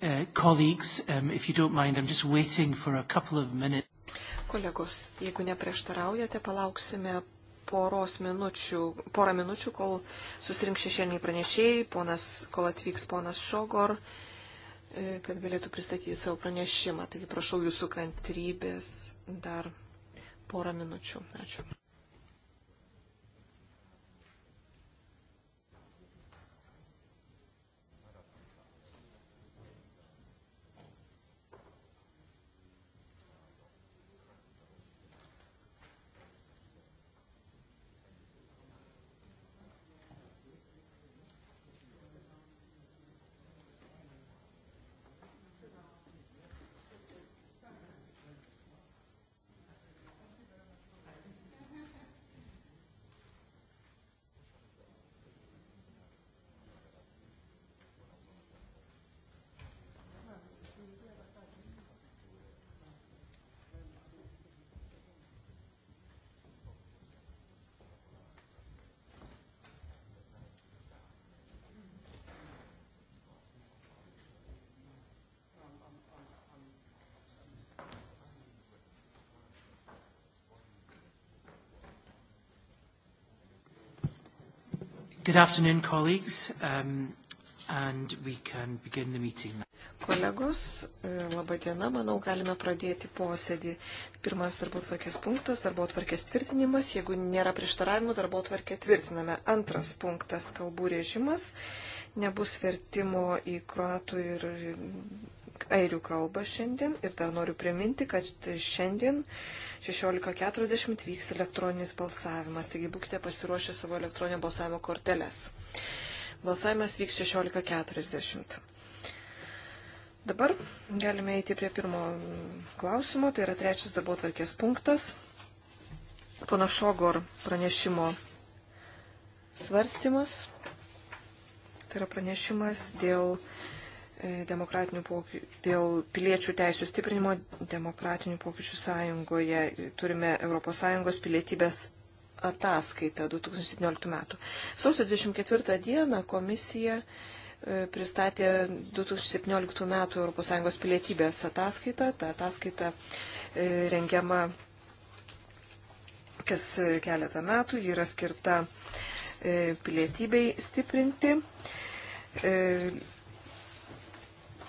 Uh, colleagues, um, if you don't mind, I'm just waiting for a couple of minutes. Kolegos, jeigu neprieštaraujate, palauksime poros minučių, porą minučių, kol susirinks šešėliniai pranešėjai, ponas, kol atvyks ponas Šogor, e, kad galėtų pristatyti savo pranešimą. Taigi prašau jūsų kantrybės dar porą minučių. Ačiū. Good afternoon, colleagues, um, and we can begin the meeting. Kolegos, e, laba diena, manau, galime pradėti posėdį. Pirmas darbo tvarkės punktas, darbo tvarkės tvirtinimas, jeigu nėra prieštaravimų, darbo tvarkė tvirtiname. Antras punktas, kalbų režimas, nebus vertimo į kruatų ir airių kalbą šiandien ir dar noriu priminti, kad šiandien 16.40 vyks elektroninis balsavimas, taigi būkite pasiruošę savo elektroninio balsavimo korteles. Balsavimas vyks 16.40. Dabar galime eiti prie pirmo klausimo, tai yra trečias darbo tvarkės punktas. Pono Šogor pranešimo svarstymas. Tai yra pranešimas dėl E, demokratinių pokyčių, dėl piliečių teisų stiprinimo demokratinių pokyčių sąjungoje. Turime ES pilietybės ataskaitą 2017 metų. Sausio 24 dieną komisija e, pristatė 2017 metų ES pilietybės ataskaitą. Ta ataskaita e, rengiama kas keletą metų, ji yra skirta pilietybei stiprinti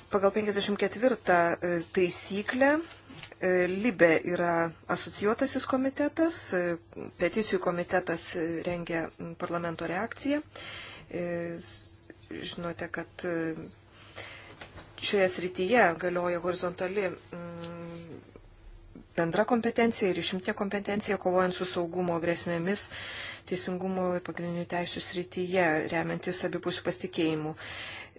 Pagal 54 e, taisyklę e, Libe yra asocijuotasis komitetas, e, peticijų komitetas rengia parlamento reakciją. Žinote, kad šioje srityje galioja horizontali bendra kompetencija ir išimtė kompetencija kovojant su saugumo grėsmėmis teisingumo ir pagrindinių teisų srityje, remiantis abipusių pasitikėjimų.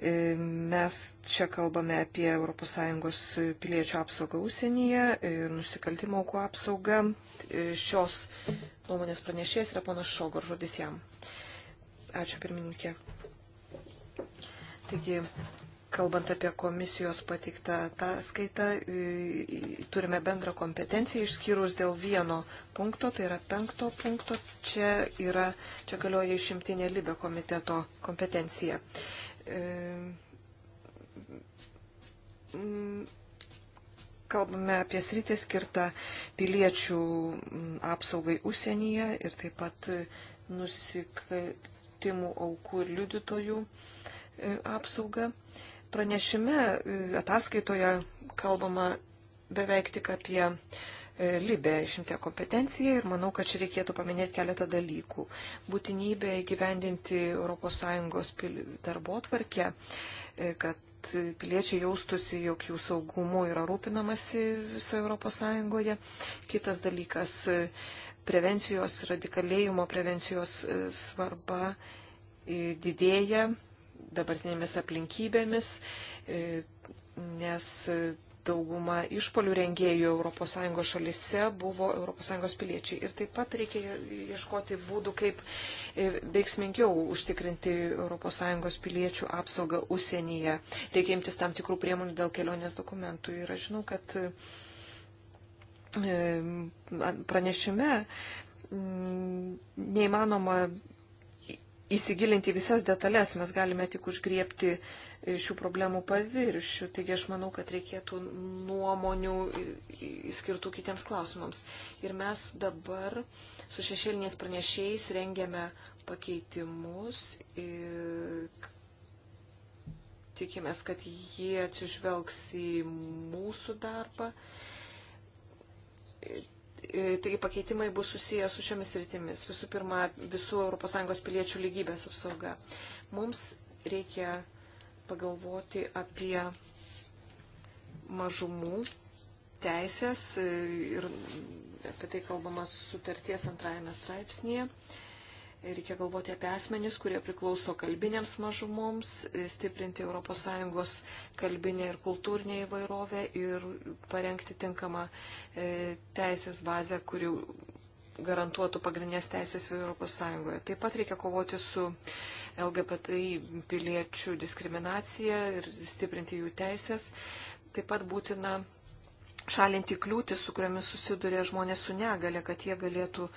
E, mes čia kalbame apie ES piliečių apsaugą ūsienyje ir nusikaltimo aukų apsaugą. E, šios nuomonės pranešėjas yra ponas Šogor, žodis jam. Ačiū pirmininkė. Taigi, kalbant apie komisijos pateiktą tą skaitą, e, turime bendrą kompetenciją išskyrus dėl vieno punkto, tai yra penkto punkto, čia, yra, čia galioja išimtinė Libė komiteto kompetencija. E, kalbame apie sritį skirtą piliečių apsaugai užsienyje ir taip pat nusikaltimų aukų ir liudytojų e, apsaugą. Pranešime e, ataskaitoje kalbama beveik tik apie E, Libė išimtė kompetenciją ir manau, kad čia reikėtų paminėti keletą dalykų. Būtinybė įgyvendinti ES darbo tvarkę, e, kad piliečiai jaustųsi, jog jų saugumu yra rūpinamasi visoje ES. Kitas dalykas e, - prevencijos, radikalėjimo prevencijos svarba didėja dabartinėmis aplinkybėmis, nes dauguma išpolių rengėjų ES šalise buvo ES piliečiai. Ir taip pat reikia ieškoti būdų, kaip e, veiksmingiau užtikrinti ES piliečių apsaugą užsienyje. Reikia imtis tam tikrų priemonių dėl kelionės dokumentų. Ir aš žinau, kad e, pranešime mm, neįmanoma įsigilinti visas detalės, mes galime tik užgriepti šių problemų paviršių. Taigi aš manau, kad reikėtų nuomonių skirtų kitiems klausimams. Ir mes dabar su šešėliniais pranešėjais rengiame pakeitimus ir tikimės, kad jie atsižvelgs į mūsų darbą. Taigi pakeitimai bus susiję su šiomis rytimis. Visų pirma, visų ES piliečių lygybės apsauga. Mums reikia pagalvoti apie mažumų teisės ir apie tai kalbama sutarties antrajame straipsnėje. Reikia galvoti apie asmenis, kurie priklauso kalbinėms mažumoms, stiprinti ES kalbinę ir kultūrinę įvairovę ir parengti tinkamą e, teisės bazę, kuri garantuotų pagrindinės teisės Europos Sąjungoje. Taip pat reikia kovoti su LGBTI piliečių diskriminacija ir stiprinti jų teisės. Taip pat būtina šalinti kliūtis, su kuriamis susiduria žmonės su negale, kad jie galėtų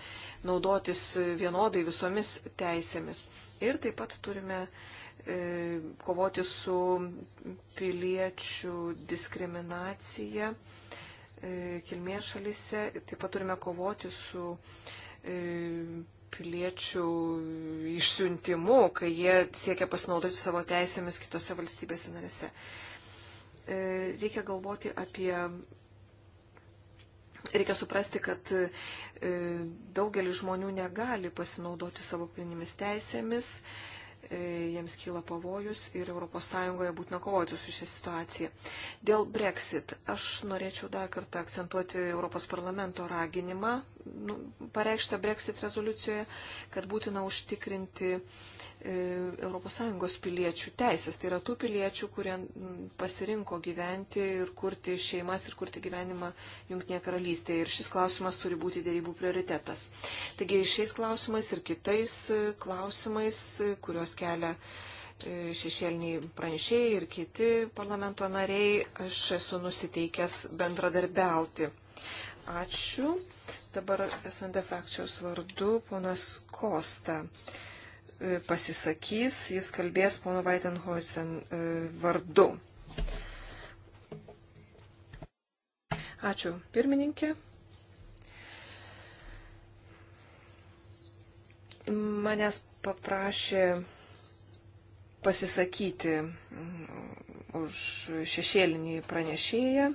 naudotis vienodai visomis teisėmis. Ir taip pat turime e, kovoti su piliečių diskriminacija E, kilmės šalise. Taip pat turime kovoti su e, piliečių išsiuntimu, kai jie siekia pasinaudoti savo teisėmis kitose valstybėse narėse. E, reikia galvoti apie. Reikia suprasti, kad daugelis žmonių negali pasinaudoti savo pilnimis teisėmis E, jiems kyla pavojus ir ES būtina kovoti su šią situaciją. Dėl Brexit aš norėčiau dar kartą akcentuoti Europos parlamento raginimą, nu, pareikštą Brexit rezoliucijoje, kad būtina užtikrinti uh, ES piliečių teisės. Tai yra tų piliečių, kurie pasirinko gyventi ir kurti šeimas ir kurti gyvenimą Junktinėje karalystėje. Ir šis klausimas turi būti dėrybų prioritetas. Taigi šiais klausimais ir kitais e, klausimais, e, kuriuos kelia e, šešėliniai pranešėjai ir kiti parlamento nariai, aš esu nusiteikęs bendradarbiauti. Ačiū. Dabar SND frakcijos vardu ponas Kosta. Uh, E, pasisakys, jis kalbės pono Vaitenhoisen e, vardu. Ačiū, pirmininkė. Manęs paprašė pasisakyti mm, už šešėlinį pranešėją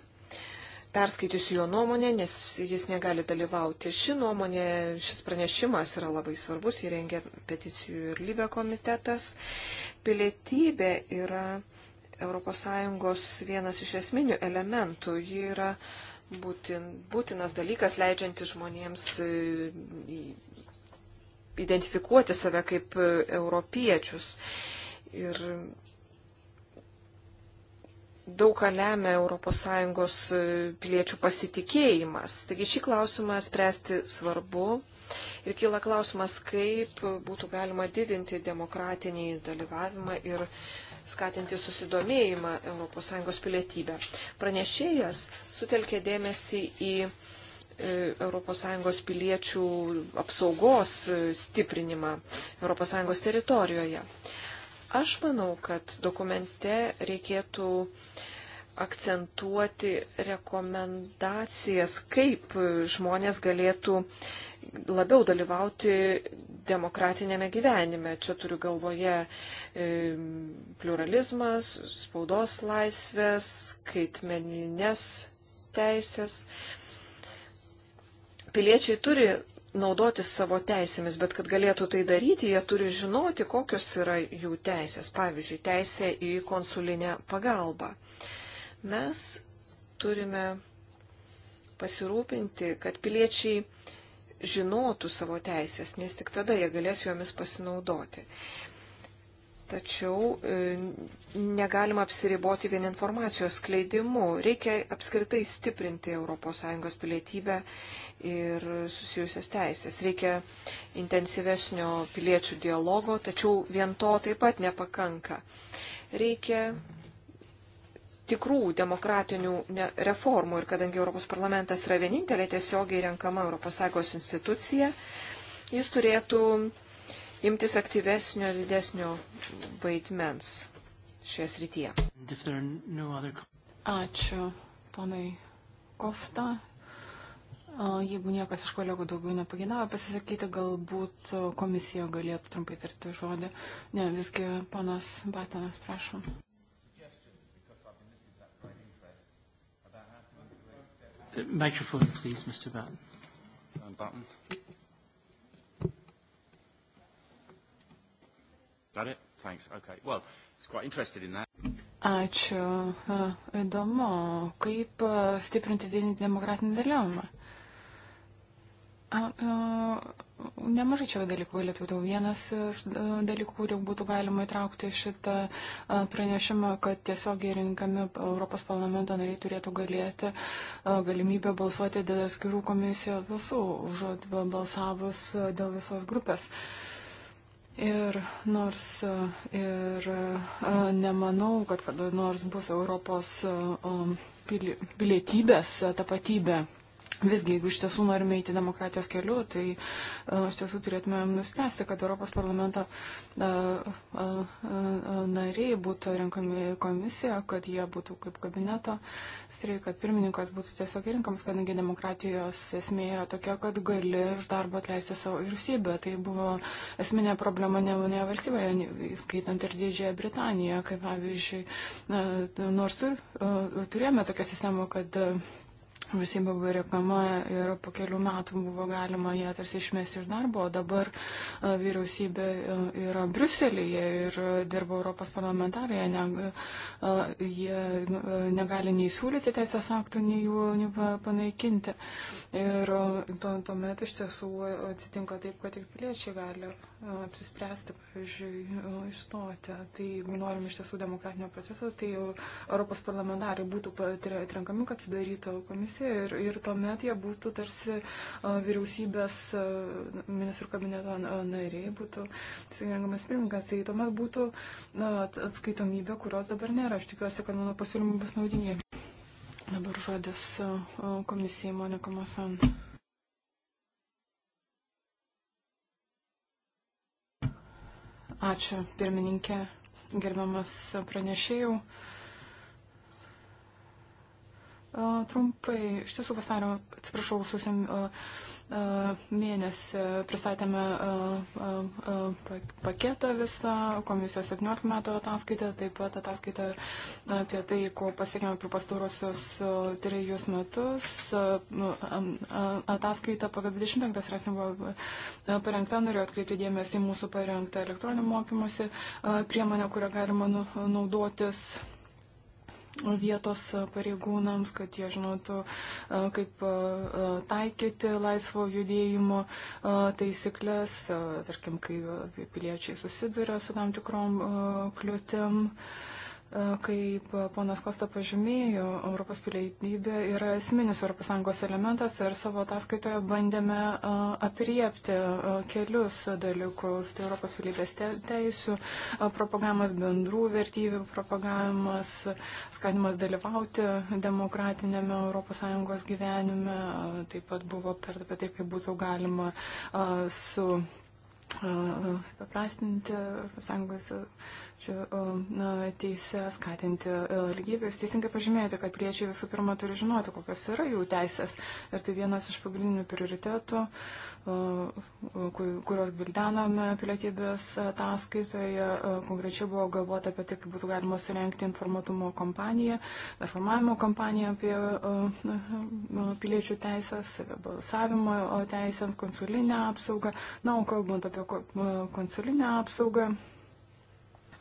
perskaitysiu jo nuomonę, nes jis negali dalyvauti. Ši nuomonė, šis pranešimas yra labai svarbus, jį rengia peticijų ir lybė komitetas. Pilietybė yra ES vienas iš esminių elementų. Ji yra būtin, būtinas dalykas, leidžiantis žmonėms e, identifikuoti save kaip e, europiečius. Ir daug ką lemia ES e, piliečių pasitikėjimas. Taigi šį klausimą spręsti svarbu. Ir kyla klausimas, kaip būtų galima didinti demokratinį dalyvavimą ir skatinti susidomėjimą ES pilietybę. Pranešėjas sutelkė dėmesį į ES piliečių apsaugos e, stiprinimą ES teritorijoje. Aš manau, kad dokumente reikėtų akcentuoti rekomendacijas, kaip žmonės galėtų labiau dalyvauti demokratinėme gyvenime. Čia turiu galvoje e, pluralizmas, spaudos laisvės, skaitmeninės teisės. Piliečiai turi naudotis savo teisėmis, bet kad galėtų tai daryti, jie turi žinoti, kokios yra jų teisės. Pavyzdžiui, teisė į konsulinę pagalbą. Mes turime pasirūpinti, kad piliečiai žinotų savo teisės, nes tik tada jie galės jomis pasinaudoti. Tačiau e, negalima apsiriboti vien informacijos skleidimu. Reikia apskritai stiprinti ES pilietybę ir susijusias teisės. Reikia intensyvesnio piliečių dialogo, tačiau vien to taip pat nepakanka. Reikia tikrų demokratinių reformų ir kadangi Europos parlamentas yra vienintelė tiesiogiai renkama ES institucija, jis turėtų imtis aktyvesnio, didesnio vaidmens šioje srityje. Ačiū, ponai Kosta. Jeigu niekas iš kolegų daugiau nepaginavo pasisakyti, galbūt komisija galėtų trumpai tarti žodį. Ne, visgi panas Batanas, prašom. Microphone, please, Mr. Batten. Batten. Got it? Thanks. Okay. Well, it's quite interested in that. Ačiū. Įdomu, kaip stiprinti didinti demokratinį dalyvavimą. Nemažai čia dalykų galėtų būti. Vienas iš e, e, dalykų, kurį būtų galima įtraukti šitą e, pranešimą, kad tiesiogiai rinkami Europos parlamento nariai turėtų galėti galimybę balsuoti dėl atskirų komisijos balsų, užuot balsavus dėl visos grupės. Ir nors ir nemanau, kad kada nors bus Europos pilietybės tapatybė Visgi, jeigu iš tiesų norime eiti demokratijos keliu, tai e, iš tiesų turėtumėm nuspręsti, kad Europos parlamento e, e, nariai būtų renkami komisija, kad jie būtų kaip kabineto streikai, kad pirmininkas būtų tiesiog rinkamas, kadangi demokratijos esmė yra tokia, kad gali iš darbo atleisti savo vyriausybę. Tai buvo esminė problema ne vienoje valstybėje, skaitant ir Didžiąją Britaniją, kaip pavyzdžiui, nors tur, turėjome tokią sistemą, kad valstybė buvo reklama ir po kelių metų buvo galima ją tarsi išmesti iš darbo, o dabar vyriausybė yra Bruselėje ir dirba Europos parlamentarėje, ne, jie nu, negali nei siūlyti teisės aktų, nei jų nei panaikinti. Ir tuomet iš tiesų atsitinka taip, kad tik piliečiai gali apsispręsti, pavyzdžiui, išstoti. Tai jeigu norim iš tiesų demokratinio proceso, tai Europos parlamentarai būtų atrenkami, kad sudarytų komisiją ir, ir tuomet jie būtų tarsi vyriausybės ministrų kabineto nariai, būtų renkamas pirmininkas. Tai tuomet būtų atskaitomybė, kurios dabar nėra. Aš tikiuosi, kad mano pasiūlymai bus naudingi. Dabar žodis komisijai Monika Masan. Ačiū, pirmininkė, gerbiamas pranešėjau. Trumpai, iš tiesų vasario, atsiprašau, susim mėnesį pristatėme paketą visą, komisijos 17 metų ataskaitą, taip pat ataskaitą apie tai, ko pasiekėme per pastarosius trejus metus. Nu, ataskaita pagal 25 straipsnį buvo parengta, noriu atkreipti dėmesį į mūsų parengtą elektroninį mokymosi priemonę, kurią galima nu, naudotis vietos pareigūnams, kad jie žinotų, e, kaip e, e, taikyti laisvo judėjimo taisyklės, tarkim, kai piliečiai susiduria su tam tikrom kliūtim. Uh, E, kaip ponas Kosta pažymėjo, Europos pilietybė yra esminis ES elementas ir savo ataskaitoje bandėme e, apriepti e, kelius dalykus. Tai Europos pilietybės teisų propagavimas, bendrų vertybių propagavimas, skatimas dalyvauti demokratinėme ES gyvenime. Taip pat buvo per tai, kaip būtų galima su paprastinti sąjungos teisę skatinti e, lygybės. Teisingai pažymėjote, kad priečiai visų pirma turi žinoti, kokios yra jų teisės. Ir tai vienas iš pagrindinių prioritetų, kurios bildename pilietybės ataskaitoje. Konkrečiai buvo galvota apie tai, kaip būtų galima surenkti informatumo kompaniją, informavimo kompaniją apie piliečių teisės, balsavimo teisėms, konsulinę apsaugą. Na, o kalbant apie konsulinę apsaugą.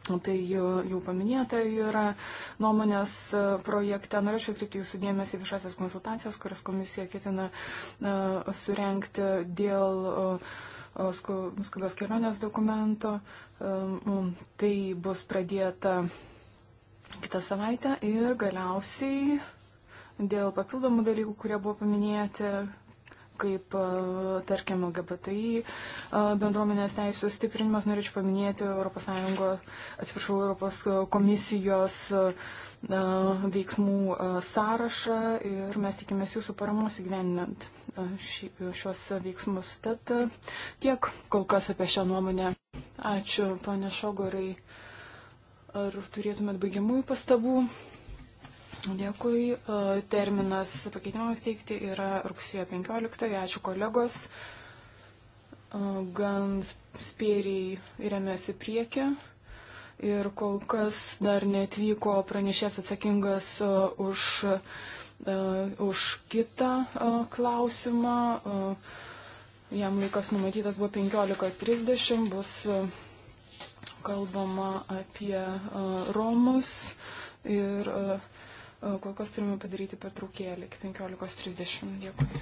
Tai jau paminėta yra nuomonės e, projekte. Norėčiau atkreipti jūsų dėmesį viešasias konsultacijas, kurias komisija ketina e, surenkti dėl e, skubios kelionės dokumento. Tai bus pradėta kitą savaitę ir galiausiai dėl papildomų dalykų, kurie buvo paminėti kaip, e, tarkim, LGBTI e, bendruomenės teisų stiprinimas. Norėčiau paminėti ES, atsiprašau, ES komisijos e, veiksmų sąrašą ir mes tikimės jūsų paramos įgyveninant šios veiksmus. Tad tiek kol kas apie šią nuomonę. Ačiū, pane Šogorai. Ar turėtumėt baigiamųjų pastabų? Dėkui. E, terminas pakeitimams teikti yra rugsėjo 15. Ačiū kolegos. E, gan spėriai remiasi priekį ir kol kas dar netvyko pranešės atsakingas e, už, už kitą klausimą. Jam laikas numatytas buvo 15.30, bus kalbama apie Romus ir uh, Kol kas turime padaryti pertraukėlį iki 15.30. Dėkui.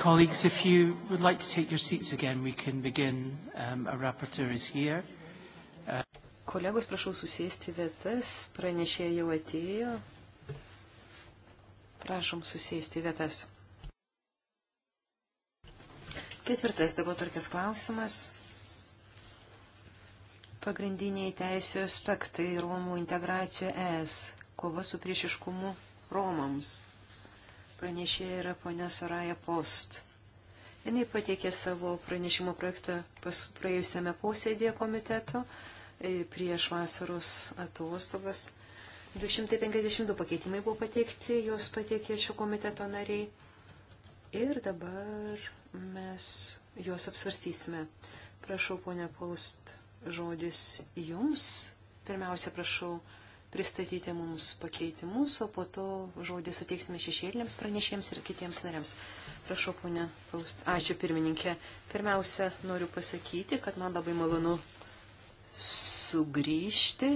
Colleagues, if you would like to take your seats again, we can begin. Um, our rapporteur is here. Uh... Kolegos, prašau susėsti vietas, pranešė jau atėjo. Prašom susėsti vietas. Ketvirtas dabar tarkės klausimas. Pagrindiniai teisų aspektai Romų integracija ES, kova su priešiškumu Romams. Pranešėja yra ponia Soraja Post. Jinai pateikė savo pranešimo projektą praėjusiame posėdėje komiteto e, prieš vasaros atostogas. 252 pakeitimai buvo pateikti, jos pateikė šio komiteto nariai. Ir dabar mes juos apsvarstysime. Prašau, ponia Paust, žodis jums. Pirmiausia, prašau pristatyti mums pakeitimus, o po to žodį suteiksime šešėlėms pranešėjams ir kitiems nariams. Prašau, ponia Faust. Ačiū, pirmininkė. Pirmiausia, noriu pasakyti, kad man labai malonu sugrįžti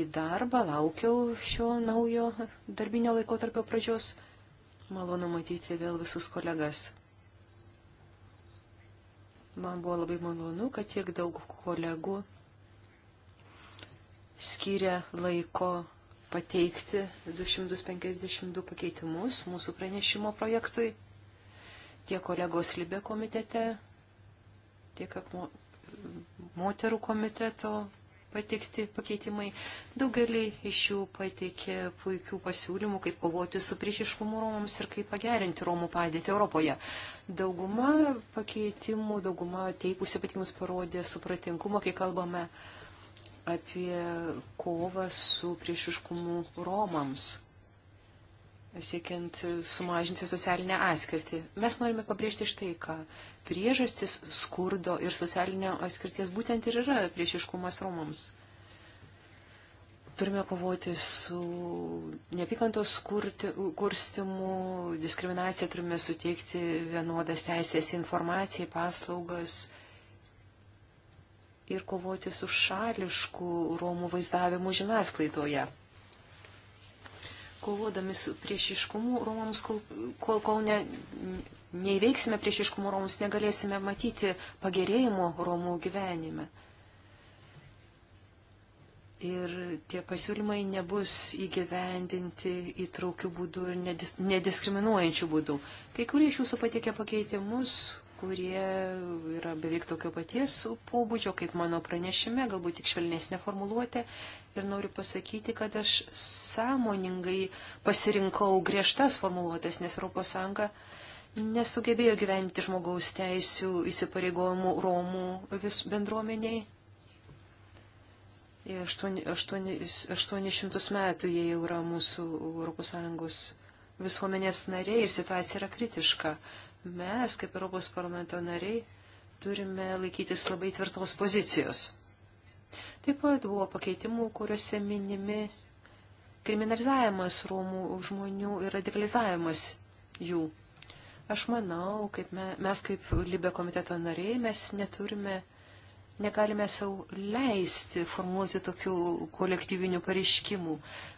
į darbą. Laukiau šio naujo darbinio laikotarpio pradžios. Malonu matyti vėl visus kolegas. Man buvo labai malonu, kad tiek daug kolegų skyrė laiko pateikti 252 pakeitimus mūsų pranešimo projektui. Tiek kolegos Libė komitete, tiek mo moterų komiteto pateikti pakeitimai. Daugelį iš jų pateikė puikių pasiūlymų, kaip kovoti su priešiškumu Romams ir kaip pagerinti Romų padėtį Europoje. Dauguma pakeitimų, dauguma teikusi pakeitimus parodė supratinkumą, kai kalbame apie kovą su priešiškumu Romams, siekiant sumažinti socialinę atskirtį. Mes norime pabrėžti štai ką. Priežastis skurdo ir socialinio atskirties būtent ir yra priešiškumas Romams. Turime kovoti su neapykantos kurstimu, diskriminacija turime suteikti vienodas teisės informacijai, paslaugas ir kovoti su šališku Romų vaizdavimu žiniasklaidoje. Kovodami su priešiškumu Romams, kol, kol, kol ne, neįveiksime priešiškumo Romams, negalėsime matyti pagerėjimo Romų gyvenime. Ir tie pasiūlymai nebus įgyvendinti įtraukių būdų ir nedis, nediskriminuojančių būdų. Kai kurie iš jūsų patikė pakeitimus, kurie yra beveik tokio paties pobūdžio, kaip mano pranešime, galbūt tik švelnesnė formuluotė. Ir noriu pasakyti, kad aš sąmoningai pasirinkau griežtas formuluotės, nes ES nesugebėjo gyventi žmogaus teisų įsipareigojimų Romų vis bendruomeniai. 800 metų jie jau yra mūsų ES visuomenės nariai ir situacija yra kritiška mes, kaip Europos parlamento nariai, turime laikytis labai tvirtos pozicijos. Taip pat buvo pakeitimų, kuriuose minimi kriminalizavimas Romų žmonių ir radikalizavimas jų. Aš manau, kaip me, mes kaip Libė komiteto nariai, mes neturime, negalime savo leisti formuoti tokių kolektyvinių pareiškimų.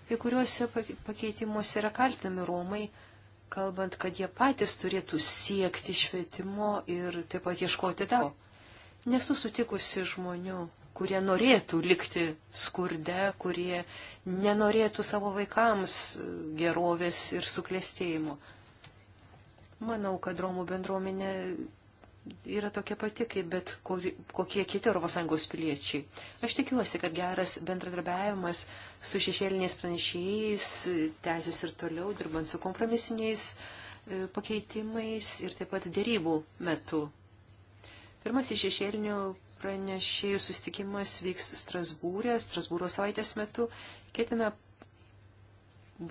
Kai kuriuose pakeitimuose yra kaltinami Romai kalbant, kad jie patys turėtų siekti švietimo ir taip pat ieškoti darbo. Nesu sutikusi žmonių, kurie norėtų likti skurde, kurie nenorėtų savo vaikams gerovės ir suklestėjimo. Manau, kad Romų bendruomenė yra tokia pati, kaip bet kuri, kokie kiti ES piliečiai. Aš tikiuosi, kad geras bendradarbiavimas su šešėliniais pranešėjais tęsis ir toliau, dirbant su kompromisiniais e, pakeitimais ir taip pat dėrybų metu. Pirmasis šešėlinių pranešėjų sustikimas vyks Strasbūrė, Strasbūro savaitės metu. Ketame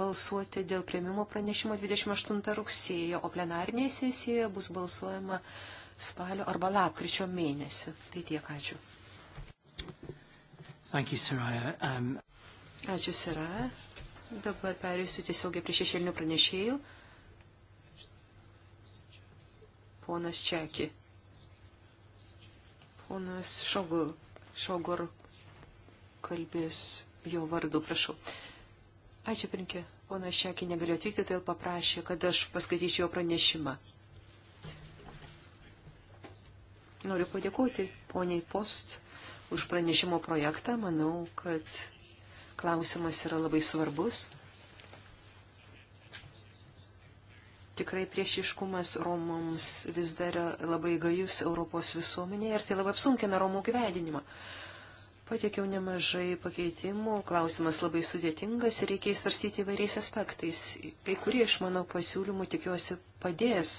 balsuoti dėl prieimimo pranešimo 28 rugsėjo, o plenarnėje sesijoje bus balsuojama 28 spalio arba lapkričio mėnesį. Tai tiek ačiū. Thank you, Soraya. Um... Ačiū, Sara. Dabar perėsiu tiesiogiai prie šešėlinių pranešėjų. Ponas Čeki. Ponas Šogur, Šogur kalbės jo vardu, prašau. Ačiū, Prinkė. Ponas Šeki negalėjo atvykti, tai paprašė, kad aš paskaityčiau jo pranešimą. Noriu padėkoti poniai Post už pranešimo projektą. Manau, kad klausimas yra labai svarbus. Tikrai priešiškumas Romams vis dar yra labai gajus Europos visuomenėje ir tai labai apsunkina Romų gyvenimą. Patiekiau nemažai pakeitimų, klausimas labai sudėtingas ir reikia įsvarstyti įvairiais aspektais. Kai kurie iš mano pasiūlymų tikiuosi padės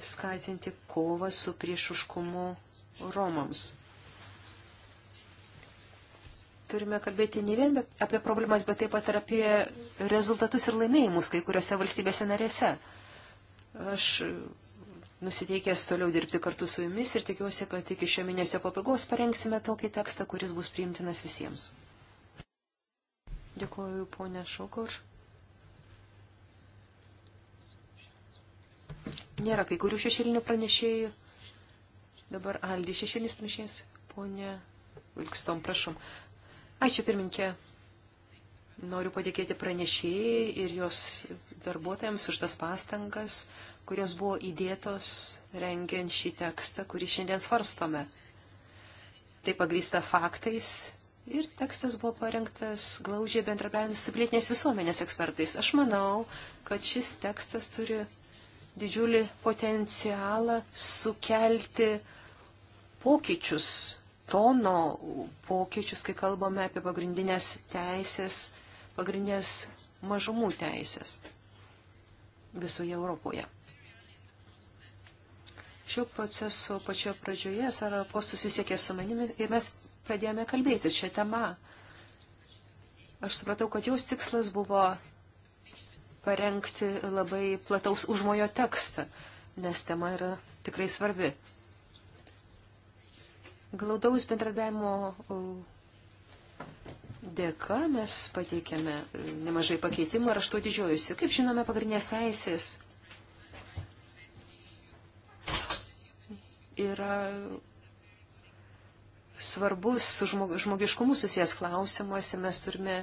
skatinti kovą su priešiškumu Romams. Turime kalbėti ne vien apie problemas, bet taip pat ir apie rezultatus ir laimėjimus kai kuriuose valstybėse narėse. Aš nusiteikęs toliau dirbti kartu su jumis ir tikiuosi, kad iki šio mėnesio pabaigos parengsime tokį tekstą, kuris bus priimtinas visiems. Dėkuoju, ponė Šokur. Nėra kai kurių šešėlinių pranešėjų. Dabar Aldi šešėlinis pranešėjas. Pone Vilkstom, prašom. Ačiū pirminkė. Noriu padėkėti pranešėjai ir jos darbuotojams už tas pastangas, kurios buvo įdėtos rengiant šį tekstą, kurį šiandien svarstome. Tai pagrįsta faktais ir tekstas buvo parengtas glaužiai bendrabiavimus su pilietinės visuomenės ekspertais. Aš manau, kad šis tekstas turi didžiulį potencialą sukelti pokyčius, tono pokyčius, kai kalbame apie pagrindinės teisės, pagrindinės mažumų teisės visoje Europoje. Šio proceso pačioje pradžioje Sarapos susisiekė su manimi ir mes pradėjome kalbėti šią temą. Aš supratau, kad jos tikslas buvo parengti labai plataus užmojo tekstą, nes tema yra tikrai svarbi. Glaudaus bendradavimo dėka mes pateikėme e, nemažai pakeitimų ir aš tuo didžiuojusi. Kaip žinome, pagrindinės teisės yra svarbus su žmogiškumu susijęs klausimas ir mes turime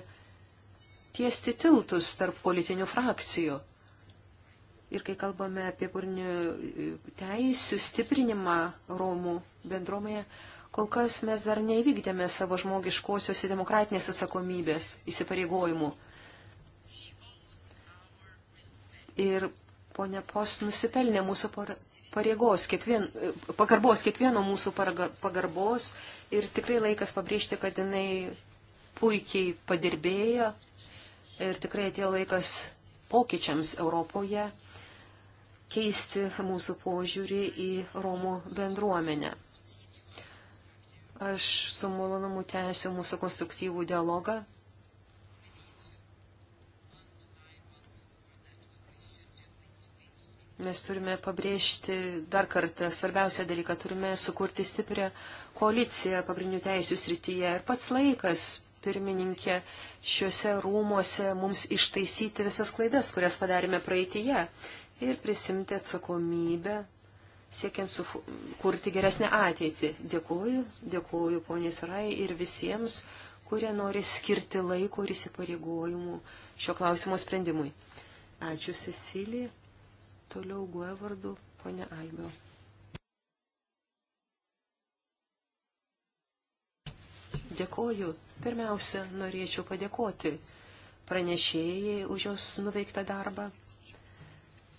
tiesti tiltus tarp politinių frakcijų. Ir kai kalbame apie kūrinių e, teisų stiprinimą Romų bendruomenėje, kol kas mes dar neįvykdėme savo žmogiškosios ir demokratinės atsakomybės įsipareigojimų. Ir ponia Post nusipelnė mūsų pareigos, kiekvien, e, pagarbos, kiekvieno mūsų pagarbos ir tikrai laikas pabrėžti, kad jinai puikiai padirbėjo ir tikrai atėjo laikas pokyčiams Europoje keisti mūsų požiūrį į Romų bendruomenę. Aš su malonumu tęsiu mūsų konstruktyvų dialogą. Mes turime pabrėžti dar kartą svarbiausią dalyką, turime sukurti stiprią koaliciją pagrindinių teisų srityje. Ir pats laikas pirmininkė, šiuose rūmuose mums ištaisyti visas klaidas, kurias padarėme praeitįje ir prisimti atsakomybę, siekiant sukurti geresnę ateitį. Dėkuoju, dėkuoju ponės Rai ir visiems, kurie nori skirti laiko ir įsipareigojimų šio klausimo sprendimui. Ačiū Cecilija, toliau guoja vardu ponė Albio. Dėkuoju. Pirmiausia, norėčiau padėkoti pranešėjai už jos nuveiktą darbą.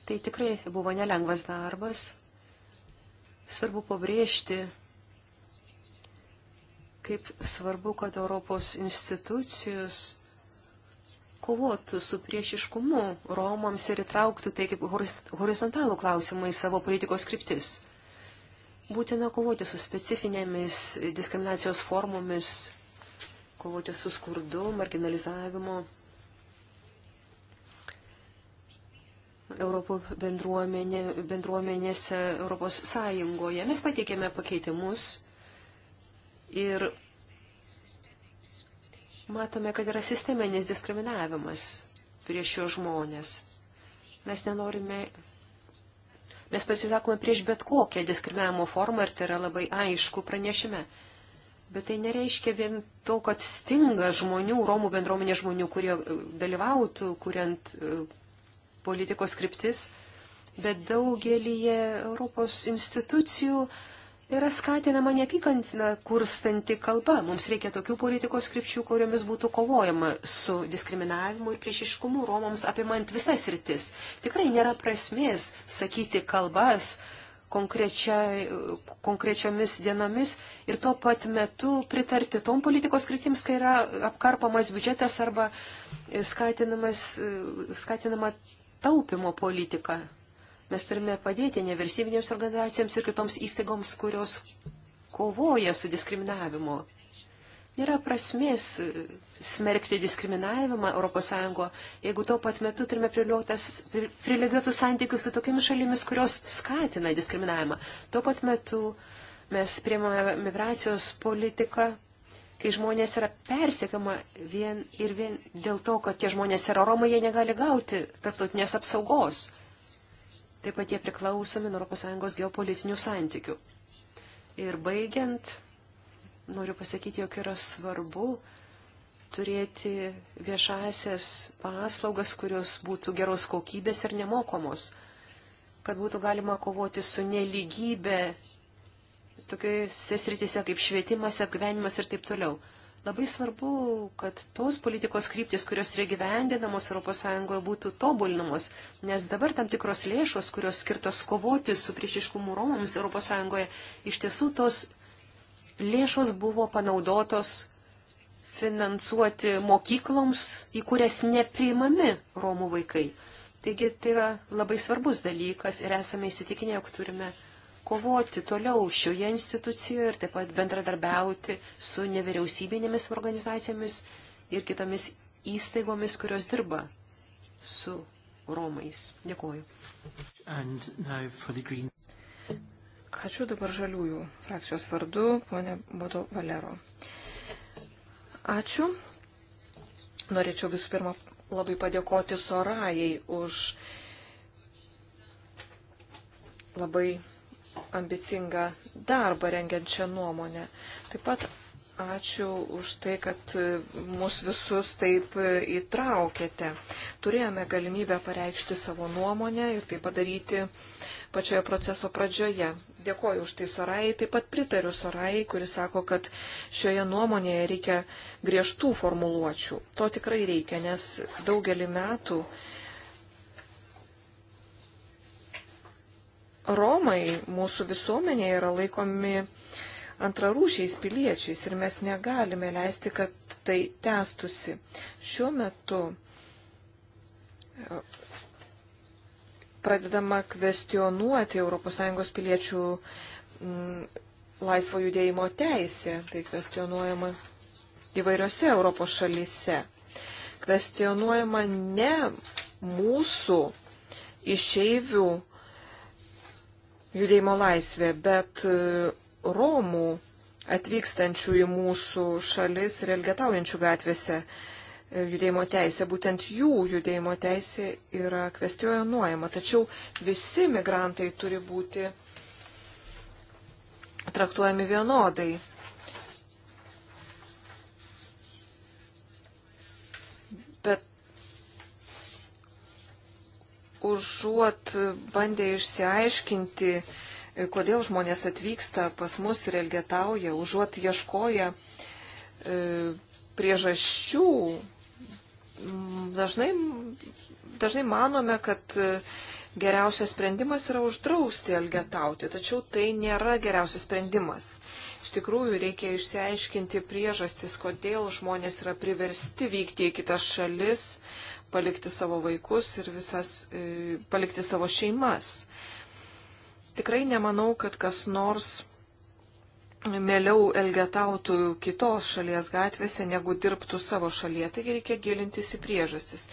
Tai tikrai buvo nelengvas darbas. Svarbu pabrėžti, kaip svarbu, kad Europos institucijos kovotų su priešiškumu Romams ir įtrauktų tai kaip horizontalų klausimą į savo politikos kryptis. Būtina kovoti su specifinėmis diskriminacijos formomis kovoti su skurdu, marginalizavimu. Europų bendruomenė, bendruomenėse Europos Sąjungoje. Mes pateikėme pakeitimus ir matome, kad yra sisteminis diskriminavimas prieš šios žmonės. Mes nenorime Mes pasisakome prieš bet kokią diskriminavimo formą ir tai yra labai aišku pranešime. Bet tai nereiškia vien to, kad stinga žmonių, Romų bendruomenės žmonių, kurie e, dalyvautų, kuriant e, politikos kryptis, bet daugelį Europos institucijų yra skatinama neapykantina kurstanti kalba. Mums reikia tokių politikos krypčių, kuriomis būtų kovojama su diskriminavimu ir priešiškumu Romams apimant visas rytis. Tikrai nėra prasmės sakyti kalbas, konkrečiomis dienomis ir tuo pat metu pritarti tom politikos kritims, kai yra apkarpamas biudžetas arba skatinama taupimo politika. Mes turime padėti neversybinėms organizacijams ir kitoms įstaigoms, kurios kovoja su diskriminavimu. Nėra prasmės e, smerkti diskriminavimą ES, jeigu tuo pat metu turime prilygiuotų santykių su tokiamis šalimis, kurios skatina diskriminavimą. Tuo pat metu mes priemame migracijos politiką, kai žmonės yra persiekama vien ir vien dėl to, kad tie žmonės yra Romai, jie negali gauti tarptautinės apsaugos. Taip pat jie priklausomi nuo ES geopolitinių santykių. Ir baigiant, noriu pasakyti, jog yra svarbu turėti viešasias paslaugas, kurios būtų geros kokybės ir nemokamos, kad būtų galima kovoti su neligybė tokiuose sritise kaip švietimas, apgyvenimas ir taip toliau. Labai svarbu, kad tos politikos kryptis, kurios yra gyvendinamos ES, būtų tobulinamos, nes dabar tam tikros lėšos, kurios skirtos kovoti su priešiškumu Romams ES, iš tiesų tos lėšos buvo panaudotos finansuoti mokykloms, į kurias nepriimami Romų vaikai. Taigi tai yra labai svarbus dalykas ir esame įsitikinę, jog turime kovoti toliau šioje institucijoje ir taip pat bendradarbiauti su nevyriausybinėmis organizacijomis ir kitomis įstaigomis, kurios dirba su Romais. Dėkuoju. Ačiū dabar žaliųjų frakcijos vardu, ponė Bodo Valero. Ačiū. Norėčiau visų pirma labai padėkoti Sorajai už labai ambicingą darbą rengiančią nuomonę. Taip pat ačiū už tai, kad mus visus taip įtraukėte. Turėjome galimybę pareikšti savo nuomonę ir tai padaryti pačioje proceso pradžioje. Dėkoju už tai Sorai, taip pat pritariu Sorai, kuris sako, kad šioje nuomonėje reikia griežtų formuluočių. To tikrai reikia, nes daugelį metų Romai mūsų visuomenėje yra laikomi antrarūšiais piliečiais ir mes negalime leisti, kad tai tęstusi. Šiuo metu pradedama kvestionuoti ES piliečių m, mm, laisvo judėjimo teisė. Tai kvestionuojama įvairiose Europos šalyse. Kvestionuojama ne mūsų išeivių judėjimo laisvė, bet e, Romų atvykstančių į mūsų šalis ir elgetaujančių gatvėse judėjimo teisė, būtent jų judėjimo teisė yra kvestionuojama. Tačiau visi migrantai turi būti traktuojami vienodai. Bet užuot bandę išsiaiškinti, kodėl žmonės atvyksta pas mus ir elgetauja, užuot ieškoja e, priežasčių, Dažnai, dažnai manome, kad geriausias sprendimas yra uždrausti elgetauti, tačiau tai nėra geriausias sprendimas. Iš tikrųjų, reikia išsiaiškinti priežastis, kodėl žmonės yra priversti vykti į kitas šalis, palikti savo vaikus ir visas, e, palikti savo šeimas. Tikrai nemanau, kad kas nors mieliau elgetautų kitos šalies gatvėse, negu dirbtų savo šalyje. Taigi reikia gilintis į priežastis.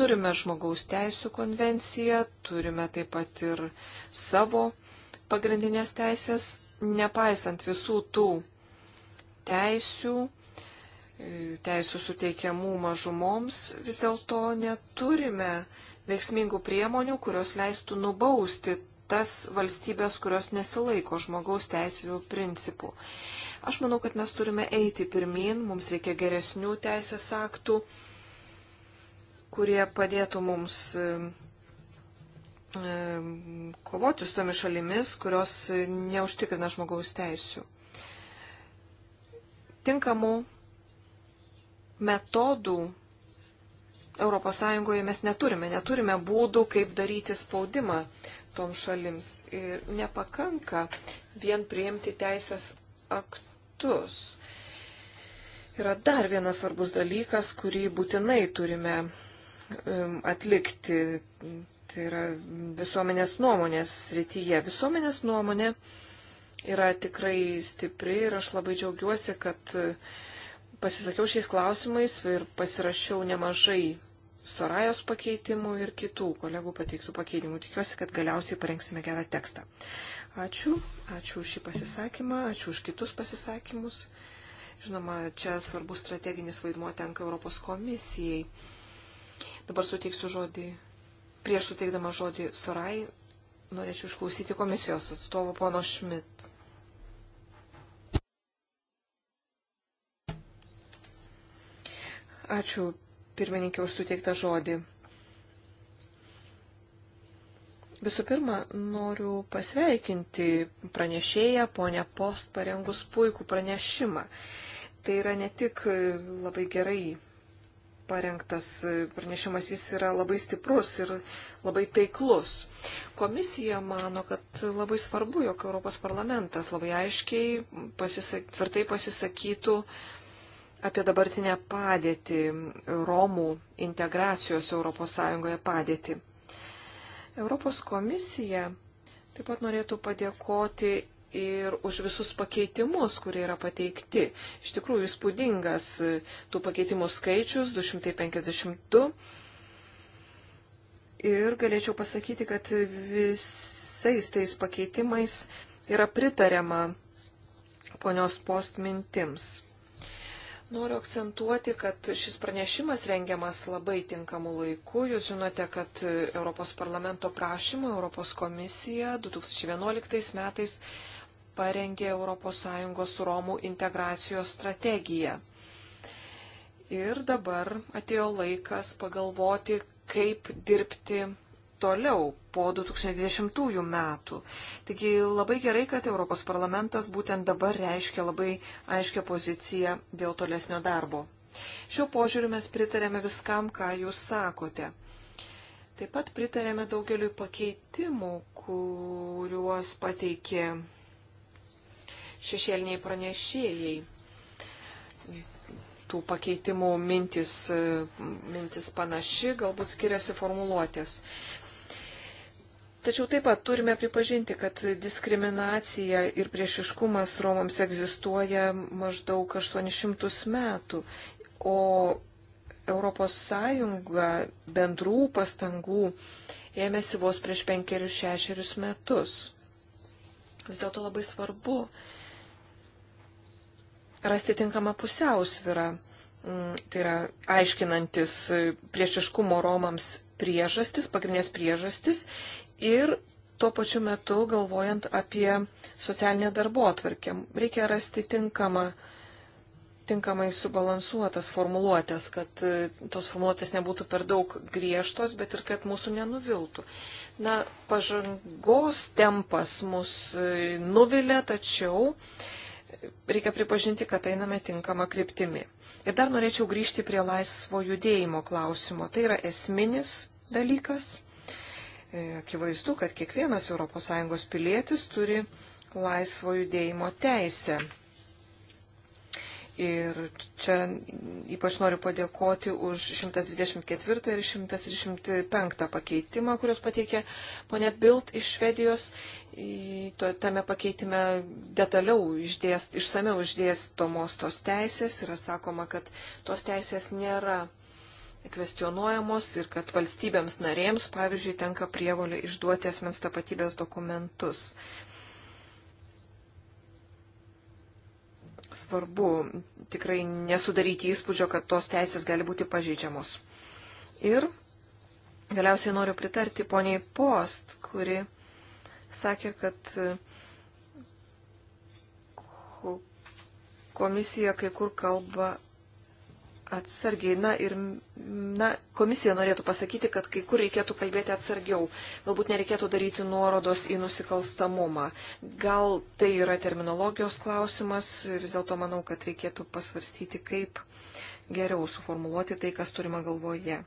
Turime žmogaus teisų konvenciją, turime taip pat ir savo pagrindinės teisės, nepaisant visų tų teisių, teisų suteikiamų mažumoms, vis dėlto neturime veiksmingų priemonių, kurios leistų nubausti tas valstybės, kurios nesilaiko žmogaus teisėjų principų. Aš manau, kad mes turime eiti pirmin, mums reikia geresnių teisės aktų, kurie padėtų mums e, kovoti su tomis šalimis, kurios neužtikrina žmogaus teisų. Tinkamų metodų ES mes neturime, neturime būdų, kaip daryti spaudimą tom šalims. Ir nepakanka vien priimti teisės aktus. Yra dar vienas svarbus dalykas, kurį būtinai turime um, atlikti. Tai yra visuomenės nuomonės srityje. Visuomenės nuomonė yra tikrai stipri ir aš labai džiaugiuosi, kad uh, pasisakiau šiais klausimais ir pasirašiau nemažai Sorajos pakeitimų ir kitų kolegų pateiktų pakeitimų. Tikiuosi, kad galiausiai parengsime gerą tekstą. Ačiū, ačiū už šį pasisakymą, ačiū už kitus pasisakymus. Žinoma, čia svarbus strateginis vaidmuo tenka Europos komisijai. Dabar suteiksiu žodį, prieš suteikdama žodį Sorai, norėčiau išklausyti komisijos atstovo pono Šmit. Ačiū pirmininkė už suteiktą žodį. Visų pirma, noriu pasveikinti pranešėją, ponę Post, parengus puikų pranešimą. Tai yra ne tik labai gerai parengtas pranešimas, jis yra labai stiprus ir labai taiklus. Komisija mano, kad labai svarbu, jog Europos parlamentas labai aiškiai pasisak, tvirtai pasisakytų uh, apie dabartinę padėtį, Romų integracijos ES padėtį. Europos komisija taip pat norėtų padėkoti ir už visus pakeitimus, kurie yra pateikti. Iš tikrųjų, įspūdingas e, tų pakeitimų skaičius - 252. Ir galėčiau pasakyti, kad visais tais pakeitimais yra pritariama ponios post mintims. Noriu akcentuoti, kad šis pranešimas rengiamas labai tinkamu laiku. Jūs žinote, kad Europos parlamento prašymu Europos komisija 2011 metais parengė ES Romų integracijos strategiją. Ir dabar atėjo laikas pagalvoti, kaip dirbti toliau po 2020 metų. Taigi labai gerai, kad Europos parlamentas būtent dabar reiškia labai aiškę poziciją dėl tolesnio darbo. Šiuo požiūriu mes pritarėme viskam, ką jūs sakote. Taip pat pritarėme daugeliu pakeitimų, kuriuos pateikė šešėliniai pranešėjai tų pakeitimų mintis, mintis panaši, galbūt skiriasi formuluotės. Tačiau taip pat turime pripažinti, kad diskriminacija ir priešiškumas Romams egzistuoja maždaug 800 metų, o ES bendrų pastangų ėmėsi vos prieš penkerius šešerius metus. Vis dėlto labai svarbu rasti tinkamą pusiausvyrą, mm, tai yra aiškinantis priešiškumo Romams priežastis, pagrindinės priežastis ir tuo pačiu metu galvojant apie socialinę darbo atvarkę. Reikia rasti tinkamą, tinkamai subalansuotas formuluotės, kad e, tos formuluotės nebūtų per daug griežtos, bet ir kad mūsų nenuviltų. Na, pažangos tempas mus e, nuvilia, tačiau reikia pripažinti, kad einame tinkamą kryptimį. Ir dar norėčiau grįžti prie laisvo judėjimo klausimo. Tai yra esminis dalykas E, akivaizdu, kad kiekvienas ES pilietis turi laisvo judėjimo teisę. Ir čia ypač noriu padėkoti už 124 ir 135 pakeitimą, kurios pateikė ponė Bilt iš Švedijos. To, tame pakeitime detaliau išdėst, išsameu išdėstomos tos teisės. Yra sakoma, kad tos teisės nėra kvestionuojamos ir kad valstybėms narėms, pavyzdžiui, tenka prievolė išduoti asmens tapatybės dokumentus. Svarbu tikrai nesudaryti įspūdžio, kad tos teisės gali būti pažydžiamos. Ir galiausiai noriu pritarti poniai Post, kuri sakė, kad komisija kai kur kalba atsargiai. Na ir na, komisija norėtų pasakyti, kad kai kur reikėtų kalbėti atsargiau. Galbūt nereikėtų daryti nuorodos į nusikalstamumą. Gal tai yra terminologijos klausimas, vis dėlto manau, kad reikėtų pasvarstyti, kaip geriau suformuluoti tai, kas turima galvoje.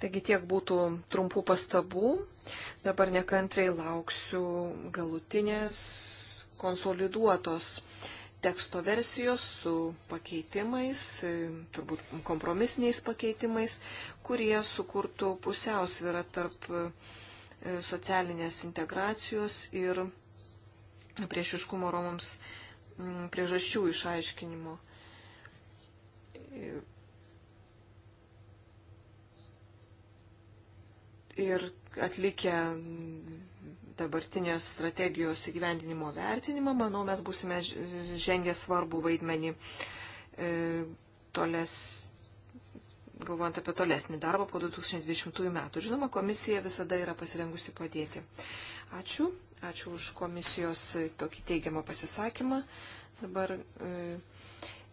Taigi tiek būtų trumpų pastabų. Dabar nekantrai lauksiu galutinės konsoliduotos teksto versijos su pakeitimais, turbūt kompromisiniais pakeitimais, kurie sukurtų pusiausvyrą tarp e, socialinės integracijos ir priešiškumo Romams priežasčių išaiškinimo. Ir atlikę dabartinės strategijos įgyvendinimo vertinimą, manau, mes būsime žengę svarbų vaidmenį e, toles, galvojant apie tolesnį darbą po 2020 metų. Žinoma, komisija visada yra pasirengusi padėti. Ačiū. Ačiū už komisijos tokį teigiamą pasisakymą. Dabar e,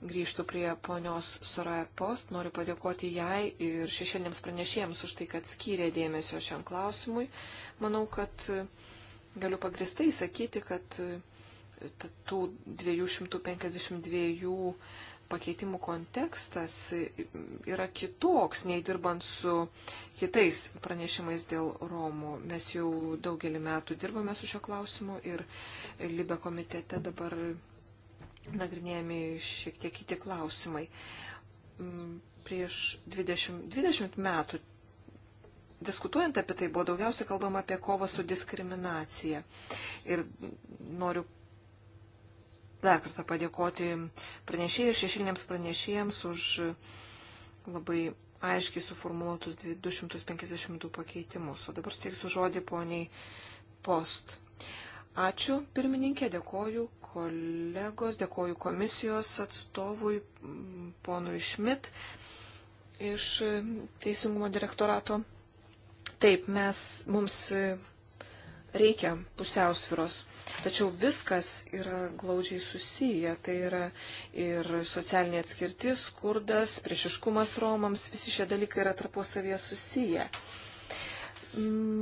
grįžtų prie ponios Soraya Post. Noriu padėkoti jai ir šešėlėms pranešėjams už tai, kad skyrė dėmesio šiam klausimui. Manau, kad e, galiu pagristai sakyti, kad e, tų 252 pakeitimų kontekstas e, yra kitoks, nei dirbant su kitais pranešimais dėl Romų. Mes jau daugelį metų dirbame su šio klausimu ir Libe komitete dabar nagrinėjami šiek tiek kiti klausimai. Prieš 20, 20 metų diskutuojant apie tai, buvo daugiausia kalbama apie kovą su diskriminacija. Ir noriu dar kartą padėkoti pranešėjai ir šešiliniams pranešėjams už labai aiškiai suformuotus 252 pakeitimus. O dabar steiksiu žodį poniai post. Ačiū pirmininkė, dėkoju kolegos, dėkoju komisijos atstovui ponui Šmit iš Teisingumo direktorato. Taip, mes, mums e, reikia pusiausviros. Tačiau viskas yra glaudžiai susiję. Tai yra ir socialinė atskirtis, skurdas, priešiškumas Romams, visi šie dalykai yra tarpusavėje susiję.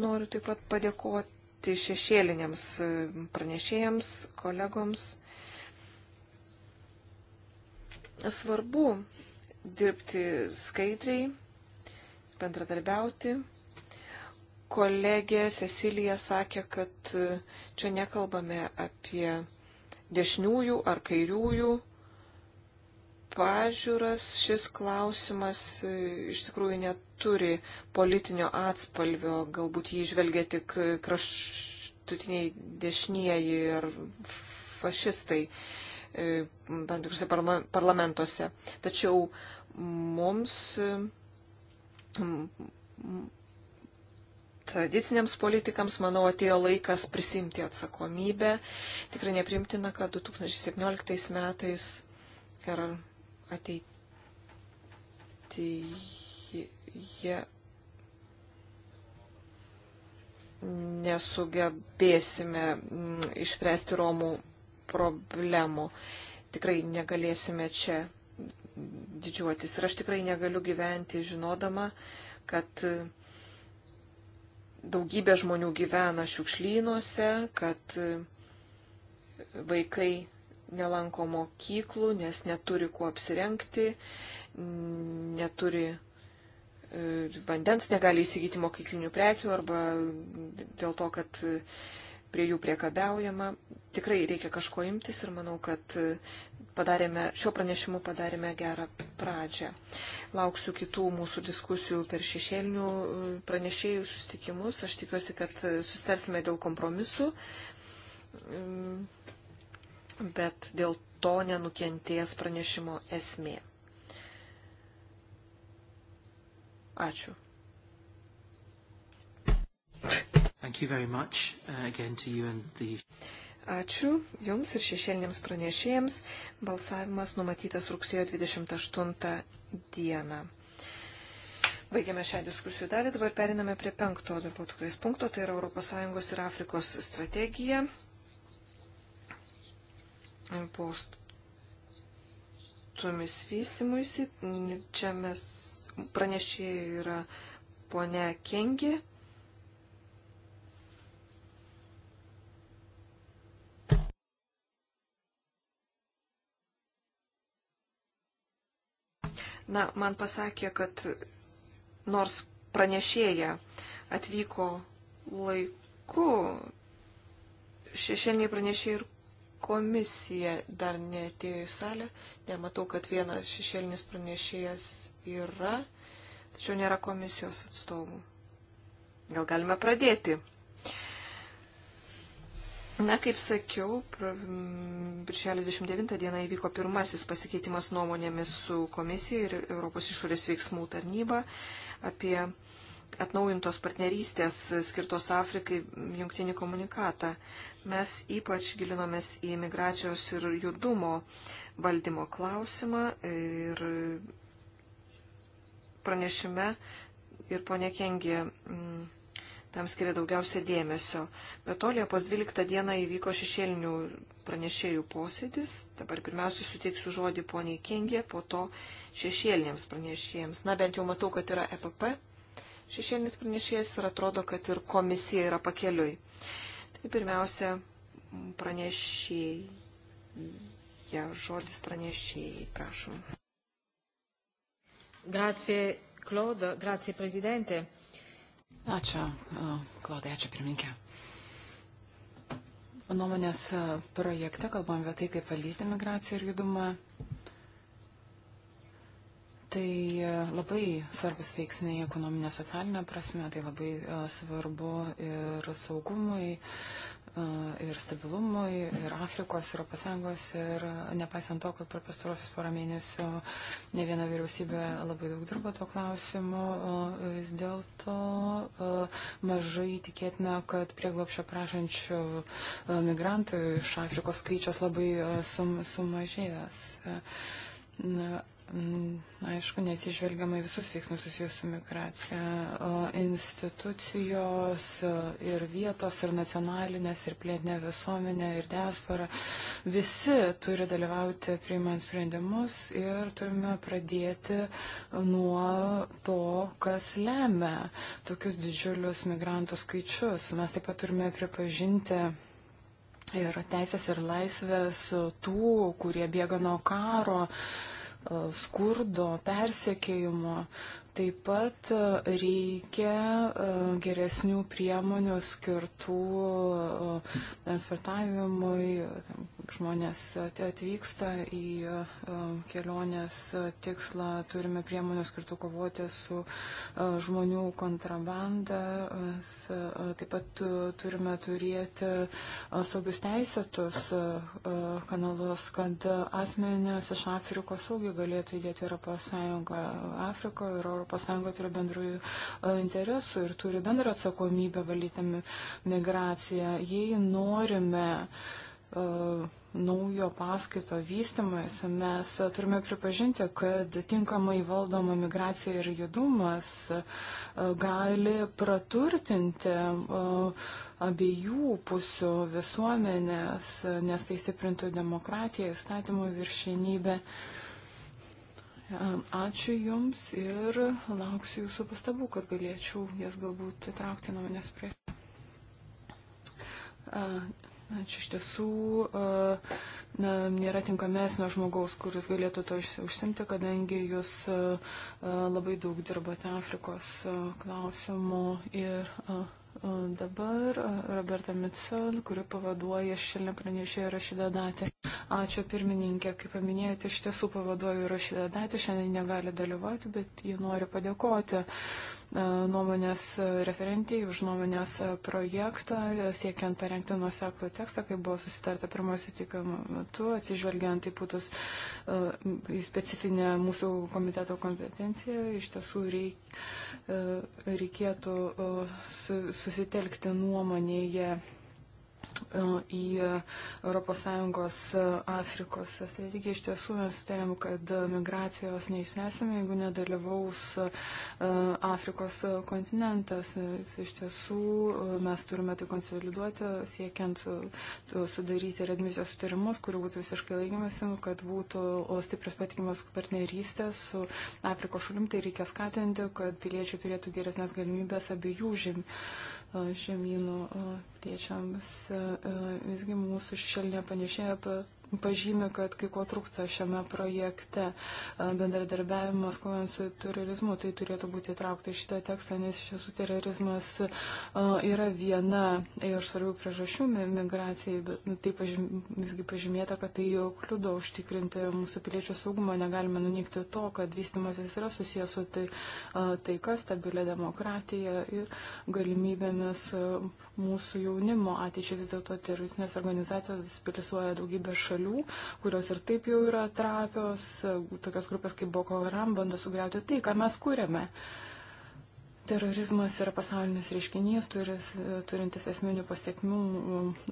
Noriu taip pat padėkoti šešėliniams e, pranešėjams, kolegoms. Svarbu dirbti skaidriai, bendradarbiauti Kolegė Cecilija sakė, kad e, čia nekalbame apie dešiniųjų ar kairiųjų pažiūras. Šis klausimas e, iš tikrųjų neturi politinio atspalvio, galbūt jį išvelgia tik kraštutiniai dešinieji ar fašistai e, tam tikrose parlamentuose. Tačiau mums tradiciniams politikams, manau, atėjo laikas prisimti atsakomybę. Tikrai neprimtina, kad 2017 metais ir ateityje nesugebėsime mm, išspręsti Romų problemų. Tikrai negalėsime čia didžiuotis. Ir aš tikrai negaliu gyventi žinodama, kad uh, daugybė žmonių gyvena šiukšlynuose, kad e, vaikai nelanko mokyklų, nes neturi kuo apsirengti, neturi e, vandens, negali įsigyti mokyklinių prekių arba dėl to, kad prie jų priekabiaujama. Tikrai reikia kažko imtis ir manau, kad e, padarėme, šiuo pranešimu padarėme gerą pradžią. Lauksiu kitų mūsų diskusijų per šešėlinių e, pranešėjų sustikimus. Aš tikiuosi, kad e, sustarsime dėl kompromisų, mm, bet dėl to nenukentės pranešimo esmė. Ačiū. Thank you very much uh, again to you and the. Ačiū Jums ir šešėlinėms pranešėjams. Balsavimas numatytas rugsėjo 28 dieną. Baigiame šią diskusijų dalį, dabar periname prie penkto darbo tikrais punkto, tai yra ES ir Afrikos strategija. Postumis vystimuisi, čia mes pranešėjai yra ponia Kengi. Na, man pasakė, kad nors pranešėja atvyko laiku, šešėliniai pranešėjai ir komisija dar neatėjo į salę. Nematau, kad vienas šešėlinis pranešėjas yra, tačiau nėra komisijos atstovų. Gal galime pradėti? Na, kaip sakiau, birželio 29 dieną įvyko pirmasis pasikeitimas nuomonėmis su komisija ir Europos išorės veiksmų tarnyba apie atnaujintos partnerystės skirtos Afrikai jungtinį komunikatą. Mes ypač gilinomės į migracijos ir judumo valdymo klausimą ir pranešime ir ponė Kengė mm, tam skiria daugiausia dėmesio. Be to, Liepos 12 dieną įvyko šešėlinių pranešėjų posėdis. Dabar pirmiausiai suteiksiu žodį poniai Kengė, po to šešėliniams pranešėjams. Na, bent jau matau, kad yra EPP šešėlinis pranešėjas ir atrodo, kad ir komisija yra pakeliui. Tai pirmiausia, pranešėja, žodis pranešėjai, prašom. Grazie, Claude, grazie, prezidente. Ačiū, Klaudai, ačiū pirminkė. Nuomonės projekte kalbam apie tai, kaip valdyti migraciją ir judumą. Tai labai svarbus veiksniai ekonominė, socialinė prasme, tai labai svarbu ir saugumui, ir stabilumui, ir Afrikos, ir ES, ir nepaisant to, kad per pastarosius porą mėnesių ne viena vyriausybė labai daug dirbo to klausimu, vis dėlto mažai tikėtina, kad prieglopšio prašančių migrantų iš Afrikos skaičius labai sum, sumažėjęs. Mm, aišku, nesižvelgiama į visus veiksmus susijusius su migracija. Institucijos ir vietos, ir nacionalinės, ir plėtinė visuomenė, ir diaspora, visi turi dalyvauti priimant sprendimus ir turime pradėti nuo to, kas lemia tokius didžiulius migrantų skaičius. Mes taip pat turime pripažinti ir teisės ir laisvės tų, kurie bėga nuo karo, skurdo, persekėjimo, Taip pat e, reikia e, geresnių priemonių skirtų e, transportavimui. Žmonės atvyksta į kelionės tikslą. Turime priemonių skirtų kovoti su žmonių kontrabanda. Taip pat turime turėti saugius teisėtus kanalus, kad asmenės iš Afrikos saugiai galėtų įdėti Europos Sąjungą Afrikoje ir Europos. ES turi bendrų e, interesų ir turi bendrą atsakomybę valyti migraciją. Jei norime uh, naujo paskaito vystimasi, mes turime pripažinti, kad tinkamai valdoma migracija ir judumas e, gali praturtinti abiejų pusių visuomenės, nes tai stiprintų demokratiją, įstatymų viršienybę. Uh, Ačiū Jums ir lauksiu Jūsų pastabų, kad galėčiau jas galbūt įtraukti nuomonės prie. Ačiū iš tiesų. Na, nėra tinkamesnio žmogaus, kuris galėtų to užsimti, kadangi jūs labai daug dirbate Afrikos klausimų ir. A, Dabar Roberta Mitsal, kuri pavaduoja šiandien pranešėją Rašydą Datę. Ačiū pirmininkė, kaip paminėjote, iš tiesų pavaduoju Rašydą Datę, šiandien negali dalyvauti, bet jie nori padėkoti E, nuomonės referentiai, už nuomonės projektą, siekiant parengti nuoseklų tekstą, kaip buvo susitarta pirmojo sutikimo metu, atsižvelgiant į putus e, į specifinę mūsų komiteto kompetenciją. Iš tiesų reik, e, reikėtų susitelkti nuomonėje E, į ES e, Afrikos strategiją. Iš tiesų mes sutarėm, kad e, migracijos neišspręsime, jeigu nedalyvaus Afrikos kontinentas. Iš tiesų mes turime tai konsoliduoti, siekiant sudaryti redmisijos sutarimus, kurių būtų visiškai laikymasi, kad būtų stiprios patikimas partnerystės su Afrikos šalim. Tai reikia skatinti, kad piliečiai turėtų geresnės galimybės abiejų žemynų žemynų tiečiams. Visgi mūsų šešėlinė panešėja pažymė, kad kai ko trūksta šiame projekte bendradarbiavimas kovant su terorizmu, tai turėtų būti įtraukta į šitą tekstą, nes iš tiesų terorizmas yra viena iš svarbių priežasčių migracijai, bet nu, tai pažym, visgi pažymėta, kad tai jau kliudo užtikrinti mūsų piliečių saugumą, negalime nunikti to, kad vystimasis yra susijęs su tai, taika, stabilia demokratija ir galimybėmis mūsų jaunimo ateičiai vis dėlto teroristinės organizacijos dispilizuoja daugybę šalių šalių, kurios ir taip jau yra trapios, tokios grupės kaip Boko Haram bando sugriauti tai, ką mes kūrėme. Terorizmas yra pasaulinis reiškinys, turis, turintis esminių pasiekmių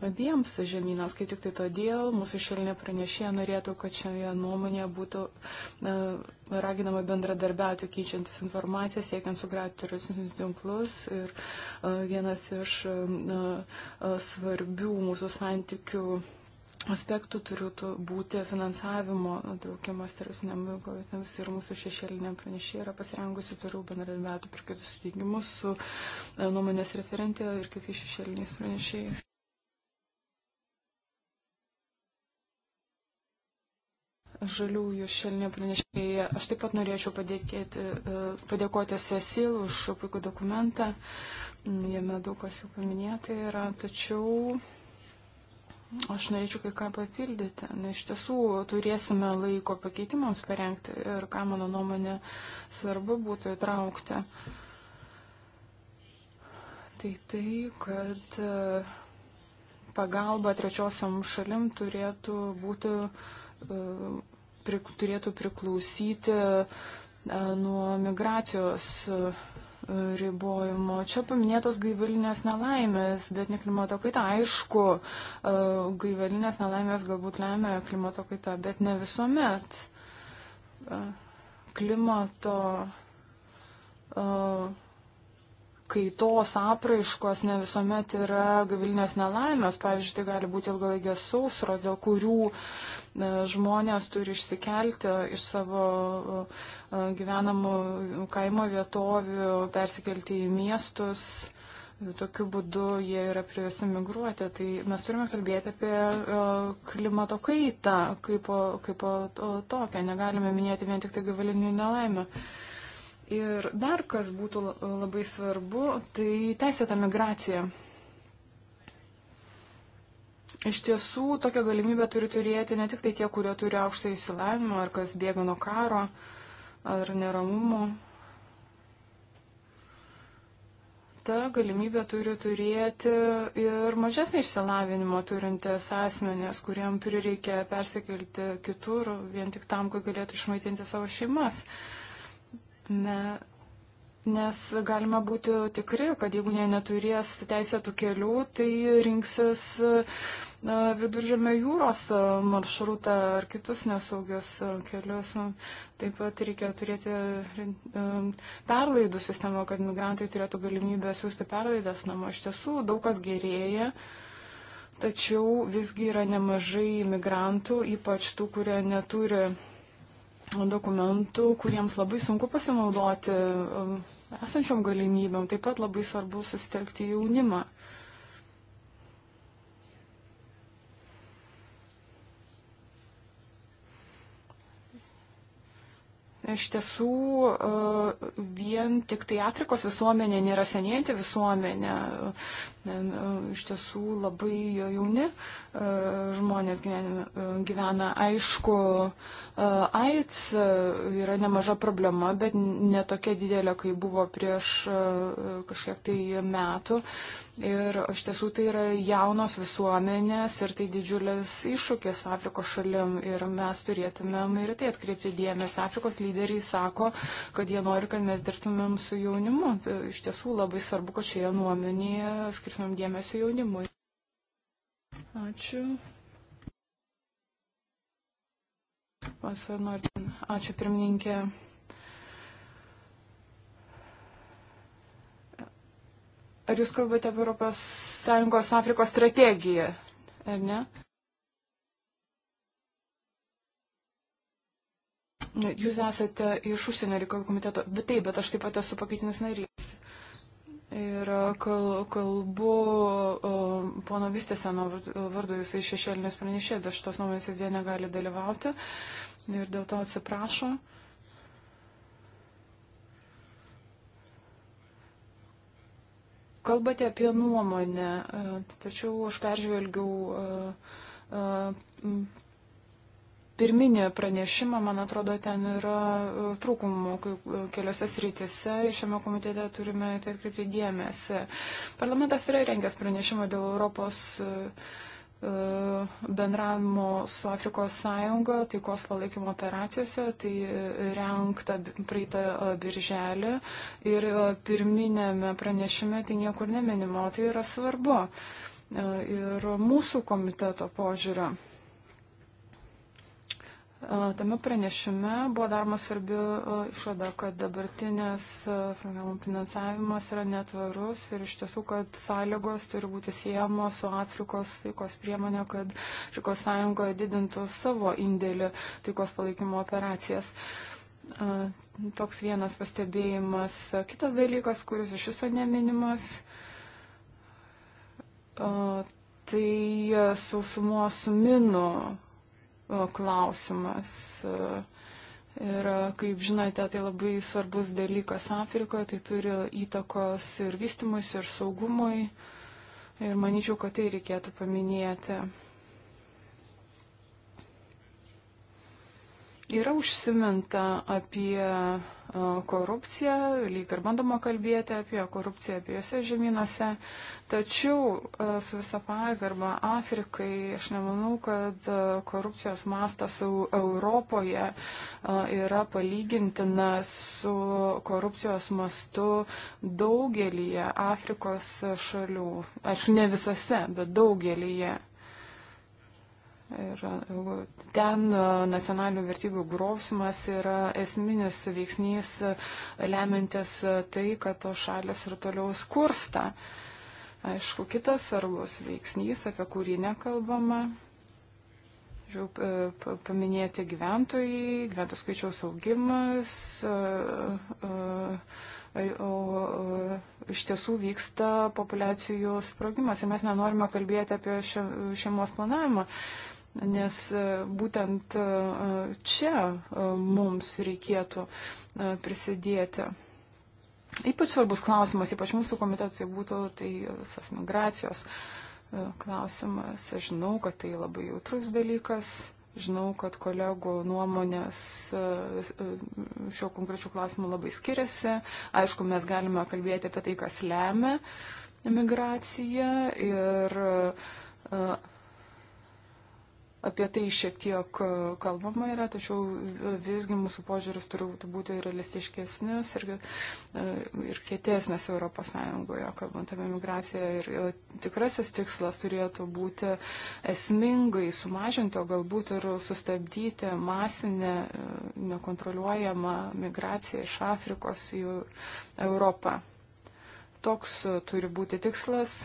abiems žemynams. Kaip tik tai todėl mūsų šelinė pranešėja norėtų, kad šioje nuomonėje būtų na, raginama bendradarbiauti, keičiantis informaciją, siekiant sugriauti teroristinius tinklus. Ir a, vienas iš a, a, svarbių mūsų santykių aspektų turiu būti finansavimo traukimas teroristiniam komitams ir mūsų šešėlinė pranešė yra pasirengusi toliau bendradarbiauti per kitus suteikimus su e, nuomonės referentė ir kitais šešėliniais pranešėjais. Žaliųjų šelinė pranešėja. Aš taip pat norėčiau padėkėti, e, padėkoti Sesil už puikų dokumentą. Jame daug kas jau paminėta yra, tačiau Aš norėčiau kai ką papildyti. Na, iš tiesų turėsime laiko pakeitimams parengti ir ką mano nuomonė svarbu būtų įtraukti. Tai tai, kad e, pagalba trečiosiam šalim turėtų būti, e, turėtų priklausyti e, nuo migracijos ribojimo. Čia paminėtos gaivalinės nelaimės, bet ne klimato kaita. Aišku, e, gaivalinės nelaimės galbūt lemia klimato kaita, bet ne visuomet. E, klimato e, kaitos apraiškos ne visuomet yra gavilinės nelaimės. Pavyzdžiui, tai gali būti ilgalaikės sausros, dėl kurių e, žmonės turi išsikelti iš savo e, gyvenamų kaimo vietovių, persikelti į miestus. Tokiu būdu jie yra priversti migruoti. Tai mes turime kalbėti apie e, klimato kaitą kaip, kaip tokią. Negalime minėti vien tik tai gavalinių nelaimių. Ir dar kas būtų labai svarbu, tai teisėta migracija. Iš tiesų, tokią galimybę turi turėti ne tik tai tie, kurie turi aukštą įsilavinimą, ar kas bėga nuo karo, ar neramumo. Ta galimybė turi turėti ir mažesnį išsilavinimą turintis asmenės, kuriem prireikia persikelti kitur vien tik tam, kad galėtų išmaitinti savo šeimas. Uh, Ne, nes galime būti tikri, kad jeigu jie neturės teisėtų kelių, tai rinksis viduržėme jūros maršrutą ar kitus nesaugius kelius. Taip pat reikia turėti e, perlaidų sistemą, kad migrantai turėtų galimybę siūsti perlaidas namo. Iš tiesų daug kas gerėja. Tačiau visgi yra nemažai migrantų, ypač tų, kurie neturi dokumentų, kuriems labai sunku pasinaudoti um, esančiom galimybėm. Taip pat labai svarbu susitelkti jaunimą. Iš tiesų, uh, vien tik tai Afrikos visuomenė nėra senėjanti visuomenė. E, iš tiesų labai jauni e, žmonės gyvenime, e, gyvena. Aišku, AIDS yra nemaža problema, bet netokia didelė, kai buvo prieš kažkiek tai metų. Ir iš tiesų tai yra jaunos visuomenės ir tai didžiulis iššūkis Afrikos šalim ir mes turėtumėm ir tai atkreipti dėmesį. Afrikos lyderiai sako, kad jie nori, kad mes dirbtumėm su jaunimu. Tai iš tiesų labai svarbu, kad šioje nuomenėje skirti skirtumėm dėmesio jaunimui. Ačiū. Ačiū pirmininkė. Ar jūs kalbate apie Europos Sąjungos Afrikos strategiją, ar ne? Jūs esate iš užsienio reikalų komiteto, bet taip, bet aš taip pat esu pakaitinis narys. Ir e, kal, kalbu pono Vistėseno vardu, jisai šešėlinės pranešė, dėl šitos nuomonės jis dėl negali dalyvauti ir dėl to atsiprašo. Kalbate apie nuomonę, e, tačiau aš peržvelgiau e, pirminį pranešimą, man atrodo, ten yra e, trūkumų e, keliose srityse. Šiame komitete turime tai atkreipti dėmesį. Parlamentas yra rengęs pranešimą dėl Europos e, bendravimo su Afrikos sąjunga taikos palaikymo operacijose, tai renkta praeitą birželį ir pirminėme pranešime tai niekur neminimo, tai yra svarbu ir mūsų komiteto požiūrio. Tame pranešime buvo daroma svarbi išvada, kad dabartinės finansavimas yra netvarus ir iš tiesų, kad sąlygos turi būti siejamos su Afrikos taikos priemonė, kad Afrikos sąjunga didintų savo indėlį taikos palaikymo operacijas. Toks vienas pastebėjimas. Kitas dalykas, kuris iš viso neminimas, tai sausumos minų klausimas. E, ir kaip žinote, tai labai svarbus dalykas Afrikoje, tai turi įtakos ir vystimus, ir saugumui. Ir manyčiau, kad tai reikėtų paminėti. Yra užsiminta apie korupciją, lyg ir bandoma kalbėti apie korupciją abiejose žemynuose, tačiau su visa pagarba Afrikai aš nemanau, kad korupcijos mastas Europoje yra palygintinas su korupcijos mastu daugelįje Afrikos šalių, aišku, ne visose, bet daugelįje. Ir e, ten e, nacionalinių vertybių grosimas yra esminis veiksnys, e, lemintis tai, kad to šalis ir toliau skursta. Aišku, kitas svarbus veiksnys, apie kurį nekalbama, jau paminėti gyventojai, gyventojų skaičiaus augimas. O iš tiesų vyksta populiacijų sprogimas ir mes nenorime kalbėti apie šeimos planavimą nes e, būtent e, čia e, mums reikėtų prisidėti. Ypač svarbus klausimas, ypač mūsų komitetui būtų tai visas migracijos klausimas. Aš žinau, kad tai labai jautrus dalykas. Žinau, kad kolegų nuomonės šiuo konkrečiu klausimu labai skiriasi. Aišku, mes galime kalbėti apie tai, kas lemia migraciją ir apie tai šiek tiek e, kalbama yra, tačiau visgi mūsų požiūris turi būti realistiškesnis ir, e, ir kietesnis Europos Sąjungoje, kalbant apie migraciją. Ir e, tikrasis tikslas turėtų būti esmingai sumažinti, o galbūt ir sustabdyti masinę nekontroliuojamą migraciją iš Afrikos į Europą. Toks turi būti tikslas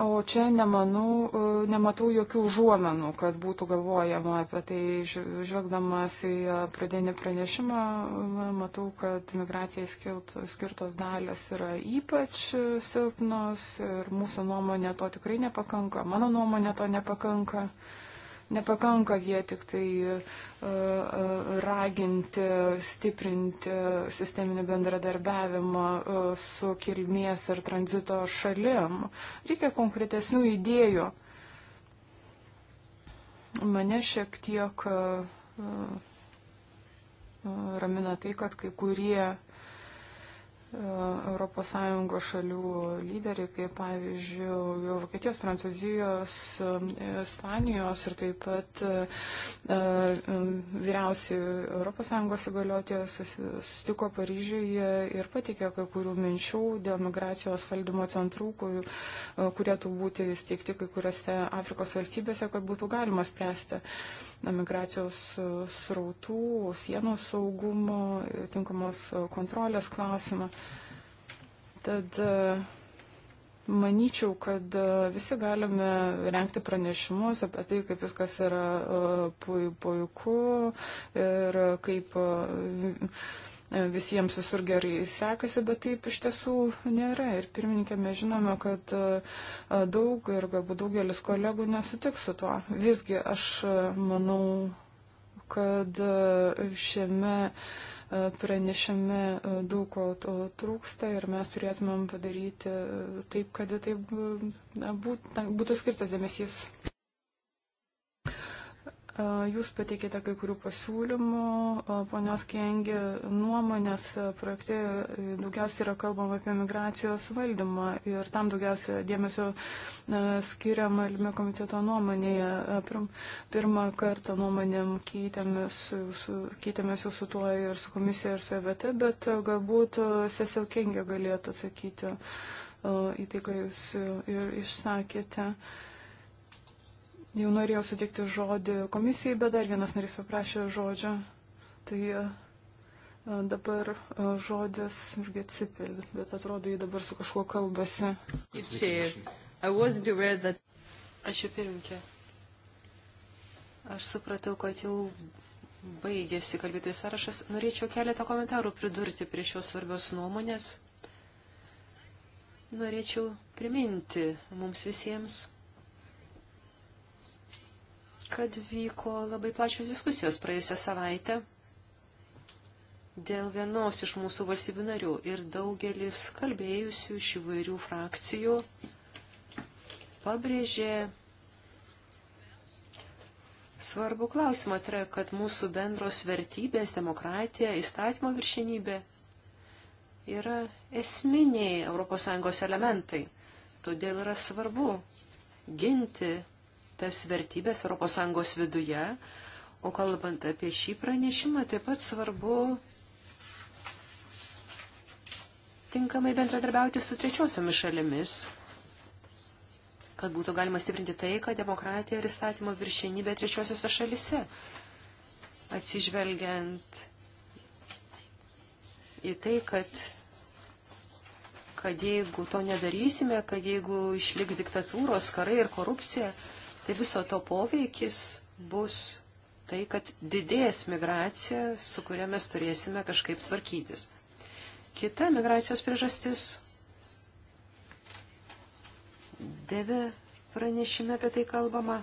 O čia nemanau, e, nematau jokių užuomenų, kad būtų galvojama apie tai. Žvelgdamas į e, pradinį pranešimą, matau, kad migracijai skirtos dalės yra ypač e, silpnos ir mūsų nuomonė to tikrai nepakanka. Mano nuomonė to nepakanka. Uh, Nepakanka jie tik tai e, e, raginti, stiprinti sisteminį bendradarbiavimą e, su kilmės ir tranzito šalim. Reikia konkretesnių idėjų. Mane šiek tiek ramina tai, kad kai kurie ES šalių lyderiai, kaip pavyzdžiui, Vokietijos, Prancūzijos, Ispanijos ir taip pat e, e, vyriausi ES įgaliotės susitiko Paryžiuje ir patikė kai kurių minčių dėl migracijos valdymo centrų, kur, e, kurie turėtų būti įsteigti kai kuriuose Afrikos valstybėse, kad būtų galima spręsti. Uh, migracijos e, srautų, sienų saugumo, e, tinkamos e, kontrolės klausimą. Tad Manyčiau, kad visi galime renkti pranešimus apie tai, kaip viskas yra puiku ir kaip visiems visur gerai sekasi, bet taip iš tiesų nėra. Ir pirmininkė, mes žinome, kad e, daug ir galbūt daugelis kolegų nesutiks su tuo. Visgi aš e, manau, kad e, šiame pranešime daug ko to trūksta ir mes turėtumėm padaryti taip, kad tai būtų skirtas dėmesys. Jūs pateikėte kai kurių pasiūlymų, ponios Kengi nuomonės projekte e, daugiausiai yra kalbama apie migracijos valdymą ir tam daugiausia dėmesio e, skiriama Lime komiteto nuomonėje. Pirmą kartą nuomonėm keitėmės, keitėmės jau su tuo ir su komisija, ir su EBT, bet galbūt Cecil Kengi galėtų atsakyti į tai, ką jūs e, ir išsakėte. Uh, Jau norėjau sutikti žodį komisijai, bet dar vienas narys paprašė žodžio. Tai e, dabar e, žodis irgi atsipildė, bet atrodo, jį dabar su kažkuo kalbasi. Aš jau pirminkė. Aš supratau, kad jau baigėsi kalbėtojų sąrašas. Norėčiau keletą komentarų pridurti prie šios svarbios nuomonės. Norėčiau priminti mums visiems kad vyko labai plačios diskusijos praėjusią savaitę dėl vienos iš mūsų valstybių narių ir daugelis kalbėjusių iš įvairių frakcijų pabrėžė svarbu klausimą, tai yra, kad mūsų bendros vertybės, demokratija, įstatymo viršinybė yra esminiai ES elementai. Todėl yra svarbu ginti tas vertybės ES viduje. O kalbant apie šį pranešimą, taip pat svarbu tinkamai bendradarbiauti su trečiosiomis šalimis, kad būtų galima stiprinti taiką, demokratiją ir įstatymo viršinybę trečiosiose šalise, atsižvelgiant į tai, kad kad jeigu to nedarysime, kad jeigu išliks diktatūros, karai ir korupcija, Tai viso to poveikis bus tai, kad didės migracija, su kuria mes turėsime kažkaip tvarkytis. Kita migracijos priežastis. Deve pranešime apie tai kalbama.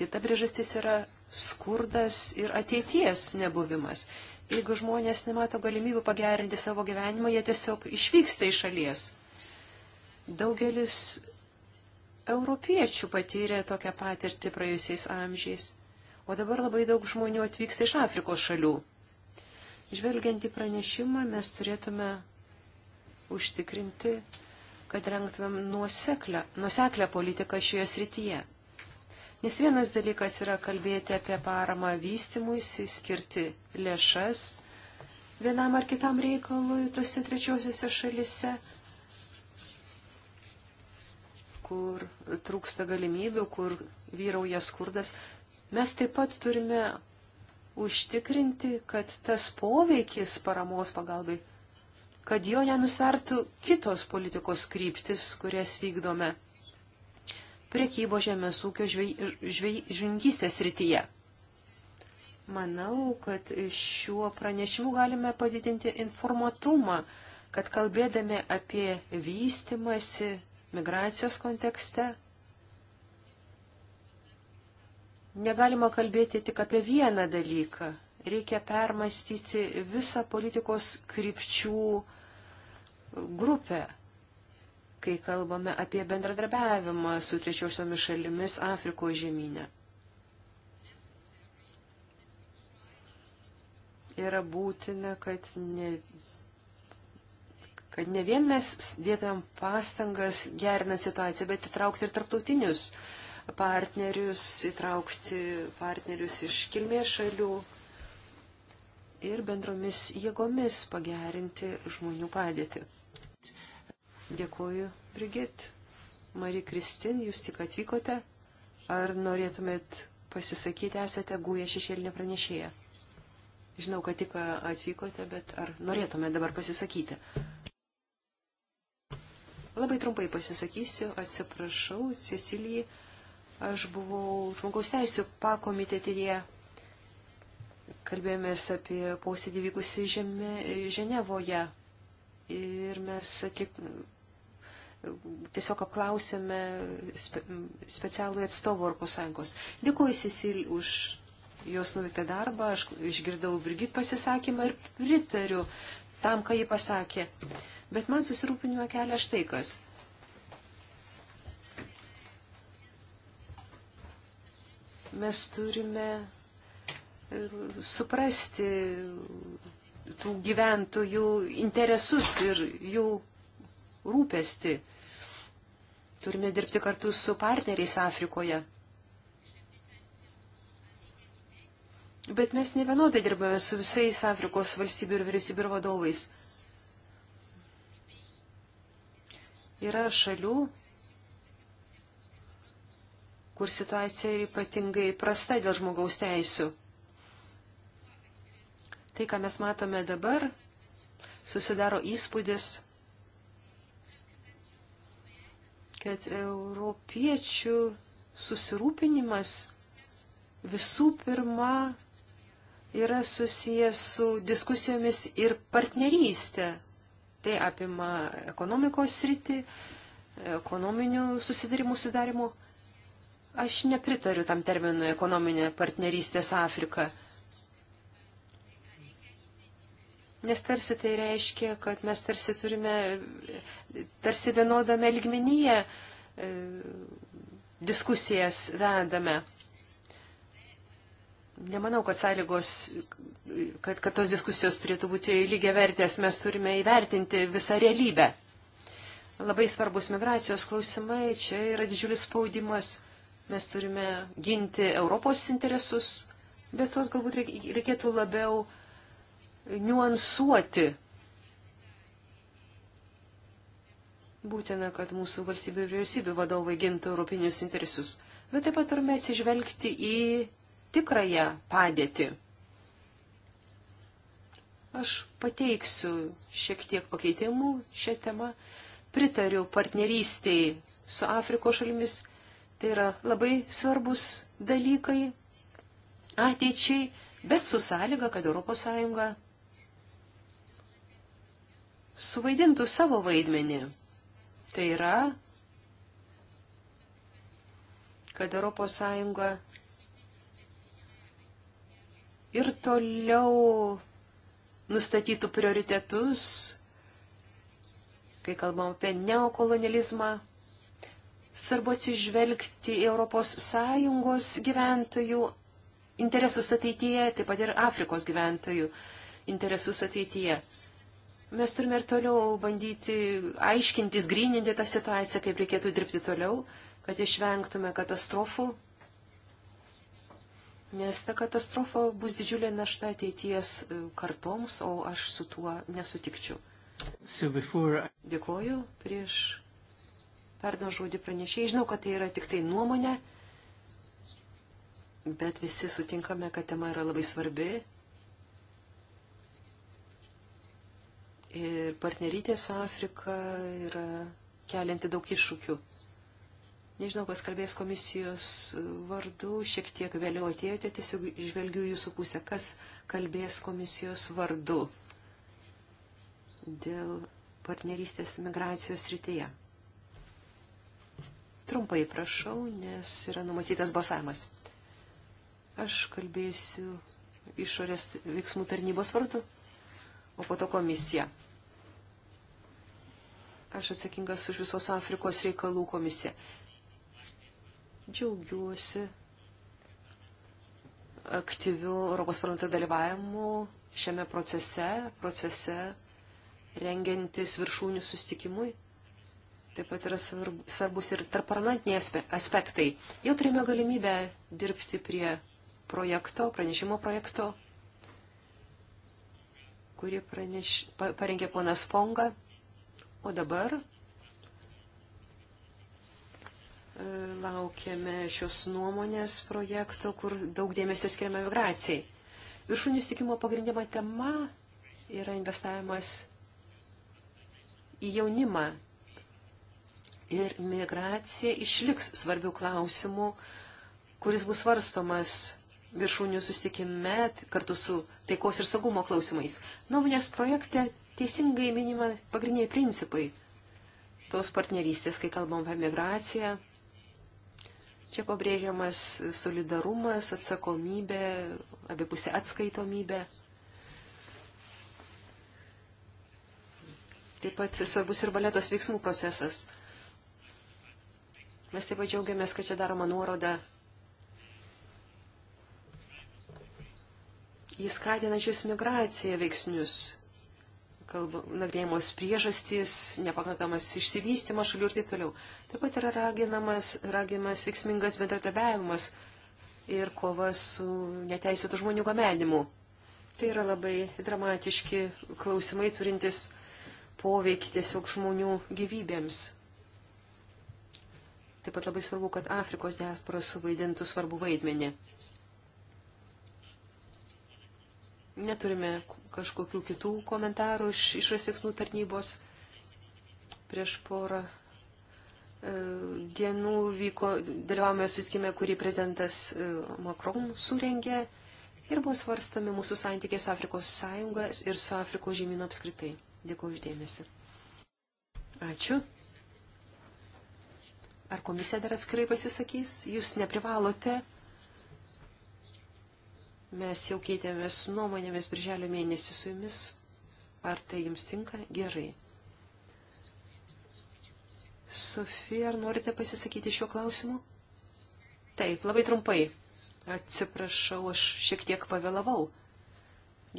Kita priežastis yra skurdas ir ateities nebuvimas. Jeigu žmonės nemato galimybių pagerinti savo gyvenimą, jie tiesiog išvyksta iš šalies. Daugelis europiečių patyrė tokią patirtį praėjusiais amžiais, o dabar labai daug žmonių atvyks iš Afrikos šalių. Žvelgiant į pranešimą, mes turėtume užtikrinti, kad rengtumėm nuoseklę, nuoseklę politiką šioje srityje. Nes vienas dalykas yra kalbėti apie paramą vystimuisi, skirti lėšas vienam ar kitam reikalui tose trečiosiuose šalise, kur trūksta galimybių, kur vyrauja skurdas, mes taip pat turime užtikrinti, kad tas poveikis paramos pagalbai, kad jo nenusvertų kitos politikos kryptis, kurias vykdome priekybo žemės ūkio žvingystės rytyje. Manau, kad šiuo pranešimu galime padidinti informatumą, kad kalbėdami apie vystimasi migracijos kontekste negalima kalbėti tik apie vieną dalyką. Reikia permastyti visą politikos krypčių grupę, kai kalbame apie bendradarbiavimą su trečiosiomis šalimis Afrikos žemynė. Yra būtina, kad ne kad ne vien mes dėtumėm pastangas gerinant situaciją, bet įtraukti ir tarptautinius partnerius, įtraukti partnerius iš kilmės šalių ir bendromis jėgomis pagerinti žmonių padėtį. Dėkuoju, Brigit. Marija Kristin, jūs tik atvykote. Ar norėtumėt pasisakyti, esate guja šešėlinė pranešėja? Žinau, kad tik atvykote, bet ar norėtumėt dabar pasisakyti? Labai trumpai pasisakysiu, atsiprašau, Cecilijai, aš buvau žmogaus teisų pakomitetyje. Kalbėjomės apie posėdį vykusį žemė, Ženevoje ir mes atlik, tiesiog apklausėme spe, specialų atstovų Europos Sąjungos. Dėkuoju Cecil už jos nuveiktą darbą, aš išgirdau Virgit pasisakymą ir pritariu tam, ką ji pasakė. Bet man susirūpinimą kelia štai kas. Mes turime e, suprasti tų gyventojų interesus ir jų rūpesti. Turime dirbti kartu su partneriais Afrikoje. Bet mes ne vienodai dirbame su visais Afrikos valstybių ir vyriausybių ir vadovais. Yra šalių, kur situacija ypatingai prasta dėl žmogaus teisų. Tai, ką mes matome dabar, susidaro įspūdis, kad europiečių susirūpinimas visų pirma yra susijęs su diskusijomis ir partnerystė. Tai apima ekonomikos sritį, ekonominių susidarimų sudarimo. Aš nepritariu tam terminui ekonominė partnerystė su Afrika. Nes tarsi tai reiškia, kad mes tarsi turime, tarsi vienodame lygmenyje e, diskusijas vedame. Nemanau, kad sąlygos, kad, kad tos diskusijos turėtų būti lygiai vertės, mes turime įvertinti visą realybę. Labai svarbus migracijos klausimai, čia yra didžiulis spaudimas, mes turime ginti Europos interesus, bet tuos galbūt reikėtų labiau niuansuoti. Būtina, kad mūsų valstybių ir vyriausybių vadovai gintų europinius interesus. Bet taip pat turime atsižvelgti į tikrąją padėtį. Aš pateiksiu šiek tiek pakeitimų šią temą, pritariu partnerystiai su Afrikos šalimis. Tai yra labai svarbus dalykai ateičiai, bet su sąlyga, kad ES suvaidintų savo vaidmenį. Tai yra, kad ES ir toliau nustatytų prioritetus, kai kalbam apie neokolonializmą. Svarbu atsižvelgti ES gyventojų interesus ateityje, taip pat ir Afrikos gyventojų interesus ateityje. Mes turime ir toliau bandyti aiškintis, grininti tą situaciją, kaip reikėtų dirbti toliau, kad išvengtume katastrofų, Nes ta katastrofa bus didžiulė našta ateities e, kartoms, o aš su tuo nesutikčiau. So before... Dėkoju prieš perdą žodį pranešėjai. Žinau, kad tai yra tik tai nuomonė, bet visi sutinkame, kad tema yra labai svarbi. Ir partnerytė su Afrika yra kelianti daug iššūkių. Nežinau, kas kalbės komisijos vardu, šiek tiek vėliau atėjote, tiesiog žvelgiu jūsų pusę, kas kalbės komisijos vardu dėl partnerystės migracijos rytyje. Trumpai prašau, nes yra numatytas balsavimas. Aš kalbėsiu išorės veiksmų tarnybos vardu, o po to komisija. Aš atsakingas už visos Afrikos reikalų komisiją. Džiaugiuosi aktyviu Europos parlamento dalyvavimu šiame procese, procese rengiantis viršūnių sustikimui. Taip pat yra svarbus ir tarparlamentiniai aspektai. Jau turime galimybę dirbti prie projekto, pranešimo projekto, kurį praneš, parengė ponas Ponga. O dabar laukiame šios nuomonės projekto, kur daug dėmesio skiriama migracijai. Viršūnių stikimo pagrindima tema yra investavimas į jaunimą. Ir migracija išliks svarbių klausimų, kuris bus svarstomas viršūnių susitikime kartu su taikos ir saugumo klausimais. Nuomonės projekte teisingai minima pagrindiniai principai tos partnerystės, kai kalbam apie migraciją, Čia pabrėžiamas solidarumas, atsakomybė, abipusė atskaitomybė. Taip pat svarbus ir baletos veiksmų procesas. Mes taip pat džiaugiamės, kad čia daroma nuoroda įskatinančius migraciją veiksnius nagrėjimos priežastys, nepakankamas išsivystimas šalių ir taip toliau. Taip pat yra raginamas, ragimas veiksmingas bendradarbiavimas ir kova su neteisėtų žmonių gamenimu. Tai yra labai dramatiški klausimai turintis poveikį tiesiog žmonių gyvybėms. Taip pat labai svarbu, kad Afrikos diaspora suvaidintų svarbu vaidmenį. Neturime kažkokių kitų komentarų iš išorės veiksmų tarnybos. Prieš porą e, dienų vyko, dalyvavome susitikime, kurį prezidentas e, Macron surengė ir buvo svarstami mūsų santykiai su Afrikos sąjunga ir su Afrikos žemynu apskritai. Dėkuoju uždėmesi. Ačiū. Ar komisija dar atskirai pasisakys? Jūs neprivalote Mes jau keitėmės nuomonėmis birželio mėnesį su jumis. Ar tai jums tinka? Gerai. Sofija, ar norite pasisakyti šiuo klausimu? Taip, labai trumpai. Atsiprašau, aš šiek tiek pavėlavau.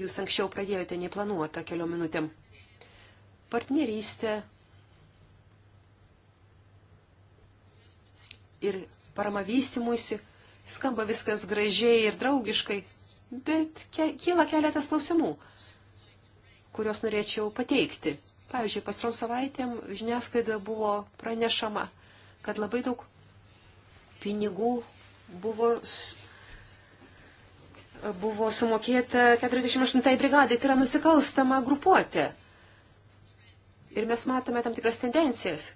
Jūs anksčiau pradėjote neplanuotą keliom minutėm. Partnerystė ir parama vystimuisi skamba viskas gražiai ir draugiškai, bet ke kyla keletas klausimų, kuriuos norėčiau pateikti. Pavyzdžiui, pastrom savaitėm žiniasklaidoje buvo pranešama, kad labai daug pinigų buvo, buvo sumokėta 48 brigadai, tai yra nusikalstama grupuotė. Ir mes matome tam tikras tendencijas,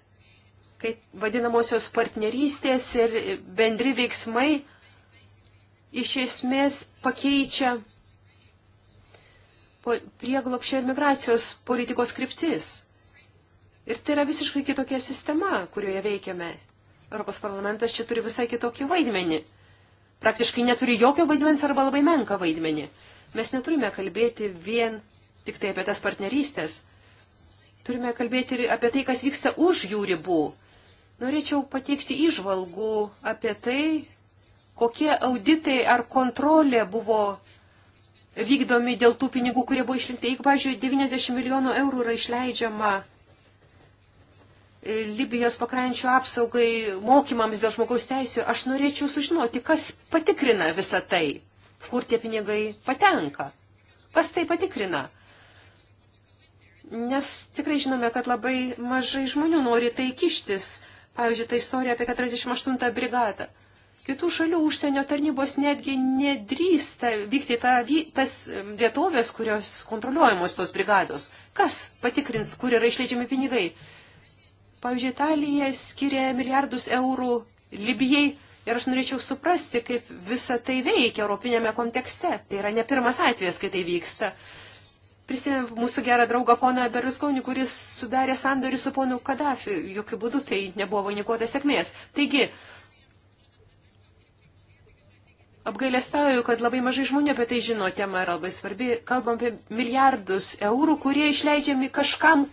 kai vadinamosios partnerystės ir bendri veiksmai iš esmės pakeičia prieglopščio ir migracijos politikos kryptis. Ir tai yra visiškai kitokia sistema, kurioje veikiame. Europos parlamentas čia turi visai kitokį vaidmenį. Praktiškai neturi jokio vaidmens arba labai menką vaidmenį. Mes neturime kalbėti vien tik tai apie tas partnerystės. Turime kalbėti ir apie tai, kas vyksta už jų ribų. Norėčiau pateikti išvalgų apie tai, kokie auditai ar kontrolė buvo vykdomi dėl tų pinigų, kurie buvo išrinkti. Jeigu, pavyzdžiui, 90 milijonų eurų yra išleidžiama e, Libijos pakrančių apsaugai mokymams dėl žmogaus teisų, aš norėčiau sužinoti, kas patikrina visą tai, kur tie pinigai patenka, kas tai patikrina. Nes tikrai žinome, kad labai mažai žmonių nori tai kištis. Pavyzdžiui, ta istorija apie 48 brigadą. Kitų šalių užsienio tarnybos netgi nedrįsta vykti tą, tas vietovės, kurios kontroliuojamos tos brigados. Kas patikrins, kur yra išleidžiami pinigai? Pavyzdžiui, Italija skiria milijardus eurų Libijai ir aš norėčiau suprasti, kaip visa tai veikia europinėme kontekste. Tai yra ne pirmas atvejas, kai tai vyksta. Prisimėm mūsų gerą draugą poną Berlusconį, kuris sudarė sandorį su ponu Kadafi. Jokių būdų tai nebuvo vainikuota sėkmės. Taigi, apgailestauju, kad labai mažai žmonių apie tai žino, tema yra labai svarbi. Kalbam apie milijardus eurų, kurie išleidžiami kažkam,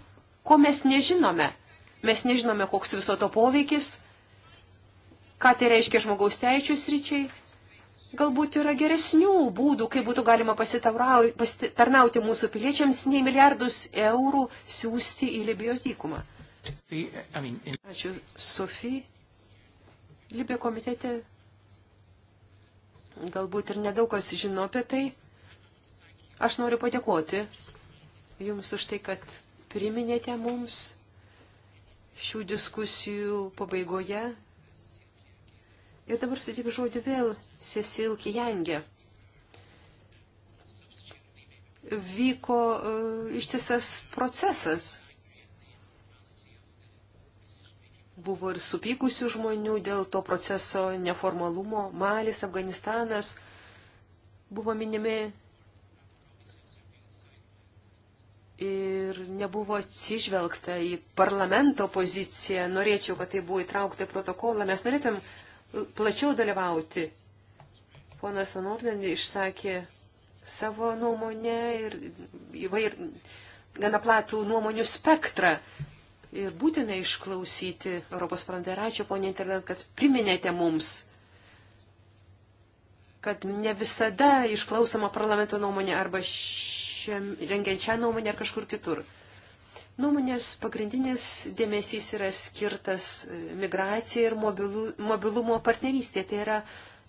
ko mes nežinome. Mes nežinome, koks viso to poveikis, ką tai reiškia žmogaus teisų sričiai. Galbūt yra geresnių būdų, kaip būtų galima pasitarnauti mūsų piliečiams, nei milijardus eurų siūsti į Libijos dykumą. Ačiū, Sofija. Libė komitete Galbūt ir nedaug kas žino apie tai. Aš noriu padėkoti Jums už tai, kad priminėte mums šių diskusijų pabaigoje. Ir dabar sutip žodį vėl Cecil Kijangė. Vyko uh, ištisas procesas Buvo ir supykusių žmonių dėl to proceso neformalumo. Malis, Afganistanas buvo minimi ir nebuvo atsižvelgta į parlamento poziciją. Norėčiau, kad tai buvo įtraukta į protokolą. Mes norėtum plačiau dalyvauti. Ponas Vanorden išsakė savo nuomonę ir įvair, gana platų nuomonių spektrą ir būtina išklausyti Europos parlamentą. Ir ačiū, ponė Internet, kad priminėte mums, kad ne visada išklausoma parlamento nuomonė arba šiam, rengiant šią nuomonę ar kažkur kitur. Nuomonės pagrindinis dėmesys yra skirtas e, migracijai ir mobilu, mobilumo partnerystė. Tai yra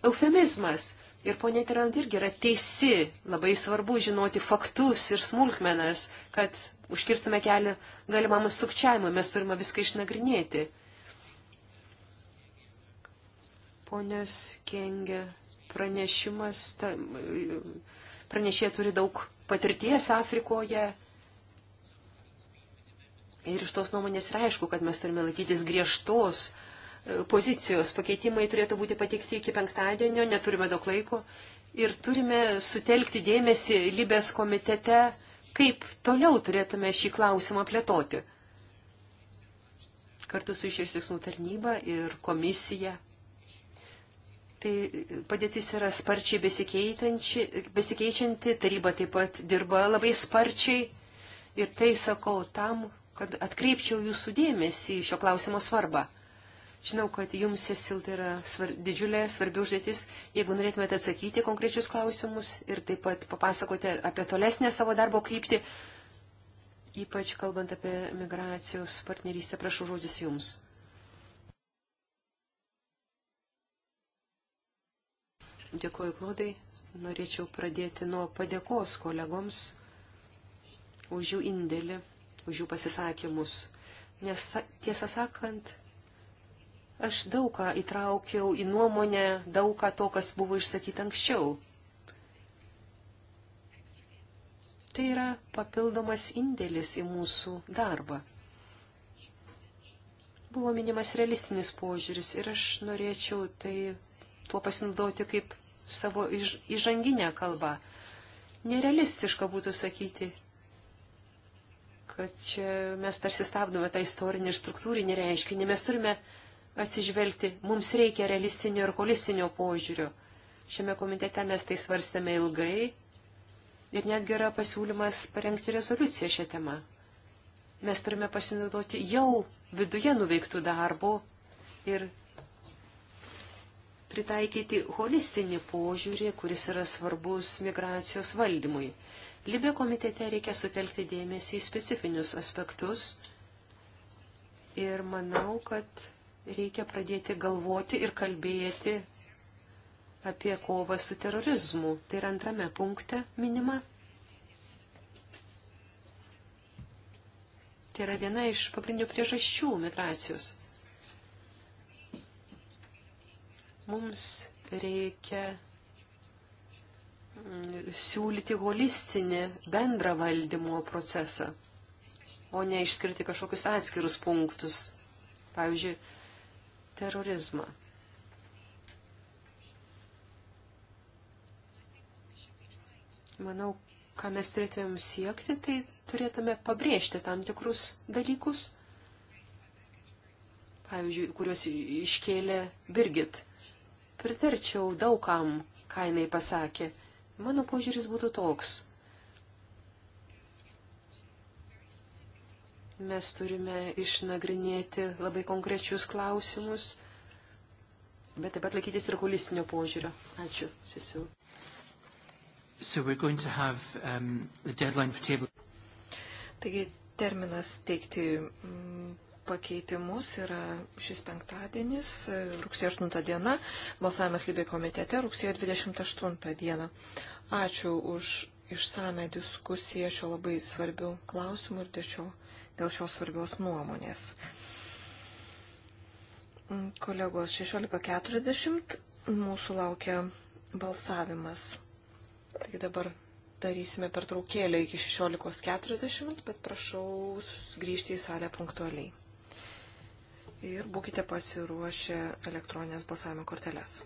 eufemizmas. Ir ponė Tirant irgi yra teisi, labai svarbu žinoti faktus ir smulkmenas, kad užkirstume kelią galimam sukčiavimui, mes turime viską išnagrinėti. Ponios Kengė pranešimas, ta, pranešė turi daug patirties Afrikoje. Ir iš tos nuomonės reišku, kad mes turime laikytis griežtos pozicijos. Pakeitimai turėtų būti pateikti iki penktadienio, neturime daug laiko. Ir turime sutelkti dėmesį Libės komitete, kaip toliau turėtume šį klausimą plėtoti. Kartu su išėrsveiksmų tarnyba ir komisija. Tai padėtis yra sparčiai besikeičianti, taryba taip pat dirba labai sparčiai. Ir tai sakau tam, kad atkreipčiau jūsų dėmesį į šio klausimo svarbą. Žinau, kad jums, Cecil, tai yra svar, didžiulė, svarbi užduotis. Jeigu norėtumėte atsakyti konkrečius klausimus ir taip pat papasakoti apie tolesnę savo darbo kryptį, ypač kalbant apie migracijos partnerystę, prašau žodis jums. Dėkuoju, Klaudai. Norėčiau pradėti nuo padėkos kolegoms už jų indėlį, už jų pasisakymus. Nes tiesą sakant, Aš daugą įtraukiau į nuomonę, daugą to, kas buvo išsakyta anksčiau. Tai yra papildomas indėlis į mūsų darbą. Buvo minimas realistinis požiūris ir aš norėčiau tai tuo pasinaudoti kaip savo iš, įžanginę kalbą. Nerealistiška būtų sakyti, kad čia mes tarsi stabdome tą istorinį ir struktūrinį reiškinį. Mes turime atsižvelgti. Mums reikia realistinio ir holistinio požiūrio. Šiame komitete mes tai svarstame ilgai ir netgi yra pasiūlymas parengti rezoliuciją šią temą. Mes turime pasinaudoti jau viduje nuveiktų darbų ir pritaikyti holistinį požiūrį, kuris yra svarbus migracijos valdymui. Libė komitete reikia sutelkti dėmesį į specifinius aspektus ir manau, kad reikia pradėti galvoti ir kalbėti apie kovą su terorizmu. Tai yra antrame punkte minima. Tai yra viena iš pagrindinių priežasčių migracijos. Mums reikia mm, siūlyti holistinį bendrą valdymo procesą, o ne išskirti kažkokius atskirus punktus. Pavyzdžiui, terorizmą. Manau, ką mes turėtumėm siekti, tai turėtume pabrėžti tam tikrus dalykus, pavyzdžiui, kuriuos iškėlė Birgit. Pritarčiau daugam, ką jinai pasakė. Mano požiūris būtų toks. Mes turime išnagrinėti labai konkrečius klausimus, bet taip pat laikytis ir holistinio požiūrio. Ačiū, Sisil. So have, um, Taigi terminas teikti mm, pakeitimus yra šis penktadienis, rugsėjo 8 diena, balsavimas Libė komitete rugsėjo 28 diena. Ačiū už išsame diskusiją šio labai svarbių klausimų ir dėl šio dėl šios svarbios nuomonės. Kolegos 16.40 mūsų laukia balsavimas. Taigi dabar darysime pertraukėlę iki 16.40, bet prašau grįžti į salę punktualiai. Ir būkite pasiruošę elektroninės balsavimo korteles.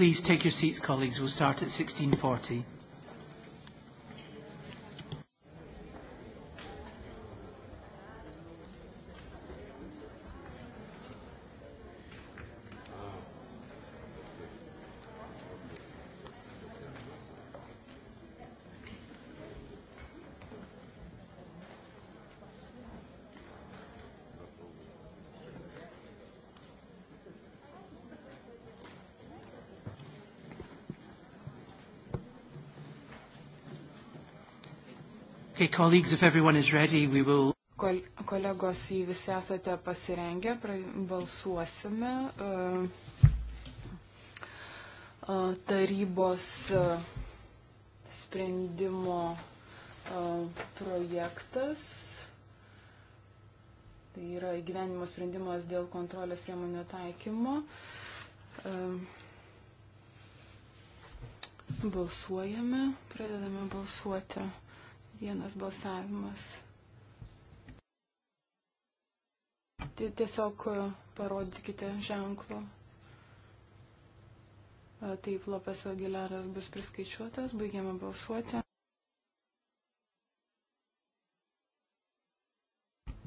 Please take your seats, colleagues. We'll start at 1640. Okay, colleagues, if everyone is ready, we will... Kol kolegos, jei visi esate pasirengę, balsuosime uh, uh, tarybos uh, sprendimo uh, projektas. Tai yra įgyvenimo sprendimas dėl kontrolės priemonių taikymo. Uh, balsuojame, pradedame balsuoti vienas balsavimas. Tai tiesiog e, parodykite ženklo. E, taip, Lopes Aguilaras bus priskaičiuotas, baigiame balsuoti.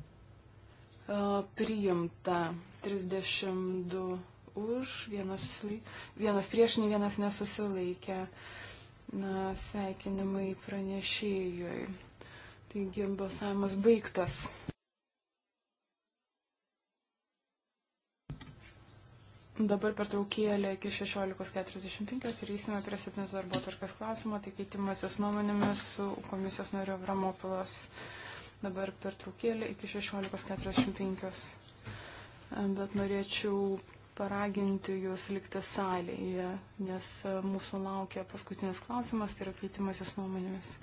E, priimta 32 už, vienas, vienas prieš, nei vienas nesusilaikė na, sveikinimai pranešėjui. Taigi balsavimas baigtas. Dabar pertraukėlė iki 16.45 ir įsime prie 7 darbo tvarkas klausimo, tai keitimasis nuomonėmis su komisijos nariu Vramopilas. Dabar pertraukėlė iki 16.45. Bet norėčiau paraginti jūs likti salėje, nes e, mūsų laukia paskutinis klausimas, tai yra keitimasis nuomonėmis.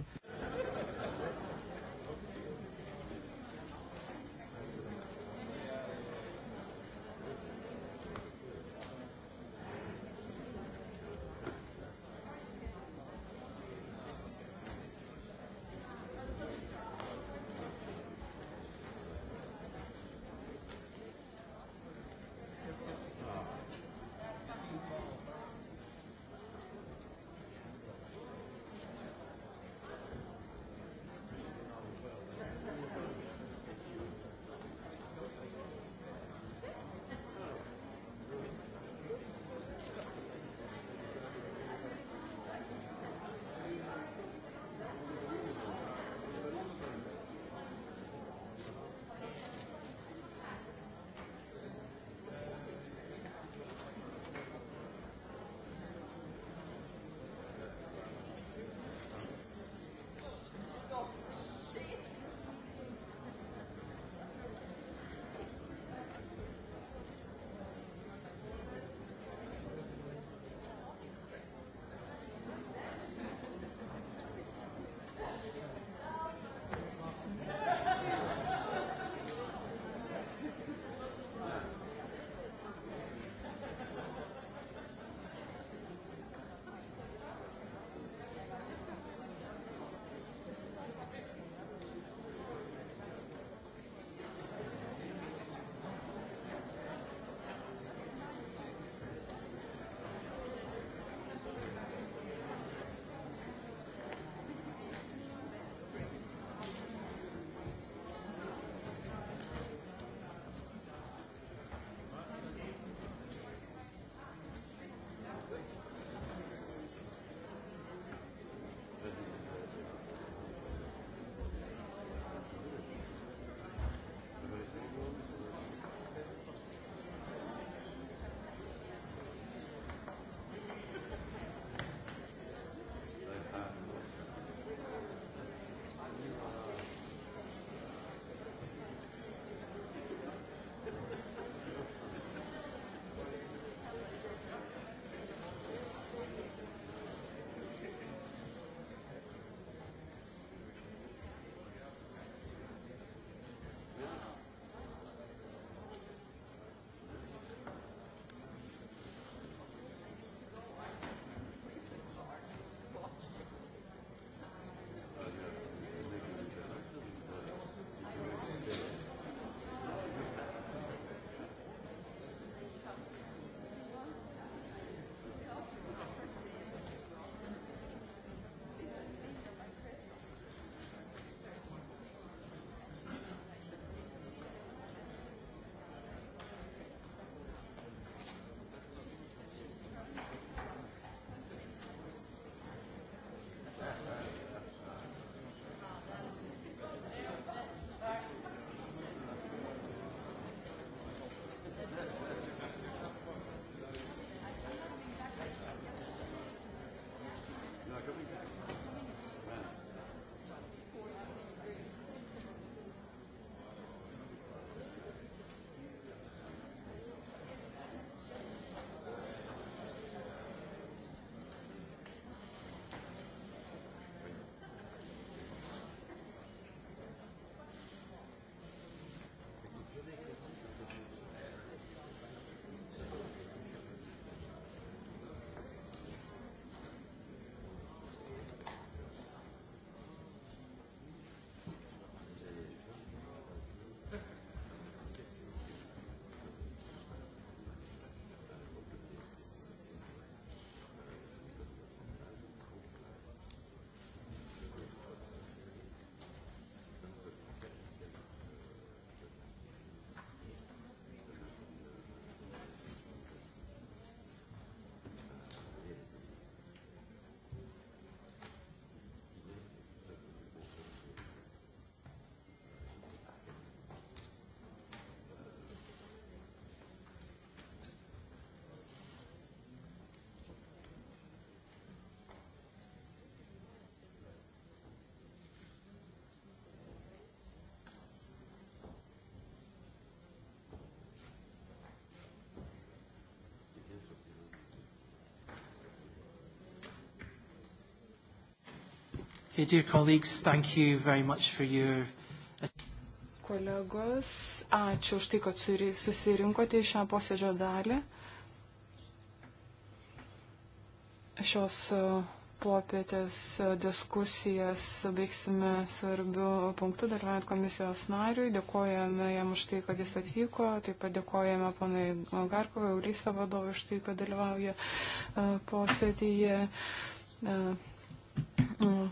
Okay, dear colleagues, thank you very much for your... Kolegos, ačiū už tai, kad susirinkote į šią posėdžio dalį. Šios e, popietės e, diskusijas baigsime svarbių punktų dalyvaujant komisijos nariui. Dėkojame jam už tai, kad jis atvyko. Taip pat dėkojame panai Garkovai, Ulysa vadovui už tai, kad dalyvauja e, posėdėje. Uh, uh,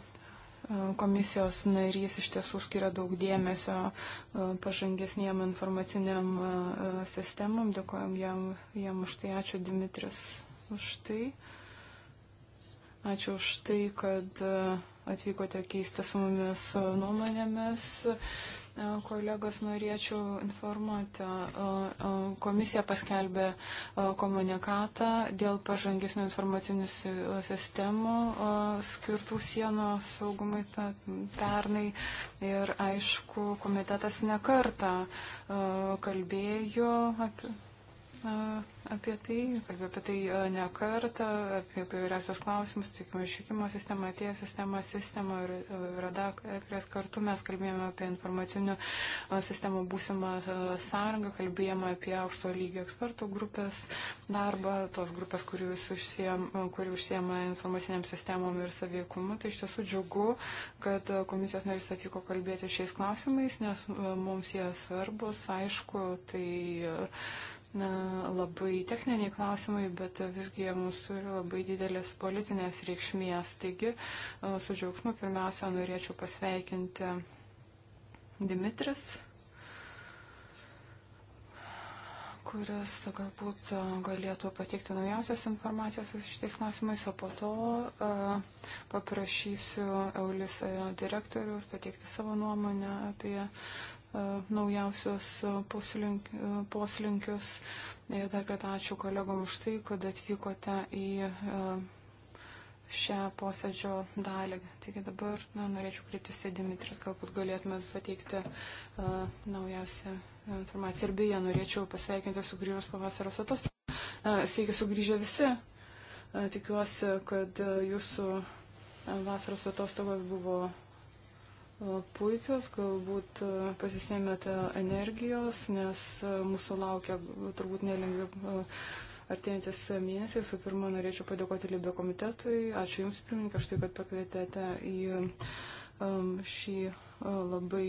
komisijos narys iš tiesų skiria daug dėmesio e, pažangesniem informaciniam e, sistemam. Dėkojom jam, jam už tai. Ačiū Dimitris už tai. Ačiū už tai, kad e, atvykote keisti su mumis nuomonėmis. E, kolegos, norėčiau informuoti, e, e, komisija paskelbė komunikatą dėl pažangesnių informacinių sistemų skirtų sienų saugumai pernai. Ir aišku, komitetas nekarta kalbėjo apie apie tai, kalbėjau apie tai ne kartą, apie įvairiausias klausimus, tikimo išvykimo sistemą, atėjo sistemą, sistemą ir radak, kurias kartu mes kalbėjome apie informacinių sistemų būsimą sąrangą, kalbėjome apie aukšto lygio ekspertų grupės darbą, tos grupės, kuri užsiema, kuri užsiema informaciniam sistemom ir savykumu. Tai iš tiesų džiugu, kad komisijos narys atvyko kalbėti šiais klausimais, nes mums jie svarbus, aišku, tai labai techniniai klausimai, bet visgi jie mums turi labai didelės politinės reikšmės. Taigi e, su džiaugsmu pirmiausia norėčiau pasveikinti Dimitris, kuris galbūt e, galėtų pateikti naujausias informacijas šitais klausimais, o po to e, paprašysiu Eulis direktorių pateikti savo nuomonę apie E, naujausios e, poslink, e, poslinkius. Ir dar kartą ačiū kolegom už tai, kad atvykote į šią posėdžio dalį. Taigi dabar na, norėčiau kreiptis į Dimitris, galbūt galėtumėt pateikti uh, naujausią informaciją. Ir beje, norėčiau pasveikinti sugrįžus pavasaros atostogų. Uh, sveiki sugrįžę visi. Uh, tikiuosi, kad uh, jūsų uh, vasaros atostogos buvo puikios, galbūt e, pasisėmėte energijos, nes e, mūsų laukia turbūt nelengvi e, artėjantis mėnesiai. Visų pirma, norėčiau padėkoti Libė komitetui. Ačiū Jums, pirmininkai, štai, kad pakvietėte į šį labai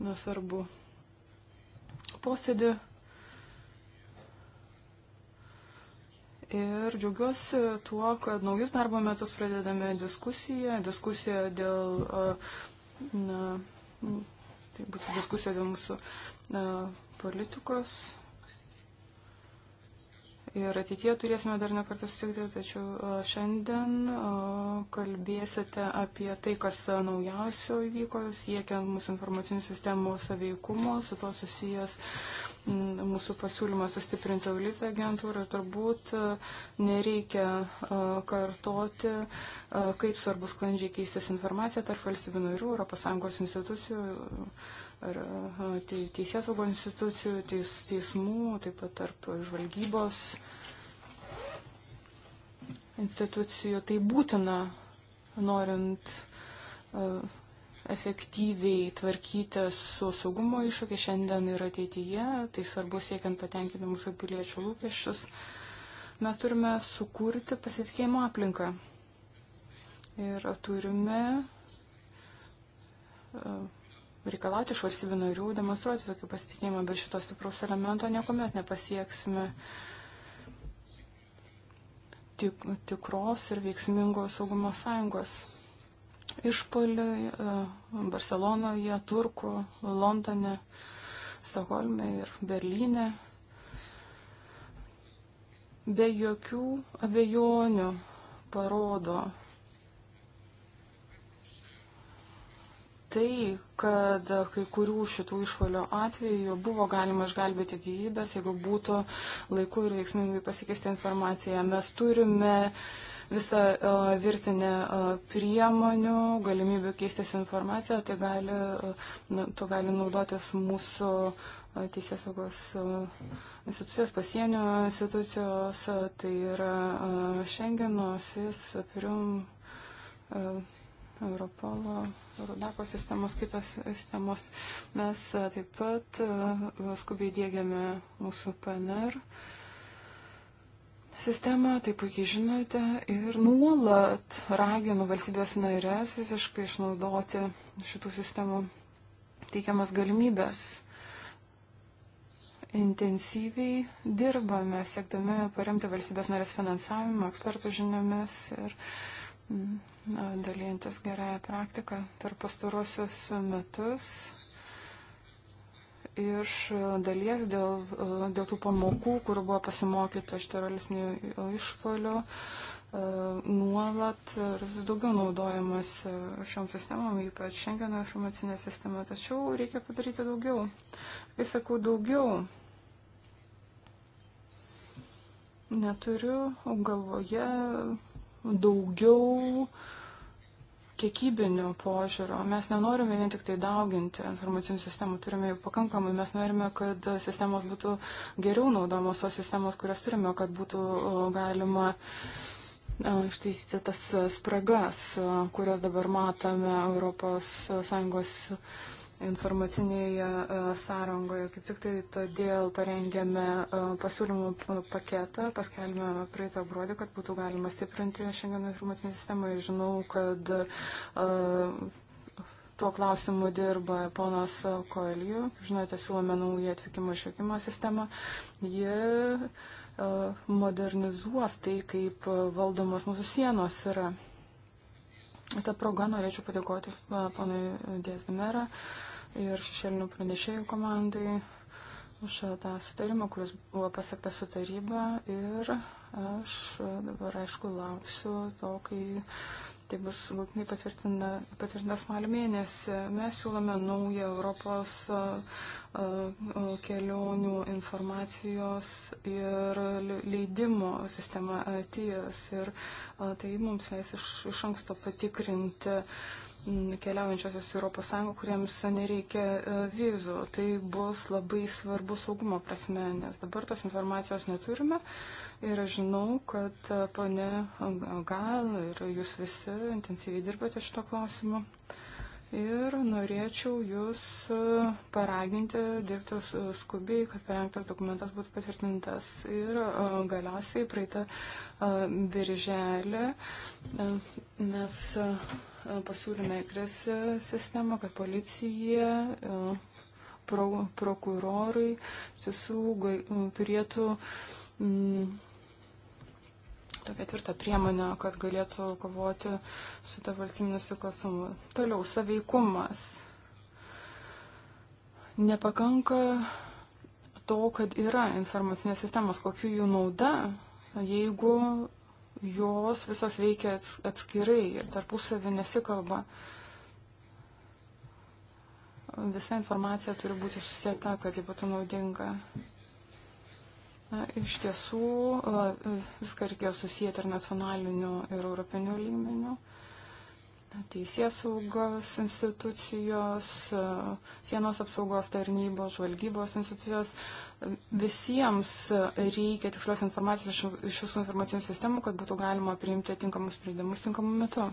nesvarbu posėdį. Ir džiaugiuosi tuo, kad naujus darbo metus pradedame diskusiją, diskusiją dėl uh, na, tai būtų diskusija dėl mūsų na, politikos ir ateitie turėsime dar ne kartą sutikti, tačiau e, šiandien e, kalbėsite apie tai, kas naujausio įvyko, siekiant mūsų informacinių sistemų saveikumo, su to susijęs mūsų pasiūlymas sustiprinti Ulis agentūrą ir turbūt e, nereikia kartoti, kaip svarbu sklandžiai keistis informacija tarp valstybių narių, ES institucijų ar teisės saugos institucijų, teis, teismų, taip pat tarp žvalgybos institucijų. Tai būtina, norint efektyviai tvarkytis su saugumo iššūkiu šiandien ir ateityje, tai svarbu siekiant patenkinti mūsų piliečių lūkesčius, mes turime sukurti pasitikėjimo aplinką. Ir turime uh, reikalauti iš valstybių narių, demonstruoti tokį pasitikėjimą, bet šito stipraus elemento niekuomet nepasieksime tik, tikros ir veiksmingos saugumo sąjungos. Išpoliai e, Barcelonoje, Turku, Londone, Stokholme ir Berlyne. Be jokių abejonių parodo tai, kad kai kurių šitų išpolio atveju buvo galima išgelbėti gyvybės, jeigu būtų laiku ir veiksmingai pasikeisti informaciją. Mes turime visą e, virtinę e, priemonių, galimybių keistis informaciją, tai gali, e, to gali naudotis mūsų teisės saugos institucijos, pasienio institucijos, tai yra Šengeno, SIS, Pirum Europolo, Rodako sistemos, kitos sistemos. Mes e, taip pat e, skubiai dėgiame mūsų PNR sistemą, tai puikiai žinote, ir nuolat raginu valstybės narės visiškai išnaudoti šitų sistemų teikiamas galimybės. Intensyviai dirbame, siekdami paremti valstybės narės finansavimą, ekspertų žiniomis ir mm, dalyjantis gerąją praktiką per pastarosius metus. Iš dalies dėl, dėl tų pamokų, kur buvo pasimokyta iš teroristinių išpolių, e, nuolat ir vis daugiau naudojamas e, šiom sistemom, ypač šiandieno informacinė sistema, tačiau reikia padaryti daugiau. Kai sakau daugiau, neturiu galvoje daugiau kiekybinio požiūrio. Mes nenorime vien tik tai dauginti informacinių sistemų, turime jų pakankamai, mes norime, kad sistemos būtų geriau naudojamos, tos sistemos, kurias turime, kad būtų galima ištaisyti tas spragas, kurias dabar matome Europos Sąjungos informacinėje e, sąrangoje. Kaip tik tai todėl parengėme e, pasiūlymų paketą, paskelbėme praeitą gruodį, kad būtų galima stiprinti šiandien informacinę sistemą. Ir žinau, kad e, tuo klausimu dirba ponas Koelijų. Žinote, siūlome naują atvykimo išvykimo sistemą. Ji modernizuos tai, kaip valdomos mūsų sienos yra. Ta proga norėčiau padėkoti panui Dėzdemera. Uh, ir šešėlinių pranešėjų komandai už tą sutarimą, kuris buvo pasaktas su taryba. Ir aš dabar, aišku, lauksiu to, kai tai bus galutinai patvirtintas spalio mėnesį. Mes siūlome naują Europos kelionių informacijos ir leidimo sistemą ATIAS ir tai mums leis iš, iš anksto patikrinti Mm, keliaujančiosios Europos Sąjungą, kuriems nereikia e, vizų. Tai bus labai svarbu saugumo prasme, nes dabar tos informacijos neturime. Ir aš žinau, kad e, pane Gal ir jūs visi intensyviai dirbate šito klausimu. Ir norėčiau jūs e, paraginti dirbti skubiai, kad parengtas dokumentas būtų patvirtintas. Ir galiausiai praeitą birželį mes pasiūlėme ECRIS sistemą, kad policija, e, pro, prokurorai iš tiesų e, turėtų m, mm, tokią tvirtą priemonę, kad galėtų kovoti su ta valstybiniu nusikalstamu. Toliau, saveikumas. Nepakanka to, kad yra informacinės sistemos, kokiu jų nauda, jeigu jos visos veikia atskirai ir tarpusavį nesikalba. Visa informacija turi būti susieta, kad ji būtų naudinga. Na, iš tiesų, viską reikėjo susijęti ir nacionaliniu, ir europiniu lygmeniu teisės saugos institucijos, sienos apsaugos tarnybos, žvalgybos institucijos. Visiems reikia tikslios informacijos iš visų informacinių sistemų, kad būtų galima priimti tinkamus sprendimus tinkamu metu.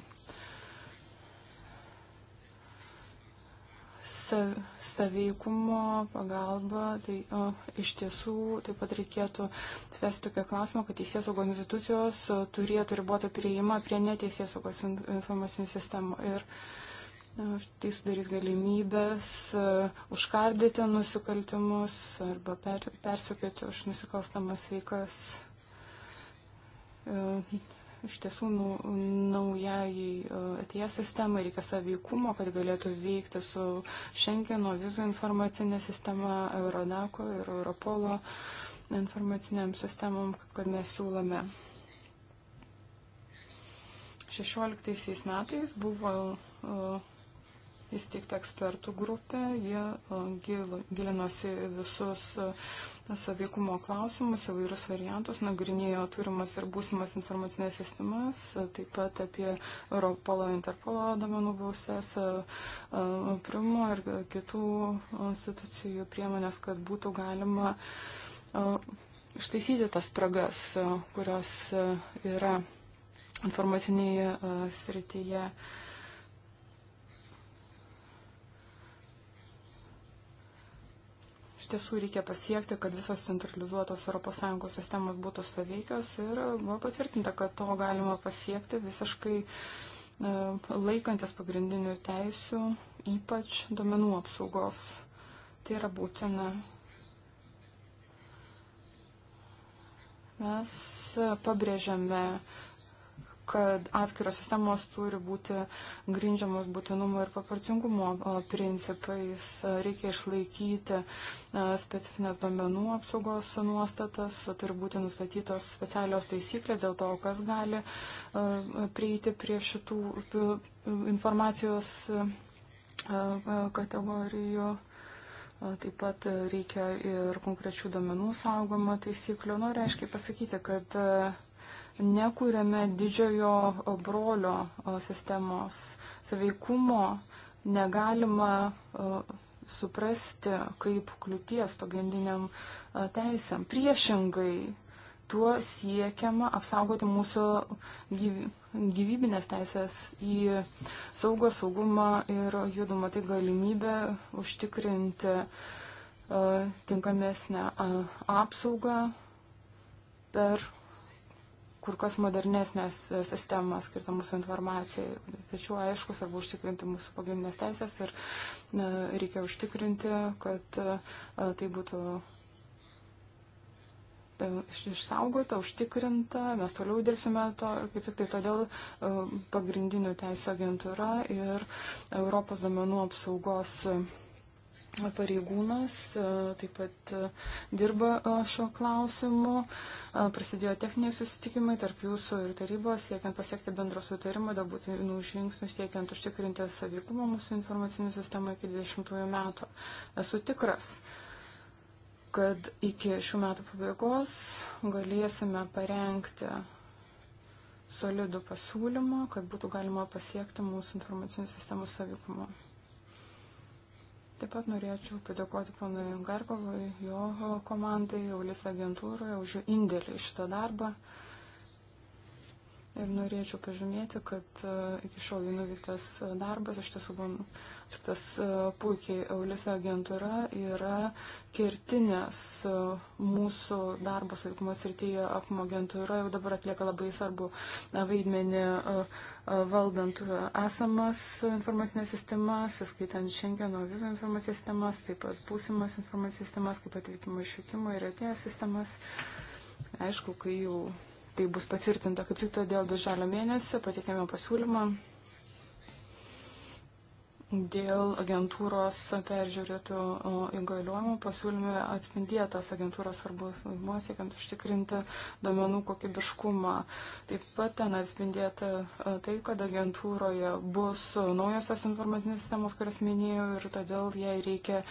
saveikumo pagalba, tai o, iš tiesų taip pat reikėtų vesti tokią klausimą, kad teisės saugos institucijos turėtų ribotą prieimą prie neteisės saugos informacinių sistemų. Ir, Tai sudarys galimybės užkardyti nusikaltimus arba per, persiekėti už nusikalstamas veikas Iš tiesų, nu, naujai e, ateies sistemai reikia savykumo, kad galėtų veikti su Schengeno vizų informacinė sistema, Euronako ir Europolo informaciniam sistemom, kad mes siūlome. 16 metais buvo uh, įsteigta ekspertų grupė, jie gilinosi visus savykumo klausimus, įvairius variantus, nagrinėjo turimas ir būsimas informacinės sistemas, taip pat apie Europolo, Interpolo domenų bausės, Primo ir kitų institucijų priemonės, kad būtų galima ištaisyti tas spragas, kurios yra informacinėje srityje. Uh, iš tiesų reikia pasiekti, kad visos centralizuotos ES sistemos būtų saveikios ir buvo patvirtinta, kad to galima pasiekti visiškai e, laikantis pagrindinių teisių, ypač domenų apsaugos. Tai yra būtina. Mes pabrėžiame kad atskiros sistemos turi būti grindžiamos būtinumo ir paparcingumo principais. Reikia išlaikyti specifines duomenų apsaugos nuostatas, turi būti nustatytos specialios taisyklės dėl to, kas gali prieiti prie šitų informacijos kategorijų. Taip pat reikia ir konkrečių domenų saugomo taisyklių. Noriu aiškiai pasakyti, kad nekūrėme didžiojo brolio sistemos saveikumo, negalima suprasti kaip kliūties pagrindiniam teisėm. Priešingai, tuo siekiama apsaugoti mūsų gyvybinės teisės į saugą, saugumą ir judumą. Tai galimybė užtikrinti tinkamesnę apsaugą per kur kas modernesnės e, sistemas skirtą mūsų informacijai. Tačiau, aišku, svarbu užtikrinti mūsų pagrindinės teisės ir e, reikia užtikrinti, kad e, tai būtų išsaugota, užtikrinta, mes toliau dirbsime to, kaip tik tai todėl pagrindinių teisų agentūra ir Europos domenų apsaugos pareigūnas e, taip pat e, dirba e, šio klausimu. Prasidėjo techniniai susitikimai tarp jūsų ir tarybos, siekiant pasiekti bendro sutarimo, dėl būtinų žingsnių, siekiant užtikrinti savykumą mūsų informacinių sistemų iki 20 metų. Esu tikras kad iki šių metų pabaigos galėsime parengti solidų pasiūlymą, kad būtų galima pasiekti mūsų informacinių sistemų savykumą. Taip pat norėčiau padėkoti ponui Garkovui, jo komandai, Ulis agentūroje už jų indėlį į šitą darbą. Uh, Ir norėčiau pažymėti, kad e, iki šiol nuveiktas darbas iš tiesų buvo atliktas e, puikiai. Eulisa agentūra yra kertinės e, mūsų darbo sakymo srityje akmo agentūra. Jau dabar atlieka labai svarbu vaidmenį valdant esamas informacinės sistemas, įskaitant šiandieno vizų informacinės sistemas, taip pat būsimas informacinės sistemas, kaip atvykimo išvykimo ir atėjęs sistemas. Aišku, kai jau tai bus patvirtinta kaip tik todėl birželio mėnesį patikėme pasiūlymą Dėl agentūros peržiūrėtų įgaliojimų pasiūlymė atspindėtas agentūros svarbus vaidmuo siekiant užtikrinti domenų kokybiškumą. Taip pat ten atspindėta e, tai, kad agentūroje bus naujosios informacinės sistemos, kurias minėjau, ir todėl jai reikia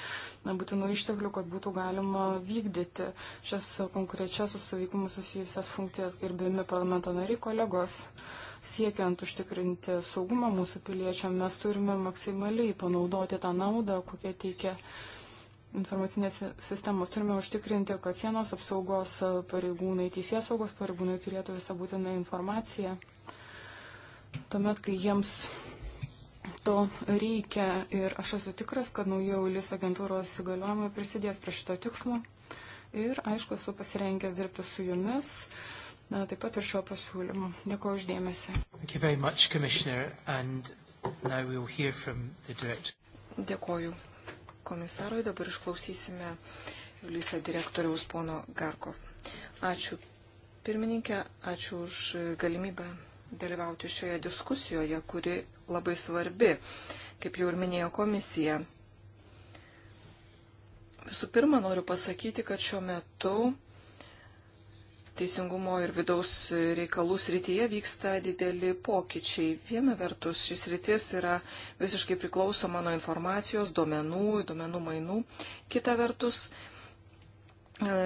na, būtinų išteklių, kad būtų galima vykdyti šias konkrečias su savykumu susijusias funkcijas gerbiami parlamento nariai kolegos. Uh, siekiant užtikrinti saugumą mūsų piliečiam, mes turime maksimaliai panaudoti tą naudą, kokią teikia informacinės sistemos. Turime užtikrinti, kad sienos apsaugos pareigūnai, teisės saugos pareigūnai turėtų visą būtiną informaciją. Tuomet, kai jiems to reikia ir aš esu tikras, kad nauja ULIS agentūros įgaliojimai prisidės prie šito tikslo. Ir aišku, esu pasirengęs dirbti su jumis. Uh, na, taip pat ir šiuo pasiūlymu. Dėkuoju uždėmesi. Dėkuoju komisarui, dabar išklausysime Lisa direktoriaus pono Garkov. Ačiū pirmininkė, ačiū už galimybę dalyvauti šioje diskusijoje, kuri labai svarbi, kaip jau ir minėjo komisija. Visų pirma, noriu pasakyti, kad šiuo metu teisingumo ir vidaus reikalų srityje vyksta dideli pokyčiai. Viena vertus, šis rytis yra visiškai priklausoma nuo informacijos, duomenų, duomenų mainų. Kita vertus, e,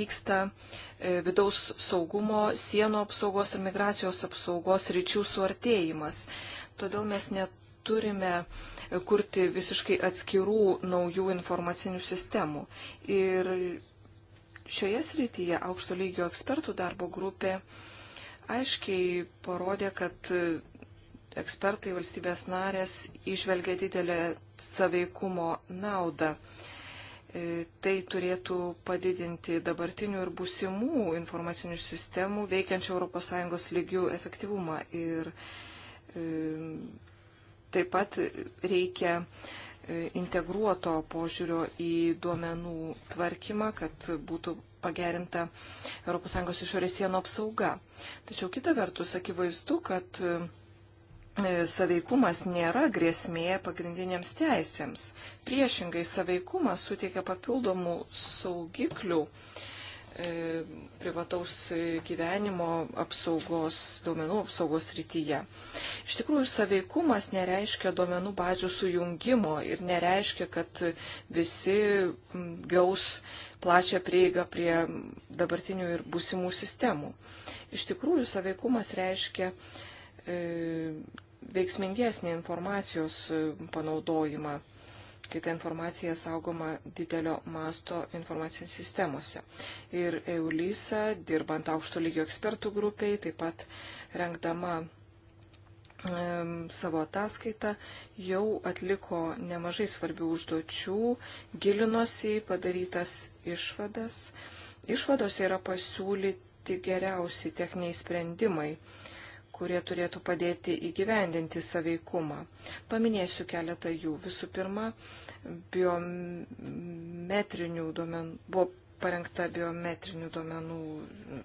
vyksta e, vidaus saugumo, sienų apsaugos ir migracijos apsaugos ryčių suartėjimas. Todėl mes neturime e, kurti visiškai atskirų naujų informacinių sistemų. Ir Šioje srityje aukšto lygio ekspertų darbo grupė aiškiai parodė, kad e, ekspertai valstybės narės išvelgia didelę saveikumo naudą. E, tai turėtų padidinti dabartinių ir būsimų informacinių sistemų veikiančių ES lygių efektyvumą. Ir e, taip pat reikia E, integruoto požiūrio į duomenų tvarkymą, kad būtų pagerinta ES išorės sienų apsauga. Tačiau kita vertus, akivaizdu, kad e, saveikumas nėra grėsmė pagrindiniams teisėms. Priešingai, saveikumas suteikia papildomų saugiklių E, privataus gyvenimo apsaugos, duomenų apsaugos rytyje. Iš tikrųjų, saveikumas nereiškia duomenų bazių sujungimo ir nereiškia, kad visi gaus plačią prieigą prie dabartinių ir būsimų sistemų. Iš tikrųjų, saveikumas reiškia e, veiksmingesnį informacijos e, panaudojimą kai ta informacija saugoma didelio masto informacinės sistemose. Ir EULISA, dirbant aukšto lygio ekspertų grupiai, taip pat rengdama e, savo ataskaitą, jau atliko nemažai svarbių užduočių, gilinosi į padarytas išvadas. Išvados yra pasiūlyti geriausi techniniai sprendimai kurie turėtų padėti įgyvendinti saveikumą. Paminėsiu keletą jų. Visų pirma, biometrinių duomenų buvo parengta biometrinių duomenų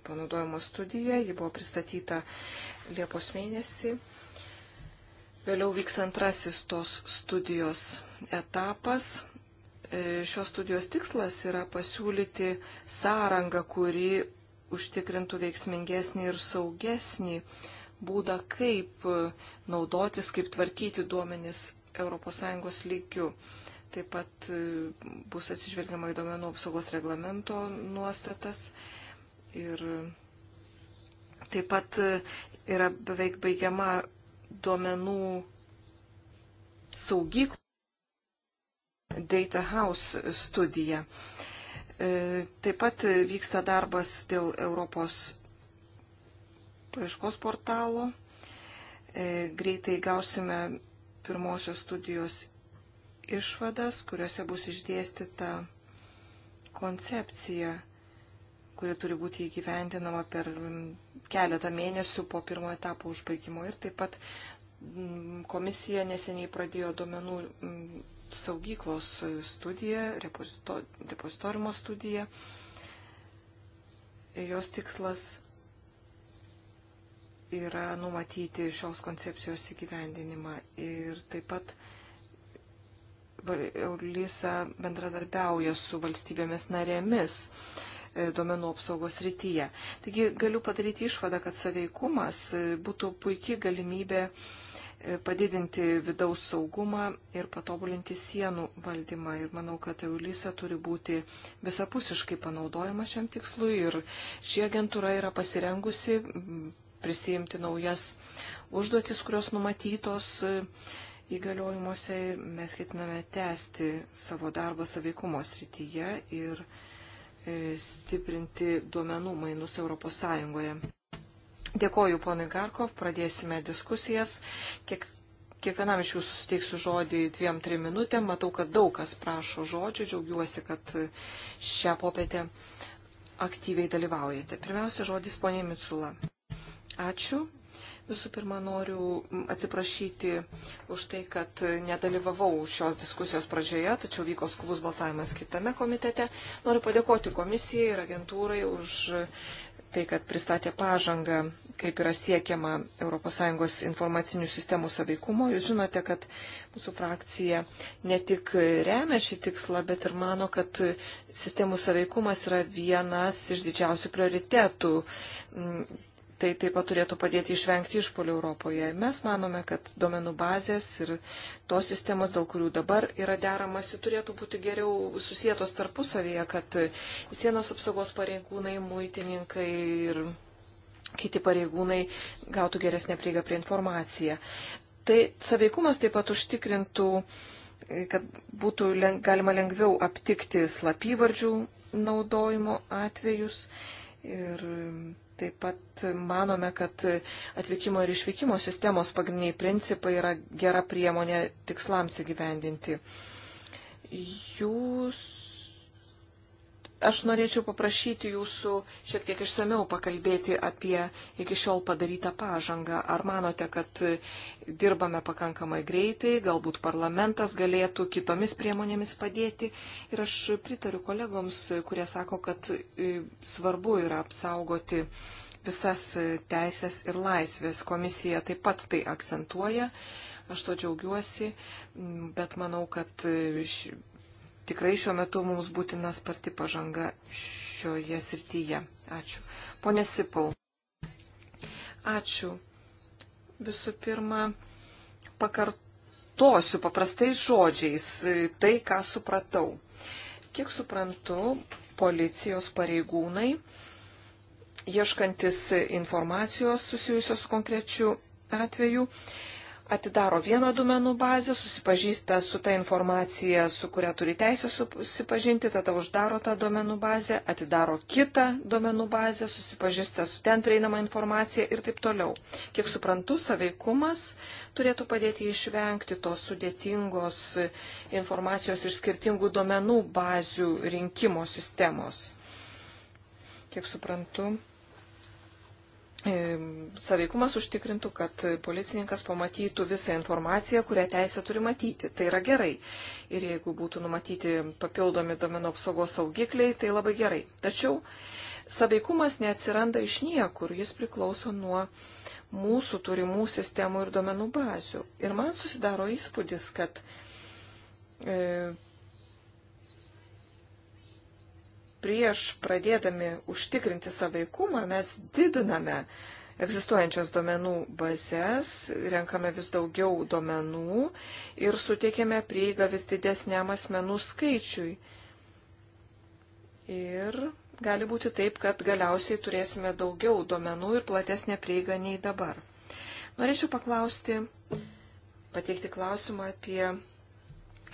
panaudojimo studija, ji buvo pristatyta Liepos mėnesį. Vėliau vyks antrasis tos studijos etapas. E, šios studijos tikslas yra pasiūlyti sąrangą, kuri užtikrintų veiksmingesnį ir saugesnį būdą, kaip naudotis, kaip tvarkyti duomenis ES lygių. Taip pat e, bus atsižvelgiama į duomenų apsaugos reglamento nuostatas. Ir e, taip pat e, yra beveik baigiama duomenų saugyklų Data House studija. Taip pat vyksta darbas dėl Europos paieškos portalo. E, greitai gausime pirmosios studijos išvadas, kuriuose bus išdėstyta koncepcija, kuri turi būti įgyvendinama per keletą mėnesių po pirmojo etapo užbaigimo. Ir taip pat komisija neseniai pradėjo duomenų saugyklos studiją, repozitorimo studiją. Jos tikslas yra numatyti šios koncepcijos įgyvendinimą ir taip pat Lisa bendradarbiauja su valstybėmis narėmis e, duomenų apsaugos rytyje. Taigi galiu padaryti išvadą, kad saveikumas e, būtų puikiai galimybė e, padidinti vidaus saugumą ir patobulinti sienų valdymą. Ir manau, kad EULISA turi būti visapusiškai panaudojama šiam tikslui ir ši agentūra yra pasirengusi prisijimti naujas užduotis, kurios numatytos e, įgaliojimuose ir mes ketiname tęsti savo darbą saveikumo srityje ir e, stiprinti duomenų mainus ES. Dėkoju ponui Garkov, pradėsime diskusijas. Kiek, kiekvienam iš jūsų suteiksiu žodį dviem, trim minutėm. Matau, kad daug kas prašo žodžių. Džiaugiuosi, kad šią popietę aktyviai dalyvaujate. Pirmiausia, žodis ponė Mitsula. Ačiū. Visų pirma, noriu atsiprašyti už tai, kad nedalyvavau šios diskusijos pradžioje, tačiau vyko skubus balsavimas kitame komitete. Noriu padėkoti komisijai ir agentūrai už tai, kad pristatė pažangą, kaip yra siekiama ES informacinių sistemų saveikumo. Jūs žinote, kad mūsų frakcija ne tik remia šį tikslą, bet ir mano, kad sistemų saveikumas yra vienas iš didžiausių prioritetų Tai taip pat turėtų padėti išvengti išpolių Europoje. Mes manome, kad duomenų bazės ir tos sistemos, dėl kurių dabar yra deramasi, turėtų būti geriau susijėtos tarpusavėje, kad sienos apsaugos pareigūnai, muitininkai ir kiti pareigūnai gautų geresnę prieigą prie informaciją. Tai saveikumas taip pat užtikrintų kad būtų leng, galima lengviau aptikti slapyvardžių naudojimo atvejus ir Taip pat manome, kad atvykimo ir išvykimo sistemos pagrindiniai principai yra gera priemonė tikslams įgyvendinti. Jūs Aš norėčiau paprašyti jūsų šiek tiek išsameu pakalbėti apie iki šiol padarytą pažangą. Ar manote, kad dirbame pakankamai greitai, galbūt parlamentas galėtų kitomis priemonėmis padėti? Ir aš pritariu kolegoms, kurie sako, kad e, svarbu yra apsaugoti visas teisės ir laisvės. Komisija taip pat tai akcentuoja aš to džiaugiuosi, bet manau, kad e, tikrai šiuo metu mums būtina sparti pažanga šioje srityje. Ačiū. Pone Sipul. Ačiū. Visų pirma, pakartosiu paprastais žodžiais tai, ką supratau. Kiek suprantu, policijos pareigūnai, ieškantis informacijos susijusios su konkrečiu atveju, atidaro vieną duomenų bazę, susipažįsta su ta informacija, su kuria turi teisę susipažinti, tada uždaro tą duomenų bazę, atidaro kitą duomenų bazę, susipažįsta su ten prieinama informacija ir taip toliau. Kiek suprantu, saveikumas turėtų padėti išvengti tos sudėtingos informacijos iš skirtingų duomenų bazių rinkimo sistemos. Kiek suprantu, E, saveikumas užtikrintų, kad policininkas pamatytų visą informaciją, kurią teisė turi matyti. Tai yra gerai. Ir jeigu būtų numatyti papildomi domenų apsaugos saugikliai, tai labai gerai. Tačiau saveikumas neatsiranda iš niekur, jis priklauso nuo mūsų turimų sistemų ir domenų bazių. Ir man susidaro įspūdis, kad e, prieš pradėdami užtikrinti savaikumą mes didiname egzistuojančias duomenų bazės, renkame vis daugiau duomenų ir suteikiame prieigą vis didesniam asmenų skaičiui. Ir gali būti taip, kad galiausiai turėsime daugiau duomenų ir platesnę prieigą nei dabar. Norėčiau paklausti, pateikti klausimą apie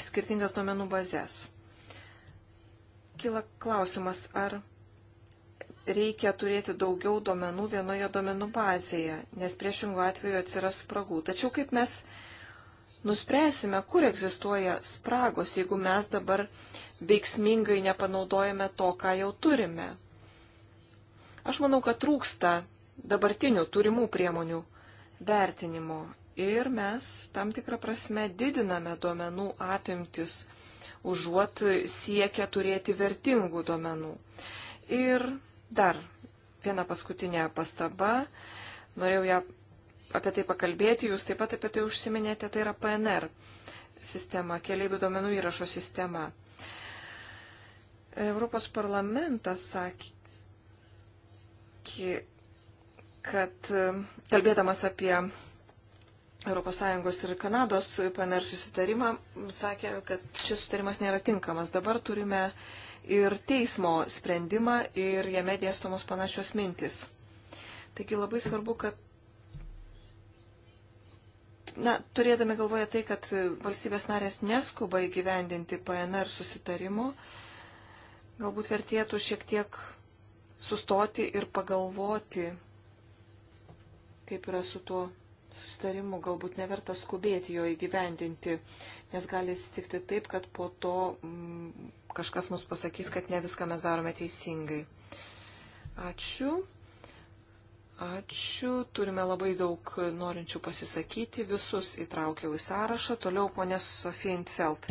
skirtingas duomenų bazės. Kila klausimas, ar reikia turėti daugiau duomenų vienoje duomenų bazėje, nes priešingų atveju atsiras spragų. Tačiau kaip mes nuspręsime, kur egzistuoja spragos, jeigu mes dabar veiksmingai nepanaudojame to, ką jau turime. Aš manau, kad trūksta dabartinių turimų priemonių vertinimo ir mes tam tikrą prasme didiname duomenų apimtis užuot siekia turėti vertingų duomenų. Ir dar viena paskutinė pastaba, norėjau ją apie tai pakalbėti, jūs taip pat apie tai užsiminėte, tai yra PNR sistema, keliaivių duomenų įrašo sistema. Europos parlamentas sakė, kad kalbėdamas apie ES ir Kanados PNR susitarimą, sakė, kad šis susitarimas nėra tinkamas. Dabar turime ir teismo sprendimą ir jame dėstomos panašios mintis. Taigi labai svarbu, kad na, turėdami galvoje tai, kad valstybės narės neskuba įgyvendinti PNR susitarimu, galbūt vertėtų šiek tiek sustoti ir pagalvoti, kaip yra su tuo sustarimu galbūt neverta skubėti jo įgyvendinti, nes gali atsitikti taip, kad po to mm, kažkas mums pasakys, kad ne viską mes darome teisingai. Ačiū. Ačiū. Turime labai daug norinčių pasisakyti. Visus įtraukiau į sąrašą. Toliau ponė Sofija Intfeld.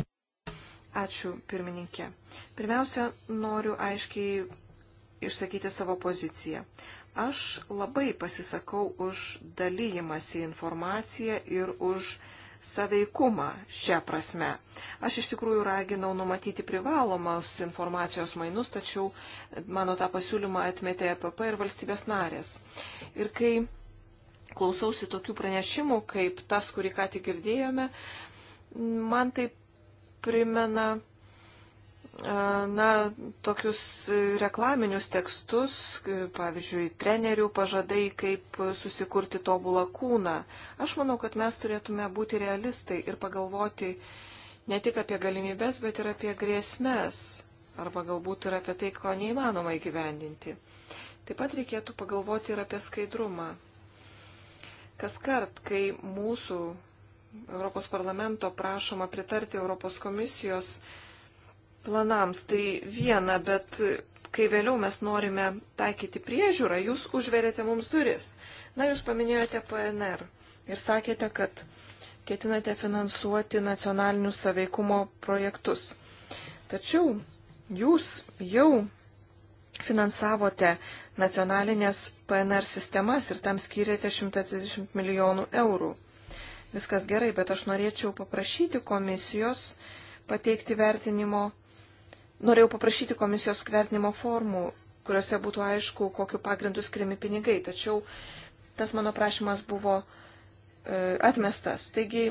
Ačiū, pirmininkė. Pirmiausia, noriu aiškiai išsakyti savo poziciją. Aš labai pasisakau už dalyjimąsi informaciją ir už saveikumą šią prasme. Aš iš tikrųjų raginau numatyti privalomas informacijos mainus, tačiau mano tą pasiūlymą atmetė EPP ir valstybės narės. Ir kai klausausi tokių pranešimų, kaip tas, kurį ką tik girdėjome, man tai primena na, tokius reklaminius tekstus, pavyzdžiui, trenerių pažadai, kaip susikurti tobulą kūną. Aš manau, kad mes turėtume būti realistai ir pagalvoti ne tik apie galimybės, bet ir apie grėsmės, arba galbūt ir apie tai, ko neįmanoma įgyvendinti. Taip pat reikėtų pagalvoti ir apie skaidrumą. Kas kart, kai mūsų Europos parlamento prašoma pritarti Europos komisijos, planams. Tai viena, bet kai vėliau mes norime taikyti priežiūrą, jūs užverėte mums duris. Na, jūs paminėjote PNR ir sakėte, kad ketinate finansuoti nacionalinius saveikumo projektus. Tačiau jūs jau finansavote nacionalinės PNR sistemas ir tam skyrėte 130 milijonų eurų. Viskas gerai, bet aš norėčiau paprašyti komisijos pateikti vertinimo Norėjau paprašyti komisijos vertinimo formų, kuriuose būtų aišku, kokiu pagrindu skiriami pinigai, tačiau tas mano prašymas buvo e, atmestas. Taigi,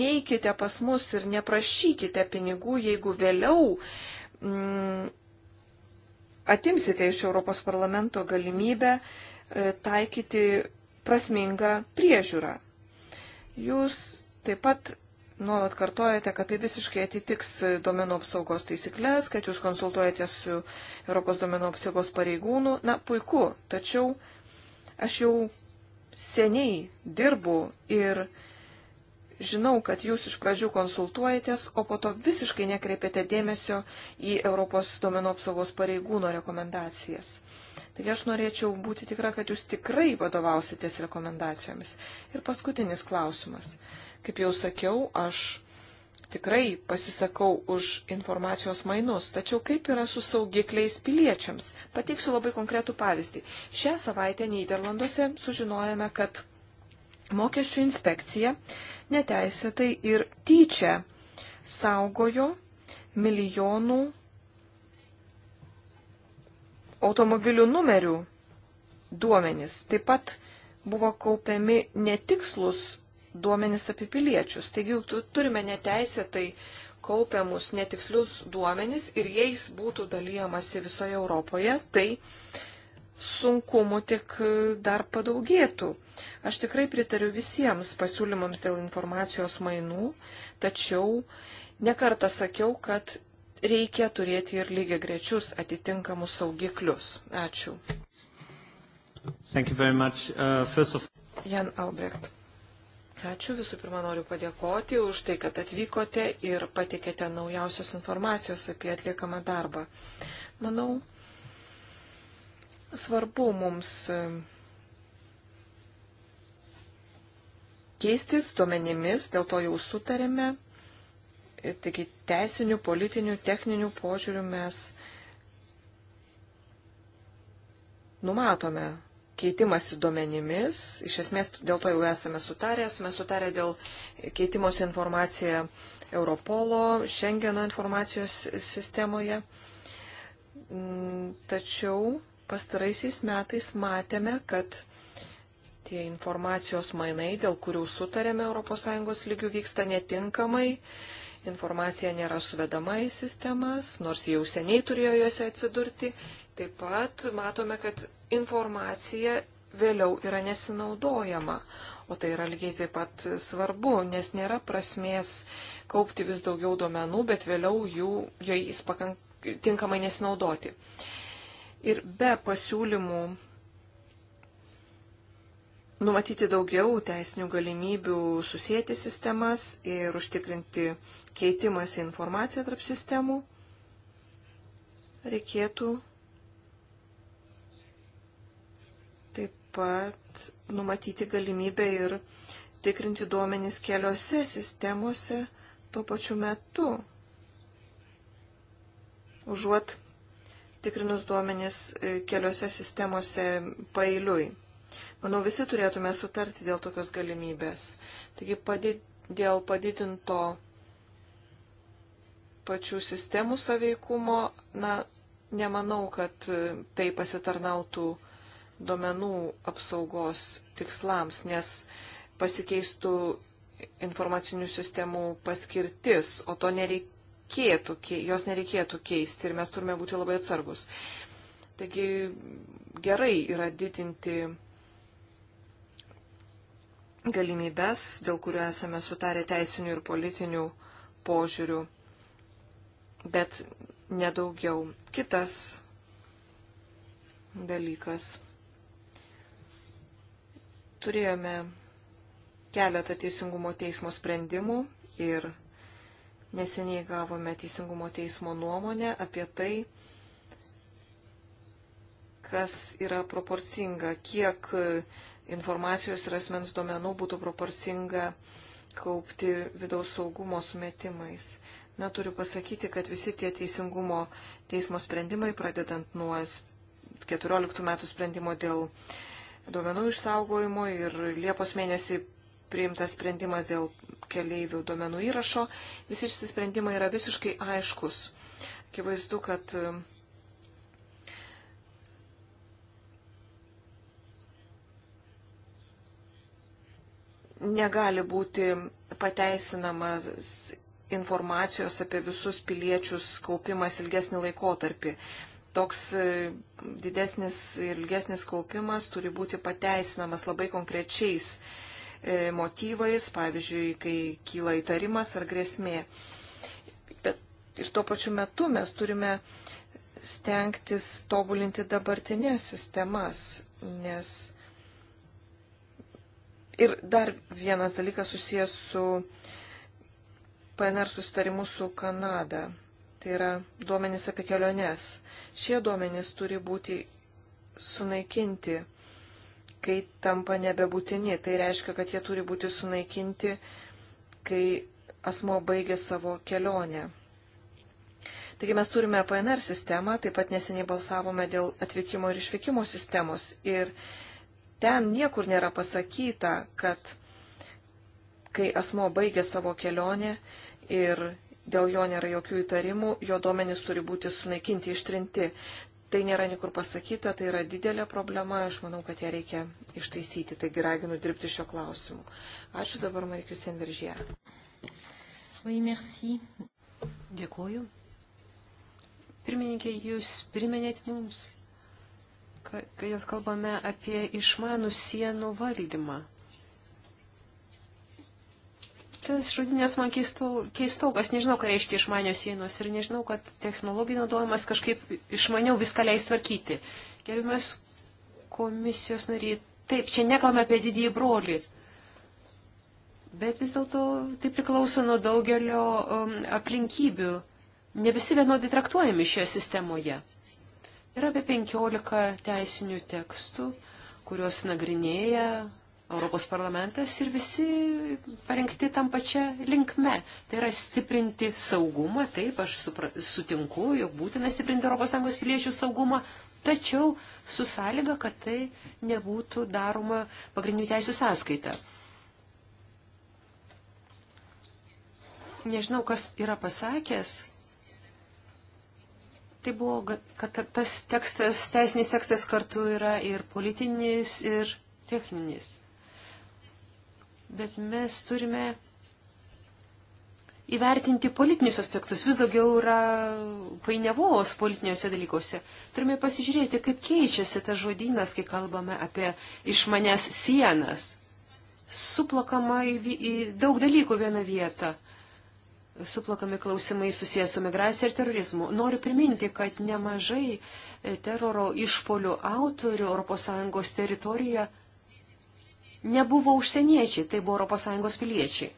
neikite pas mus ir neprašykite pinigų, jeigu vėliau mm, atimsite iš Europos parlamento galimybę e, taikyti prasmingą priežiūrą. Jūs taip pat nuolat kartojate, kad tai visiškai atitiks domenų apsaugos taisyklės, kad jūs konsultuojate su Europos domenų apsaugos pareigūnų. Na, puiku, tačiau aš jau seniai dirbu ir žinau, kad jūs iš pradžių konsultuojatės, o po to visiškai nekreipiate dėmesio į Europos domenų apsaugos pareigūno rekomendacijas. Taigi aš norėčiau būti tikra, kad jūs tikrai vadovausitės rekomendacijomis. Ir paskutinis klausimas. Kaip jau sakiau, aš tikrai pasisakau už informacijos mainus, tačiau kaip yra su saugikliais piliečiams? Pateiksiu labai konkretų pavyzdį. Šią savaitę Niderlanduose sužinojame, kad mokesčių inspekcija neteisėtai ir tyčia saugojo milijonų automobilių numerių duomenys. Taip pat buvo kaupiami netikslus duomenis apie piliečius. Taigi turime neteisėtai kaupiamus netikslius duomenis ir jais būtų dalyjamasi visoje Europoje, tai sunkumų tik dar padaugėtų. Aš tikrai pritariu visiems pasiūlymams dėl informacijos mainų, tačiau nekartą sakiau, kad reikia turėti ir lygiai grečius atitinkamus saugiklius. Ačiū. Much, uh, of... Jan Albrecht. Ačiū visų pirma noriu padėkoti už tai, kad atvykote ir patikėte naujausios informacijos apie atliekamą darbą. Manau, svarbu mums e, keistis duomenimis, dėl to jau sutarėme. E, taigi teisinių, politinių, techninių požiūrių mes numatome keitimasi duomenimis. Iš esmės dėl to jau esame sutarę, esame sutarę dėl keitimosi informaciją Europolo, Schengeno informacijos sistemoje. Mm, tačiau pastaraisiais metais matėme, kad tie informacijos mainai, dėl kurių sutarėme ES lygių, vyksta netinkamai. Informacija nėra suvedama į sistemas, nors jau seniai turėjo juose atsidurti. Taip pat matome, kad informacija vėliau yra nesinaudojama. O tai yra lygiai taip pat svarbu, nes nėra prasmės kaupti vis daugiau duomenų, bet vėliau jų, jais pakank, tinkamai nesinaudoti. Ir be pasiūlymų numatyti daugiau teisinių galimybių susijęti sistemas ir užtikrinti keitimas informaciją tarp sistemų, reikėtų pat numatyti galimybę ir tikrinti duomenys keliose sistemose tuo pačiu metu, užuot tikrinus duomenys e, keliose sistemose pailiui. Manau, visi turėtume sutarti dėl tokios galimybės. Taigi padid, dėl padidinto pačių sistemų saveikumo, na, nemanau, kad e, tai pasitarnautų duomenų apsaugos tikslams, nes pasikeistų informacinių sistemų paskirtis, o to nereikėtų, jos nereikėtų keisti ir mes turime būti labai atsargus. Taigi gerai yra didinti galimybės, dėl kurių esame sutarę teisinių ir politinių požiūrių, bet nedaugiau. Kitas dalykas. Turėjome keletą Teisingumo teismo sprendimų ir neseniai gavome Teisingumo teismo nuomonę apie tai, kas yra proporcinga, kiek informacijos ir asmens duomenų būtų proporcinga kaupti vidaus saugumo sumetimais. Na, turiu pasakyti, kad visi tie teisingumo teismo sprendimai, pradedant nuo 14 metų sprendimo dėl duomenų išsaugojimo ir Liepos mėnesį priimtas sprendimas dėl keleivių duomenų įrašo. Visi šis sprendimai yra visiškai aiškus. Akivaizdu, kad um, negali būti pateisinamas informacijos apie visus piliečius kaupimas ilgesnį laikotarpį toks e, didesnis ir ilgesnis kaupimas turi būti pateisinamas labai konkrečiais e, motyvais, pavyzdžiui, kai kyla įtarimas ar grėsmė. Bet ir tuo pačiu metu mes turime stengtis tobulinti dabartinės sistemas, nes. Ir dar vienas dalykas susijęs su PNR susitarimu su Kanada Tai yra duomenys apie keliones. Šie duomenys turi būti sunaikinti, kai tampa nebebūtini. Tai reiškia, kad jie turi būti sunaikinti, kai asmo baigė savo kelionę. Taigi mes turime PNR sistemą, taip pat neseniai balsavome dėl atvykimo ir išvykimo sistemos. Ir ten niekur nėra pasakyta, kad kai asmo baigė savo kelionę ir dėl jo nėra jokių įtarimų, jo duomenys turi būti sunaikinti, ištrinti. Tai nėra niekur pasakyta, tai yra didelė problema, aš manau, kad ją reikia ištaisyti, taigi raginu dirbti šio klausimu. Ačiū dabar, Marikis Enveržė. Oui, merci. Dėkuoju. Pirmininkė, jūs priminėt mums, kai jūs kalbame apie išmanų sienų valdymą. Šitas žudinės man keisto, keistokas, nežinau, ką reiškia išmanios sienos ir nežinau, kad technologijų naudojimas kažkaip išmaniau viską leis tvarkyti. Gerbiamas komisijos nariai, taip, čia nekalbame apie didįjį brolį, bet vis dėlto tai priklauso nuo daugelio um, aplinkybių. Ne visi vienodai traktuojami šioje sistemoje. Yra apie 15 teisinių tekstų, kuriuos nagrinėja Europos parlamentas ir visi parengti tam pačią linkme. Tai yra stiprinti saugumą, taip, aš supra, sutinku, jog būtina stiprinti ES piliečių saugumą, tačiau su sąlyga, kad tai nebūtų daroma pagrindinių teisų sąskaita. Nežinau, kas yra pasakęs. Tai buvo, kad tas tekstas, teisinis tekstas kartu yra ir politinis, ir techninis bet mes turime įvertinti politinius aspektus. Vis daugiau yra painiavos politiniuose dalykuose. Turime pasižiūrėti, kaip keičiasi tas žodynas, kai kalbame apie išmanes sienas. Suplakama į, į daug dalykų vieną vietą. Suplakami klausimai susijęs su migracija ir terorizmu. Noriu priminti, kad nemažai e, teroro išpolių autorių ES teritorijoje nebuvo užsieniečiai, tai buvo ES piliečiai.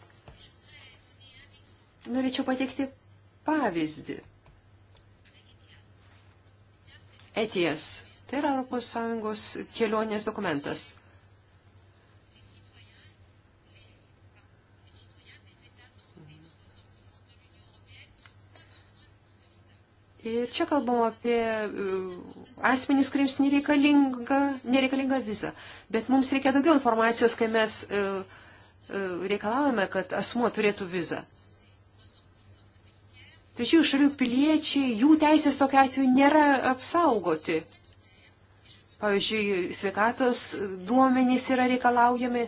Norėčiau pateikti pavyzdį. ETS. Tai yra ES kelionės dokumentas. Ir čia kalbam apie e, asmenys, kuriems nereikalinga, nereikalinga viza. Bet mums reikia daugiau informacijos, kai mes e, e, reikalavome, kad asmuo turėtų vizą. Trečiųjų šalių piliečiai, jų teisės tokia atveju nėra apsaugoti. Pavyzdžiui, sveikatos duomenys yra reikalaujami.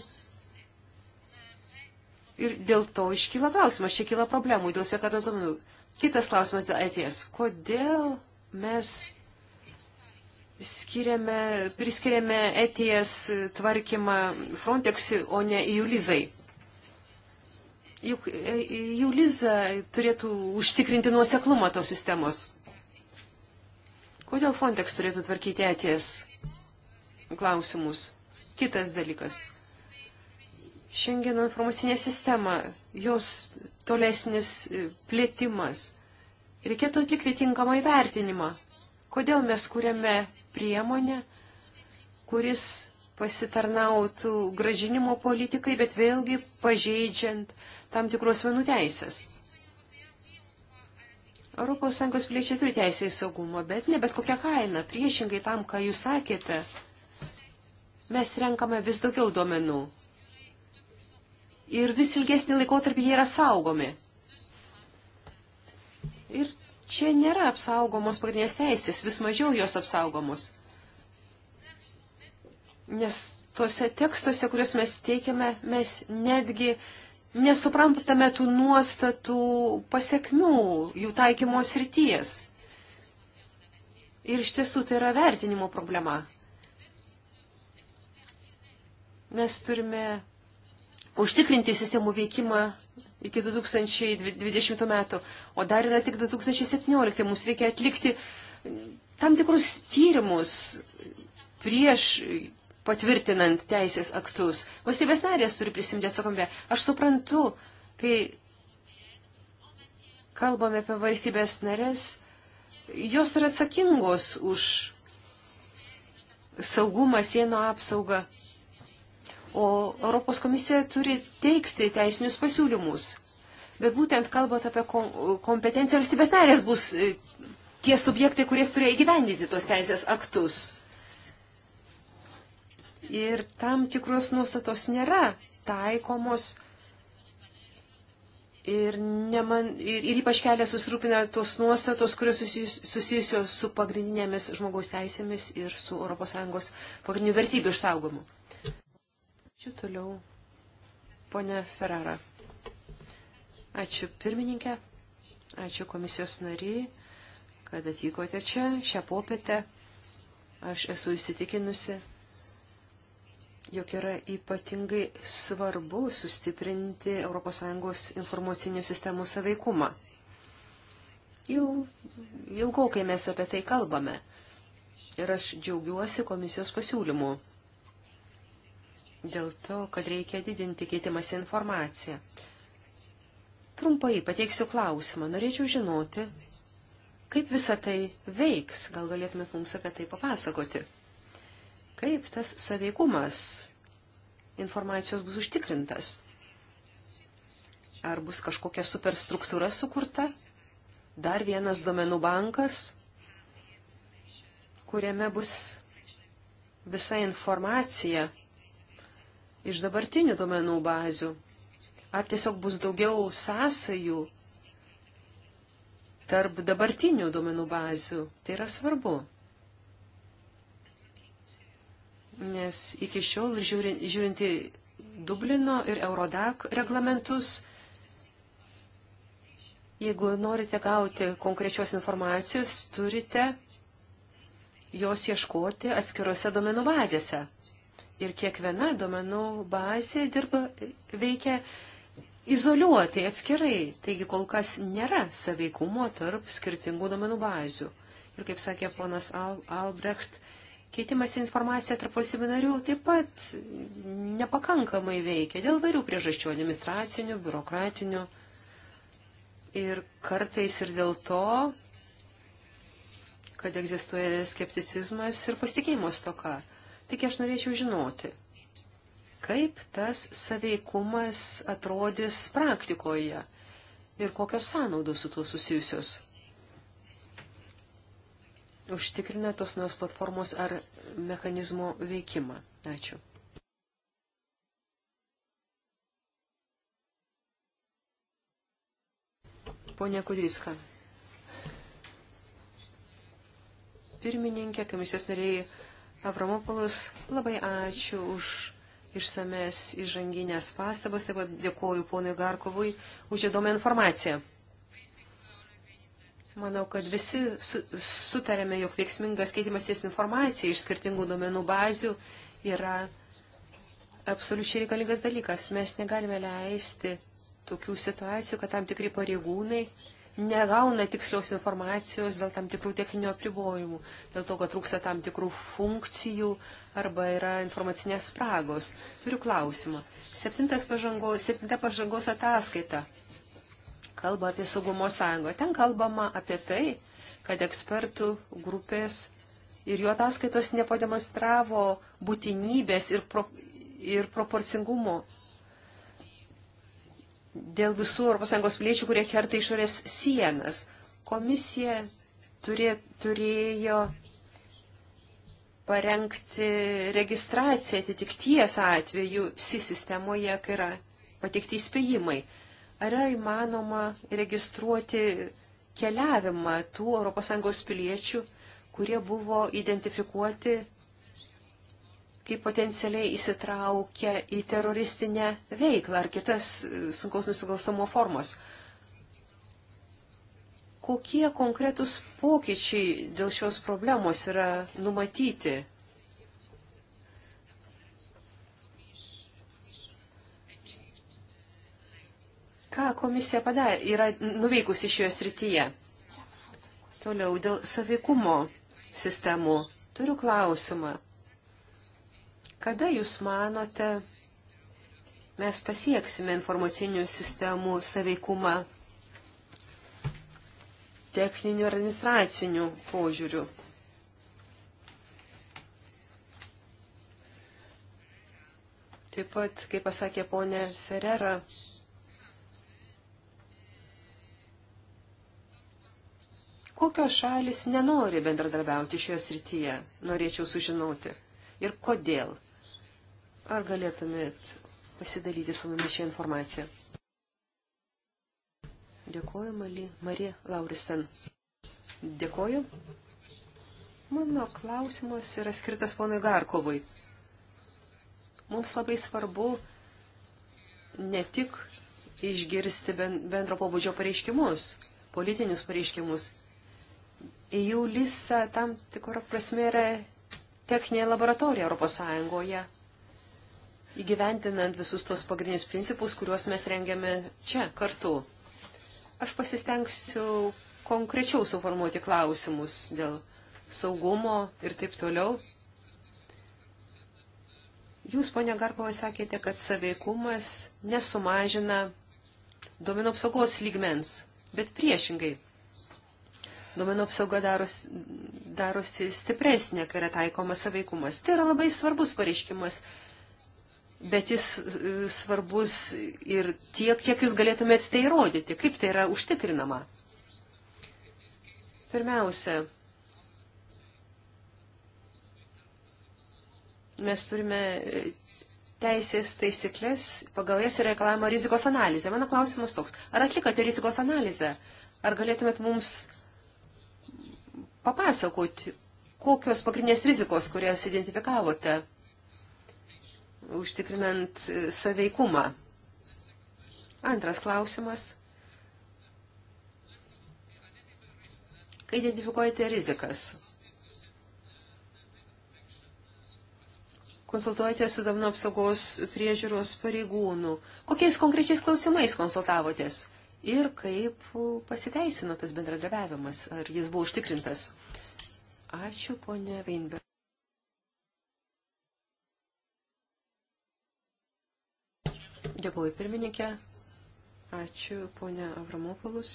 Ir dėl to iškyla klausimas, čia kyla problemų dėl sveikatos duomenų. Kitas klausimas dėl ateities. Kodėl mes skiriame, priskiriame etijas tvarkymą Frontexui, o ne Julizai. Juk e, Juliza turėtų užtikrinti nuoseklumą tos sistemos. Kodėl Frontex turėtų tvarkyti etijas klausimus? Kitas dalykas. Šengeno informacinė sistema, jos tolesnis e, plėtimas. Reikėtų atlikti tinkamą įvertinimą. Kodėl mes kuriame priemonę, kuris pasitarnautų gražinimo politikai, bet vėlgi pažeidžiant tam tikros vienų teisės. ES piliečiai turi teisę į saugumą, bet ne bet kokią kainą. Priešingai tam, ką jūs sakėte, mes renkame vis daugiau duomenų ir vis ilgesnį laikotarpį jie yra saugomi. Ir čia nėra apsaugomos pagrindinės teisės, vis mažiau jos apsaugomos. Nes tuose tekstuose, kuriuos mes teikiame, mes netgi nesuprantame tų nuostatų pasiekmių, jų taikymo srities. Ir iš tiesų tai yra vertinimo problema. Mes turime užtikrinti sistemų veikimą iki 2020 metų, o dar yra tik 2017. Mums reikia atlikti tam tikrus tyrimus prieš patvirtinant teisės aktus. Valstybės narės turi prisimti atsakomybę. Aš suprantu, kai kalbame apie valstybės narės, jos yra atsakingos už saugumą, sienų apsaugą o Europos komisija turi teikti teisinius pasiūlymus. Bet būtent kalbant apie kompetenciją, valstybės narės bus e, tie subjektai, kurie turėjo įgyvendyti tos teisės aktus. Ir tam tikros nuostatos nėra taikomos ir, neman, ir, ir ypač kelia susirūpina tos nuostatos, kurios susijusios su pagrindinėmis žmogaus teisėmis ir su ES pagrindinių vertybių išsaugomu. Čia toliau ponė Ferrara. Ačiū pirmininkė, ačiū komisijos nariai, kad atvykote čia šią popietę. Aš esu įsitikinusi, jog yra ypatingai svarbu sustiprinti ES informacinių sistemų saveikumą. Jau ilgokai mes apie tai kalbame. Ir aš džiaugiuosi komisijos pasiūlymu dėl to, kad reikia didinti keitimąsi informaciją. Trumpai pateiksiu klausimą. Norėčiau žinoti, kaip visa tai veiks. Gal galėtumėt mums apie tai papasakoti. Kaip tas saveikumas informacijos bus užtikrintas? Ar bus kažkokia superstruktūra sukurta? Dar vienas domenų bankas, kuriame bus visa informacija iš dabartinių duomenų bazių? Ar tiesiog bus daugiau sąsajų tarp dabartinių duomenų bazių? Tai yra svarbu. Nes iki šiol žiūrint, žiūrinti Dublino ir Eurodak reglamentus, jeigu norite gauti konkrečios informacijos, turite jos ieškoti atskirose domenų bazėse ir kiekviena duomenų bazė dirba, veikia izoliuotai, atskirai. Taigi kol kas nėra saveikumo tarp skirtingų duomenų bazių. Ir kaip sakė ponas Al Albrecht, keitimas informacija tarp valstybių narių taip pat nepakankamai veikia dėl varių priežasčių - administracinių, biurokratinių. Ir kartais ir dėl to, kad egzistuoja skepticizmas ir pasitikėjimo stoka. Tik aš norėčiau žinoti, kaip tas saveikumas atrodys praktikoje ir kokios sąnaudos su tuo susijusios. Užtikrina tos naujos platformos ar mechanizmo veikimą. Ačiū. Pone Kudryska. Pirmininkė, komisijos nariai Avramopolus, labai ačiū už išsames įžanginės pastabas, taip pat dėkoju ponui Garkovui už įdomią informaciją. Manau, kad visi su, sutarėme, jog veiksmingas keitimasis informacija iš skirtingų duomenų bazių yra absoliučiai reikalingas dalykas. Mes negalime leisti tokių situacijų, kad tam tikri pareigūnai negauna tikslios informacijos dėl tam tikrų techninių apribojimų, dėl to, kad trūksta tam tikrų funkcijų arba yra informacinės spragos. Turiu klausimą. Pažango, septinta pažangos ataskaita kalba apie saugumo sąjungą. Ten kalbama apie tai, kad ekspertų grupės ir jų ataskaitos nepademonstravo būtinybės ir, pro, ir proporcingumo dėl visų ES piliečių, kurie kerta išorės sienas. Komisija turė, turėjo parengti registraciją atitikties atveju SI sistemoje, kai yra patikti įspėjimai. Ar yra įmanoma registruoti keliavimą tų ES piliečių, kurie buvo identifikuoti kaip potencialiai įsitraukia į teroristinę veiklą ar kitas e, sunkaus nusikalstamo formos. Kokie konkretus pokyčiai dėl šios problemos yra numatyti? Ką komisija padarė, yra nuveikusi šioje srityje? Toliau dėl saveikumo sistemų. Turiu klausimą. Kada Jūs manote, mes pasieksime informacinių sistemų saveikumą techninių ir administracinių požiūrių? Taip pat, kaip pasakė ponė Ferrera, kokios šalis nenori bendradarbiauti šioje srityje, norėčiau sužinoti. Ir kodėl? Ar galėtumėt pasidalyti su mumis šią informaciją? Dėkuoju, Mali, Marija Lauristen. Dėkuoju. Mano klausimas yra skirtas ponui Garkovui. Mums labai svarbu ne tik išgirsti bendro pobūdžio pareiškimus, politinius pareiškimus. Jų lisa tam tikrą prasme yra techninė laboratorija Europos Sąjungoje, įgyvendinant visus tos pagrindinius principus, kuriuos mes rengiame čia kartu. Aš pasistengsiu konkrečiau suformuoti klausimus dėl saugumo ir taip toliau. Jūs, ponia Garpova, sakėte, kad saveikumas nesumažina duomenų apsaugos lygmens, bet priešingai. Duomenų apsauga darosi, darosi stipresnė, kai yra taikomas saveikumas. Tai yra labai svarbus pareiškimas bet jis e, svarbus ir tiek, kiek jūs galėtumėte tai įrodyti, kaip tai yra užtikrinama. Pirmiausia, mes turime e, teisės taisyklės, pagal jas yra reikalavimo rizikos analizė. Mano klausimas toks, ar atlikate rizikos analizę? Ar galėtumėt mums papasakoti, kokios pagrindinės rizikos, kurias identifikavote? užtikrinant e, saveikumą. Antras klausimas. Kai identifikuojate rizikas, konsultuojate su domino apsaugos priežiūros pareigūnų, kokiais konkrečiais klausimais konsultavotės ir kaip pasiteisino tas bendradarbiavimas, ar jis buvo užtikrintas. Ačiū, ponė Veinberg. Dėkuoju pirmininkė. Ačiū, ponia Avramopolus.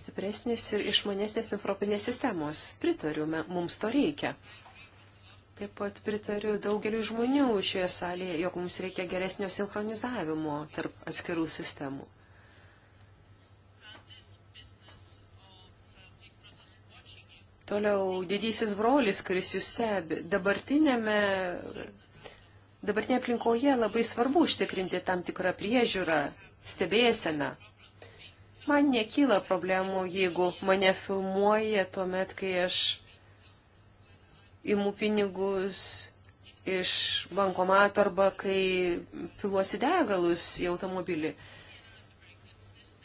Stipresnės ir išmanesnės infropinės sistemos. Pritariu, mums to reikia. Taip pat pritariu daugeliu žmonių šioje salėje, jog mums reikia geresnio sinchronizavimo tarp atskirų sistemų. Toliau didysis brolis, kuris jūs stebi, dabartinėme, dabartinėje aplinkoje labai svarbu užtikrinti tam tikrą priežiūrą, stebėseną. Man nekyla problemų, jeigu mane filmuoja tuomet, kai aš imu pinigus iš bankomato arba kai piluosi degalus į automobilį.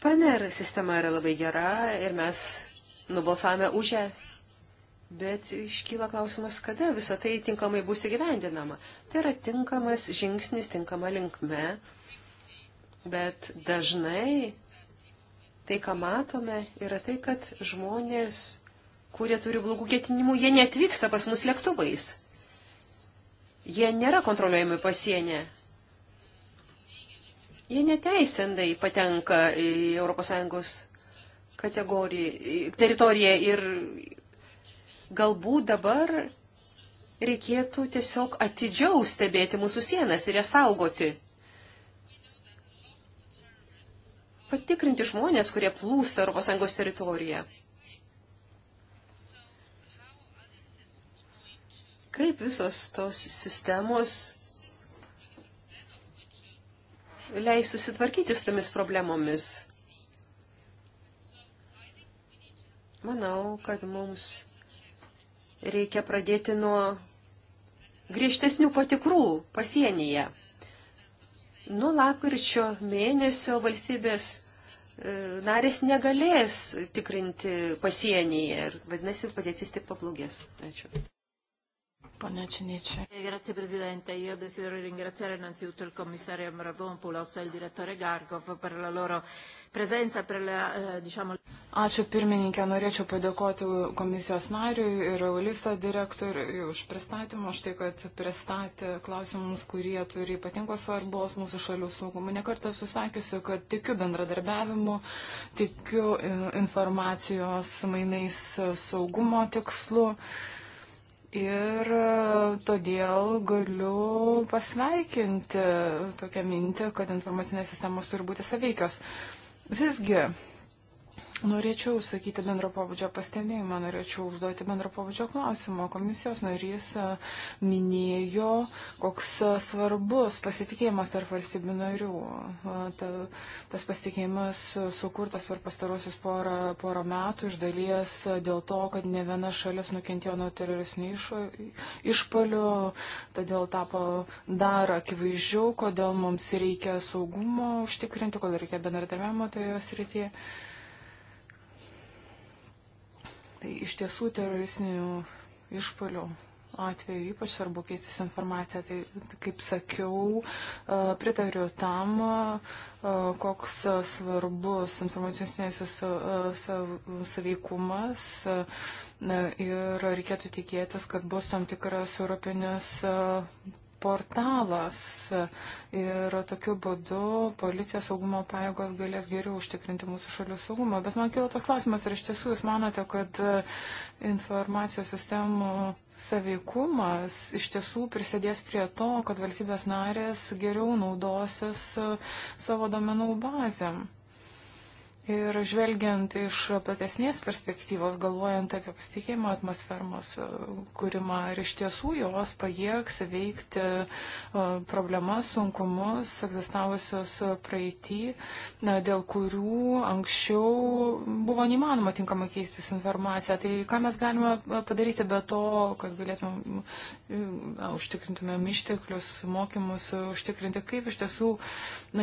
PNR sistema yra labai gera ir mes nubalsavome už ją Bet iškyla klausimas, kada visa tai tinkamai bus įgyvendinama. Tai yra tinkamas žingsnis, tinkama linkme, bet dažnai tai, ką matome, yra tai, kad žmonės, kurie turi blogų ketinimų, jie netvyksta pas mus lėktuvais. Jie nėra kontroliuojami pasienė. Jie neteisendai patenka į ES kategoriją, teritoriją ir galbūt dabar reikėtų tiesiog atidžiau stebėti mūsų sienas ir jas saugoti. Patikrinti žmonės, kurie plūsta Europos Sąjungos teritoriją. Kaip visos tos sistemos leis susitvarkyti su tomis problemomis? Manau, kad mums reikia pradėti nuo griežtesnių patikrų pasienyje. Nuo lapkričio mėnesio valstybės e, narės negalės tikrinti pasienyje ir vadinasi, padėtis tik pablogės. Ačiū. Pane Činiče. Eh, grazie Presidente, io desidero ringraziare innanzitutto il Commissario Mravonpulos e il Direttore Gargov per la loro prezenza, per la, eh, diciamo... Ačiū pirmininkė, norėčiau padėkoti komisijos nariui ir Ulisto direktoriui už pristatymą, už tai, kad pristatė klausimus, kurie turi ypatingos svarbos mūsų šalių saugumui. Nekartą susakysiu, kad tikiu bendradarbiavimu, tikiu e, informacijos mainais saugumo tikslu. Ir e, todėl galiu pasveikinti tokią mintį, kad informacinės sistemos turi būti saveikios. Visgi Norėčiau sakyti bendro pabudžio pastebėjimą, norėčiau užduoti bendro pabudžio klausimą. Komisijos narys e, minėjo, koks e, svarbus pasitikėjimas tarp valstybių narių. E, ta, tas pasitikėjimas sukurtas per pastarosius porą, porą metų iš dalies dėl to, kad ne viena šalis nukentėjo nuo teroristinių iš, išpalių, todėl tapo dar akivaizdžiau, kodėl mums reikia saugumo užtikrinti, kodėl reikia bendradarbiavimo toje srityje. Tai Tai iš tiesų teroristinių išpolių atveju ypač svarbu keistis informaciją. Tai, tai kaip sakiau, e, pritariu tam, e, koks svarbus informacijos teisės e, saveikumas ir reikėtų tikėtis, kad bus tam tikras europinis portalas ir tokiu būdu policija saugumo pajėgos galės geriau užtikrinti mūsų šalių saugumą. Bet man kilo toks klausimas, ar iš tiesų jūs manote, kad informacijos sistemų saveikumas iš tiesų prisidės prie to, kad valstybės narės geriau naudosis savo domenų bazėm? Ir žvelgiant iš platesnės perspektyvos, galvojant apie pasitikėjimo atmosfermos e, kūrimą, ar iš tiesų jos pajėgs veikti e, problemas, sunkumus, egzistavusios praeitį, dėl kurių anksčiau buvo neįmanoma tinkamai keistis informaciją. Tai ką mes galime e, padaryti be to, kad galėtume na, užtikrintumėm išteklius, mokymus, užtikrinti, kaip iš tiesų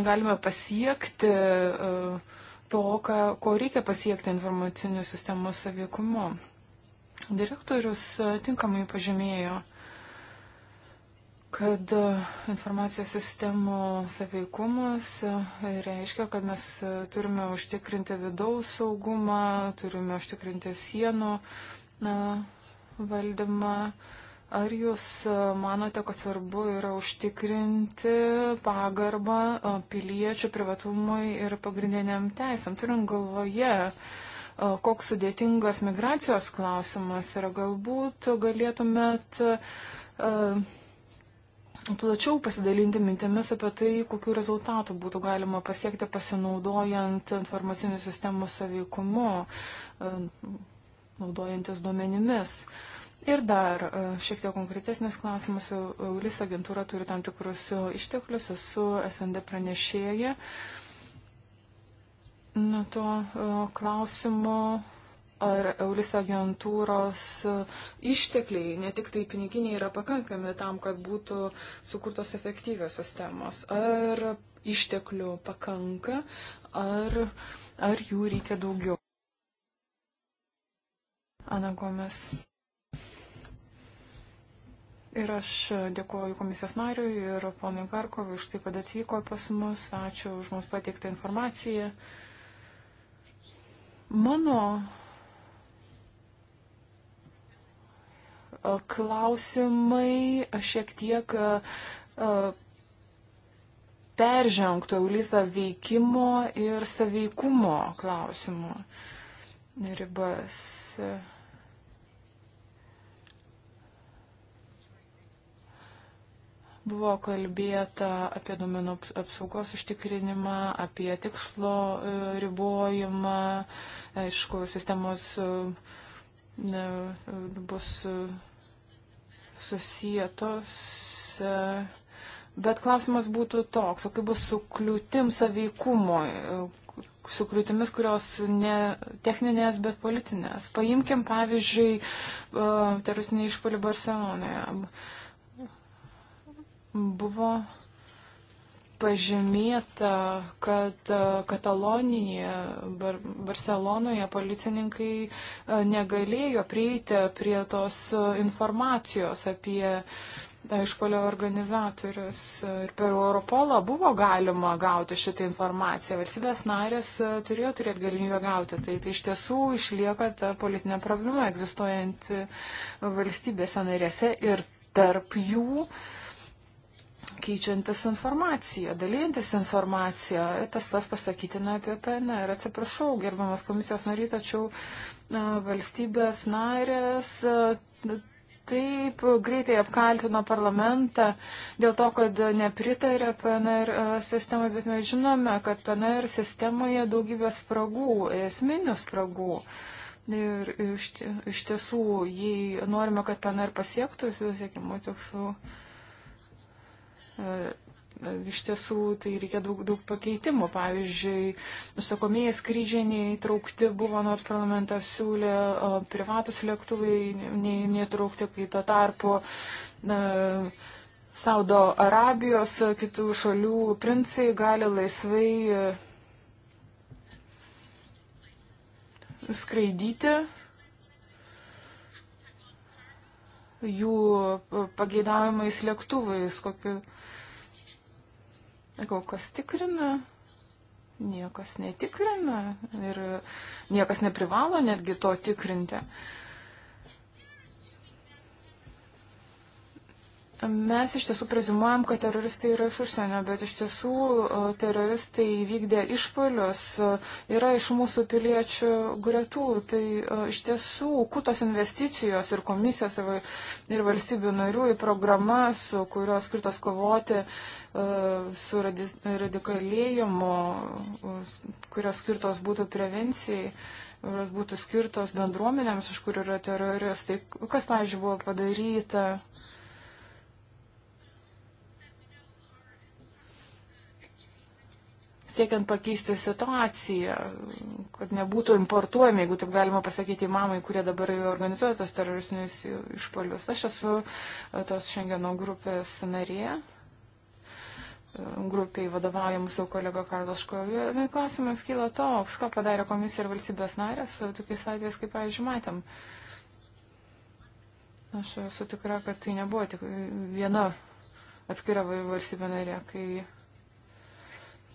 galime pasiekti. Uh, to, ką, ko reikia pasiekti informacinių sistemų savykumu. Direktorius e, tinkamai pažymėjo, kad e, informacijos sistemų saveikumas e, reiškia, kad mes turime užtikrinti vidaus saugumą, turime užtikrinti sienų na, valdymą. Ar jūs e, manote, kad svarbu yra užtikrinti pagarbą e, piliečių privatumui ir pagrindiniam teisėm, turint galvoje, e, koks sudėtingas migracijos klausimas yra, galbūt galėtumėt plačiau pasidalinti mintimis apie tai, kokiu rezultatu būtų galima pasiekti pasinaudojant informacinių sistemų saveikumu, naudojantis duomenimis. Uh, Ir dar e, šiek tiek konkretesnis klausimas. E, Eulis agentūra turi tam tikrus e, išteklius. Esu SND pranešėja. Nuo to klausimo, ar Eulis agentūros ištekliai, ne tik tai piniginiai, yra pakankami tam, kad būtų sukurtos efektyvios sistemos. Ar išteklių pakanka, ar, ar jų reikia daugiau? Ana Gomes. Ir aš dėkuoju komisijos nariui ir ponui Garkovui už tai, kad atvyko pas mus. Ačiū už mums pateiktą informaciją. Mano e, klausimai šiek tiek e, peržengtų Eulisa veikimo ir saveikumo klausimų ribas. Uh, Buvo kalbėta apie duomenų apsaugos užtikrinimą, apie tikslo e, ribojimą, aišku, sistemos e, ne, e, bus susijėtos. Bet klausimas būtų toks, o kaip bus su kliūtim saveikumui, su kliūtimis, kurios ne techninės, bet politinės. Paimkim pavyzdžiui teroristinį išpolį Barcelonoje buvo pažymėta, kad e, Katalonijoje, Bar Barcelonoje policininkai e, negalėjo prieiti prie tos e, informacijos apie išpolio organizatorius. Ir per Europolą buvo galima gauti šitą informaciją. Valstybės narės turėjo turėti galimybę gauti. Tai, tai iš tiesų išlieka ta politinė problema egzistuojant valstybėse narėse ir tarp jų. Uh, keičiantis informaciją, dalyjantis informaciją. Tas pas pasakytina apie PNR. Atsiprašau, gerbamas komisijos nariai, tačiau valstybės narės e, taip greitai apkaltino parlamentą dėl to, kad nepritarė PNR e, sistemai, bet mes žinome, kad PNR sistemoje daugybė spragų, esminių spragų. Ir iš, iš tiesų, jei norime, kad PNR pasiektų, siekimų tikslų. Su iš tiesų tai reikia daug, daug pakeitimų. Pavyzdžiui, nusakomieji skrydžiai neįtraukti buvo, nors parlamentas siūlė, privatus lėktuvai neįtraukti, kai tuo tarpu na, Saudo Arabijos kitų šalių princai gali laisvai e, skraidyti jų e, pageidaujamais lėktuvais, kokiu Sakau, kas tikrina? Niekas netikrina ir niekas neprivalo netgi to tikrinti. Uh, Mes iš tiesų prezimuojam, kad teroristai yra iš užsienio, bet iš tiesų teroristai vykdė išpolius, yra iš mūsų piliečių gretų. Tai iš tiesų, kur tos investicijos ir komisijos ir valstybių narių į programas, kurios skirtos kovoti su radikalėjimu, kurios skirtos būtų prevencijai kurios būtų skirtos bendruomenėms, iš kur yra teroristai. Kas, pavyzdžiui, buvo padaryta siekiant pakeisti situaciją, kad nebūtų importuojami, jeigu taip galima pasakyti, mamai, kurie dabar organizuoja tos teroristinius išpolius. Aš esu e, tos Šengeno grupės narė. E, grupiai vadovauja mūsų kolega Karlas Škovė. Na, klausimas kyla toks, ką padarė komisija ir valstybės narės, e, tokiais atvejais, kaip, pavyzdžiui, matėm. Aš esu tikra, kad tai nebuvo tik viena atskira valstybė narė, kai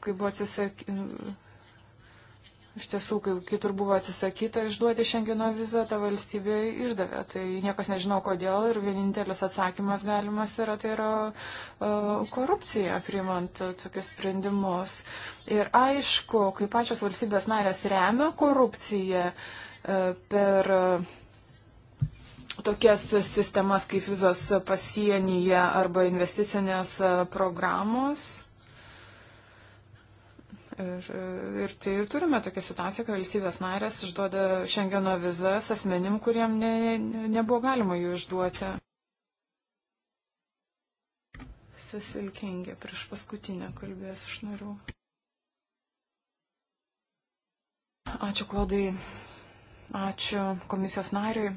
kai buvo atsisakyta, iš tiesų, kai kitur buvo atsisakyta išduoti šengino vizą, ta valstybė išdavė. Tai niekas nežino kodėl ir vienintelis atsakymas galimas yra, tai yra uh, korupcija priimant tokius sprendimus. Ir aišku, kai pačios valstybės narės remia korupciją uh, per. Uh, tokias sistemas kaip vizos pasienyje arba investicinės programos. Ir, ir tai ir turime tokią situaciją, kai valstybės narės išduoda šengeno vizas asmenim, kuriem ne, ne, nebuvo galima jų išduoti. Sesilkingė prieš paskutinę kalbės iš narių. Ačiū Klaudai, ačiū komisijos nariui,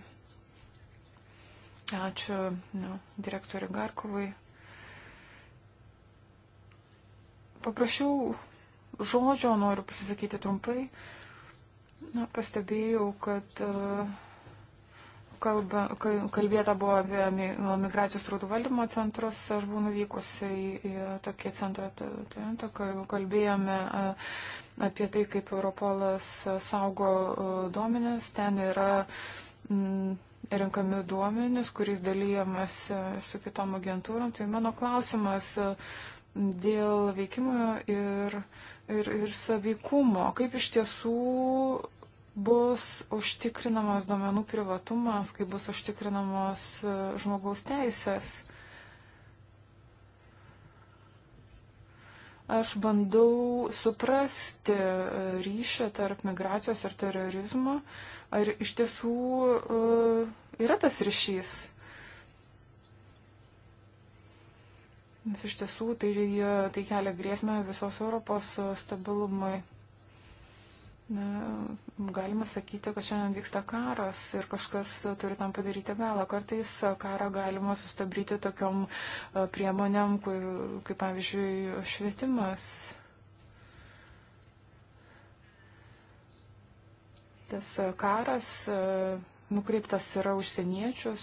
ačiū nu, direktoriui Garkovui. Paprašiau žodžio, noriu pasisakyti trumpai. Na, pastebėjau, kad e, kalba, kalbėta buvo apie migracijos trūdų valdymo centrus. Aš buvau nuvykusi į, į tokį centrą, tai, kalbėjome e, apie tai, kaip Europolas saugo e, duomenės. Ten yra. M, renkami duomenys, kuriais dalyjamas su kitom agentūrom. Tai mano klausimas dėl veikimo ir, ir, ir savykumo. Kaip iš tiesų bus užtikrinamas duomenų privatumas, kaip bus užtikrinamos e, žmogaus teisės. Aš bandau suprasti e, ryšį tarp migracijos ir terorizmo, ar iš tiesų e, yra tas ryšys. Nes iš tiesų tai, tai kelia grėsmę visos Europos e, stabilumui. Na, galima sakyti, kad šiandien vyksta karas ir kažkas turi tam padaryti galą. Kartais karą galima sustabdyti tokiom e, priemonėm, kaip pavyzdžiui švietimas. Tas karas e, nukreiptas yra užsieniečius,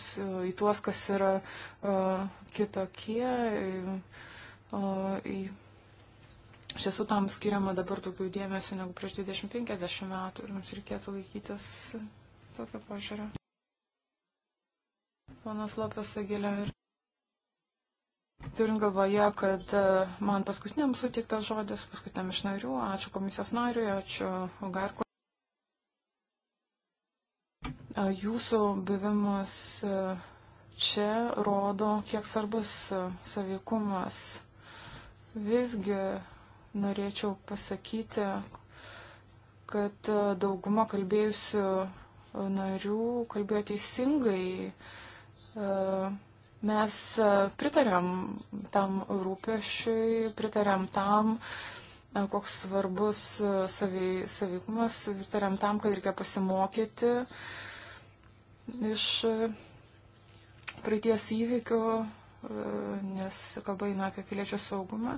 į tuos, kas yra e, kitokie. E, e, iš tiesų tam skiriama dabar daugiau dėmesio negu prieš 20-50 metų ir mums reikėtų laikytis tokio požiūrio. Ponas Lopės Agilė ir. Turint galvoje, kad man paskutiniam suteiktas žodis, paskutiniam iš narių, ačiū komisijos nariui, ačiū Garko. Jūsų buvimas e, čia rodo, kiek svarbus e, savykumas. Visgi norėčiau pasakyti, kad e, dauguma kalbėjusių narių kalbėjo teisingai. Mes pritarėm tam rūpešiui, pritarėm tam, koks svarbus savy, savykumas, pritarėm tam, kad reikia pasimokyti. Uh, iš e, praeities įvykių, e, nes kalba eina apie piliečio saugumą.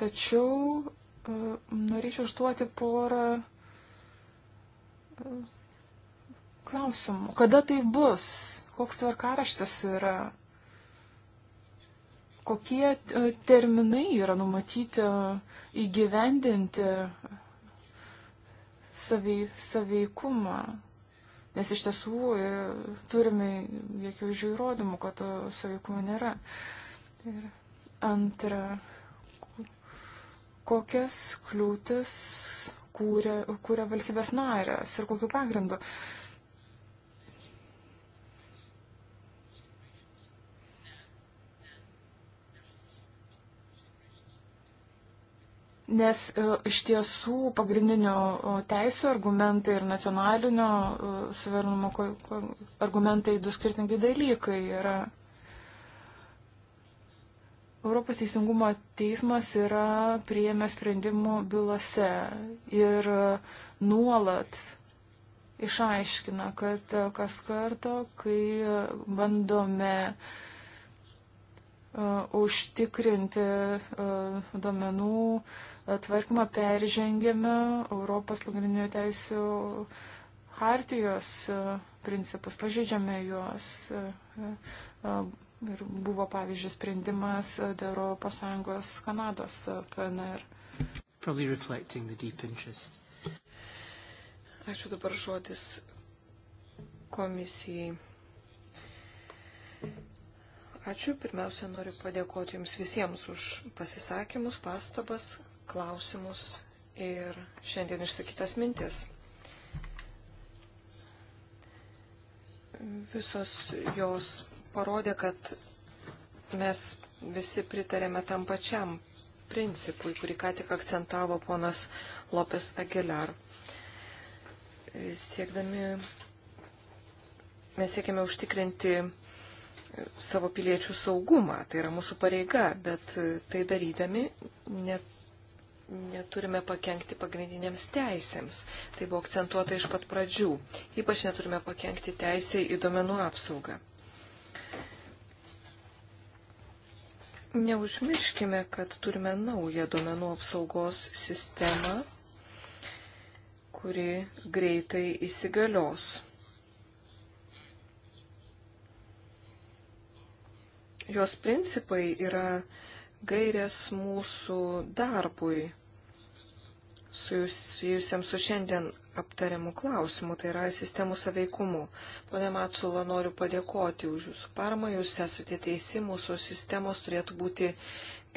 Tačiau e, norėčiau užduoti porą klausimų. Kada tai bus? Koks tvarkaraštas yra? Kokie terminai yra numatyti įgyvendinti saveikumą? Savy Nes iš tiesų e, turime jokių žių įrodymų, kad to sąveikumo nėra. Ir antra, kokias kliūtis kūrė, kūrė valstybės narės ir kokiu pagrindu. Uh, nes e, iš tiesų pagrindinių teisų argumentai ir nacionalinio e, suverenumo argumentai du skirtingi dalykai yra. Europos teisingumo teismas yra prieėmęs sprendimų bylose ir e, nuolat išaiškina, kad kas karto, kai bandome užtikrinti duomenų uh, tvarkymą peržengėme Europos pagrindinių teisų hartijos e, principus, pažeidžiame juos. E, e, ir buvo, pavyzdžiui, sprendimas dėl Europos Sąjungos Kanados PNR. Ačiū dabar žodis komisijai. Ačiū. Pirmiausia, noriu padėkoti Jums visiems už pasisakymus, pastabas, klausimus ir šiandien išsakytas mintis. Visos jos parodė, kad mes visi pritarėme tam pačiam principui, kurį ką tik akcentavo ponas Lopes Aguilar. Siekdami, mes siekime užtikrinti savo piliečių saugumą, tai yra mūsų pareiga, bet tai darydami net neturime pakengti pagrindinėms teisėms. Tai buvo akcentuota iš pat pradžių. Ypač neturime pakengti teisėjai į domenų apsaugą. Neužmirškime, kad turime naują domenų apsaugos sistemą, kuri greitai įsigalios. Jos principai yra gairės mūsų darbui susijusiam su šiandien aptariamu klausimu, tai yra sistemų saveikumu. Pone Matsula, noriu padėkoti už Jūsų paramą, Jūs esate teisi, mūsų sistemos turėtų būti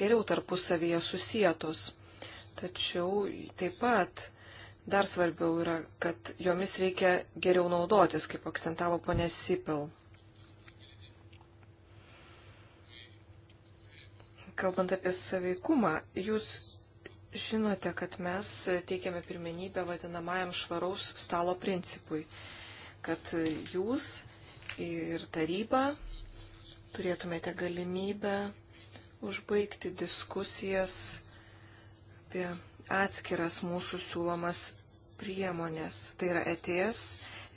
geriau tarpusavyje susijėtos. Tačiau taip pat dar svarbiau yra, kad jomis reikia geriau naudotis, kaip akcentavo ponė Sipil. Kalbant apie saveikumą, jūs Žinote, kad mes teikiame pirmenybę vadinamajam švaraus stalo principui, kad jūs ir taryba turėtumėte galimybę užbaigti diskusijas apie atskiras mūsų siūlomas priemonės. Tai yra ETS,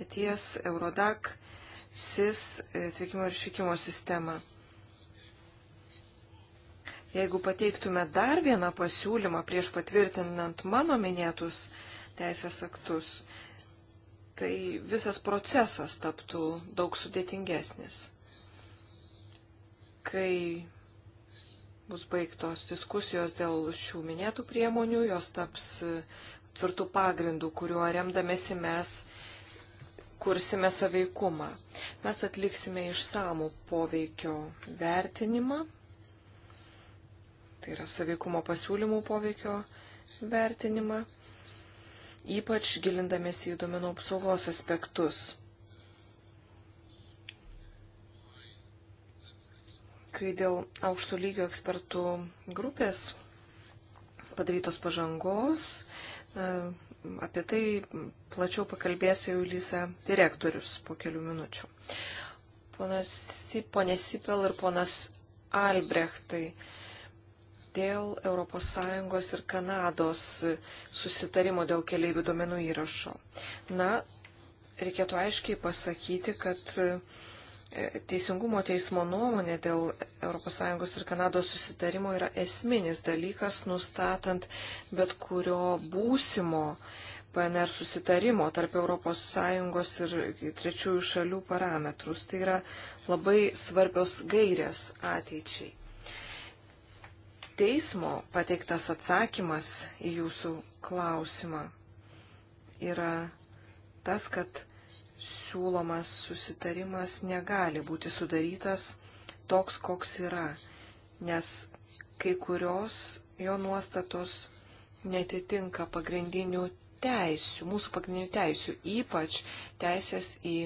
ETS, Eurodac, SIS, atvykimo ir išvykimo sistema jeigu pateiktume dar vieną pasiūlymą prieš patvirtinant mano minėtus teisės aktus, tai visas procesas taptų daug sudėtingesnis. Kai bus baigtos diskusijos dėl šių minėtų priemonių, jos taps tvirtų pagrindų, kuriuo remdamėsi mes kursime saveikumą. Mes atliksime išsamų poveikio vertinimą tai yra saveikumo pasiūlymų poveikio vertinimą, ypač gilindamėsi į duomenų apsaugos aspektus. Kai dėl aukšto lygio ekspertų grupės padarytos pažangos, e, apie tai plačiau pakalbės jau Lysa direktorius po kelių minučių. Ponas, ponė Sipel ir ponas Albrechtai dėl ES ir Kanados susitarimo dėl keliaivių duomenų įrašo. Na, reikėtų aiškiai pasakyti, kad e, Teisingumo teismo nuomonė dėl ES ir Kanados susitarimo yra esminis dalykas, nustatant bet kurio būsimo PNR susitarimo tarp ES ir trečiųjų šalių parametrus. Tai yra labai svarbios gairės ateičiai teismo pateiktas atsakymas į jūsų klausimą yra tas, kad siūlomas susitarimas negali būti sudarytas toks, koks yra, nes kai kurios jo nuostatos netitinka pagrindinių teisių, mūsų pagrindinių teisių, ypač teisės į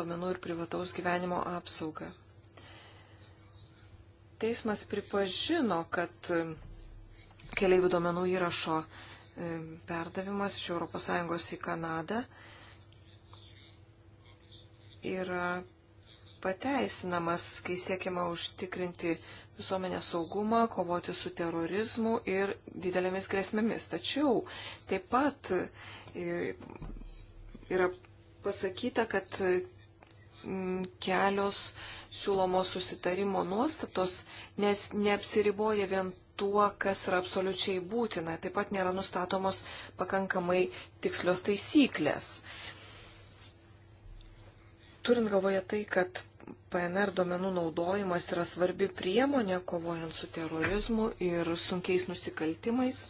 duomenų ir privataus gyvenimo apsaugą teismas pripažino, kad e, keliaivių duomenų įrašo e, perdavimas iš ES į Kanadą yra pateisinamas, kai siekiama užtikrinti visuomenės saugumą, kovoti su terorizmu ir didelėmis grėsmėmis. Tačiau taip pat e, yra pasakyta, kad Mm, kelios siūlomos susitarimo nuostatos, nes neapsiriboja vien tuo, kas yra absoliučiai būtina. Taip pat nėra nustatomos pakankamai tikslios taisyklės. Turint galvoje tai, kad PNR duomenų naudojimas yra svarbi priemonė kovojant su terorizmu ir sunkiais nusikaltimais,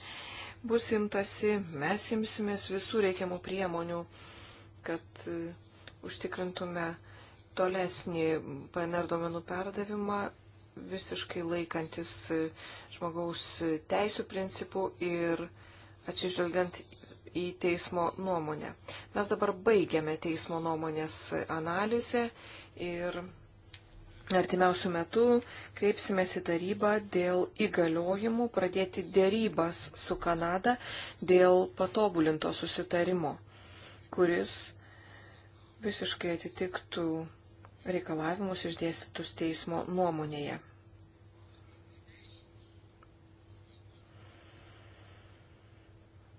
bus imtasi, mes imsimės visų reikiamų priemonių, kad e, užtikrintume tolesnį PNR duomenų perdavimą visiškai laikantis žmogaus teisų principų ir atsižvelgiant į teismo nuomonę. Mes dabar baigiame teismo nuomonės analizę ir artimiausių metų kreipsime į tarybą dėl įgaliojimų pradėti dėrybas su Kanada dėl patobulinto susitarimo, kuris visiškai atitiktų reikalavimus išdėstytus teismo nuomonėje.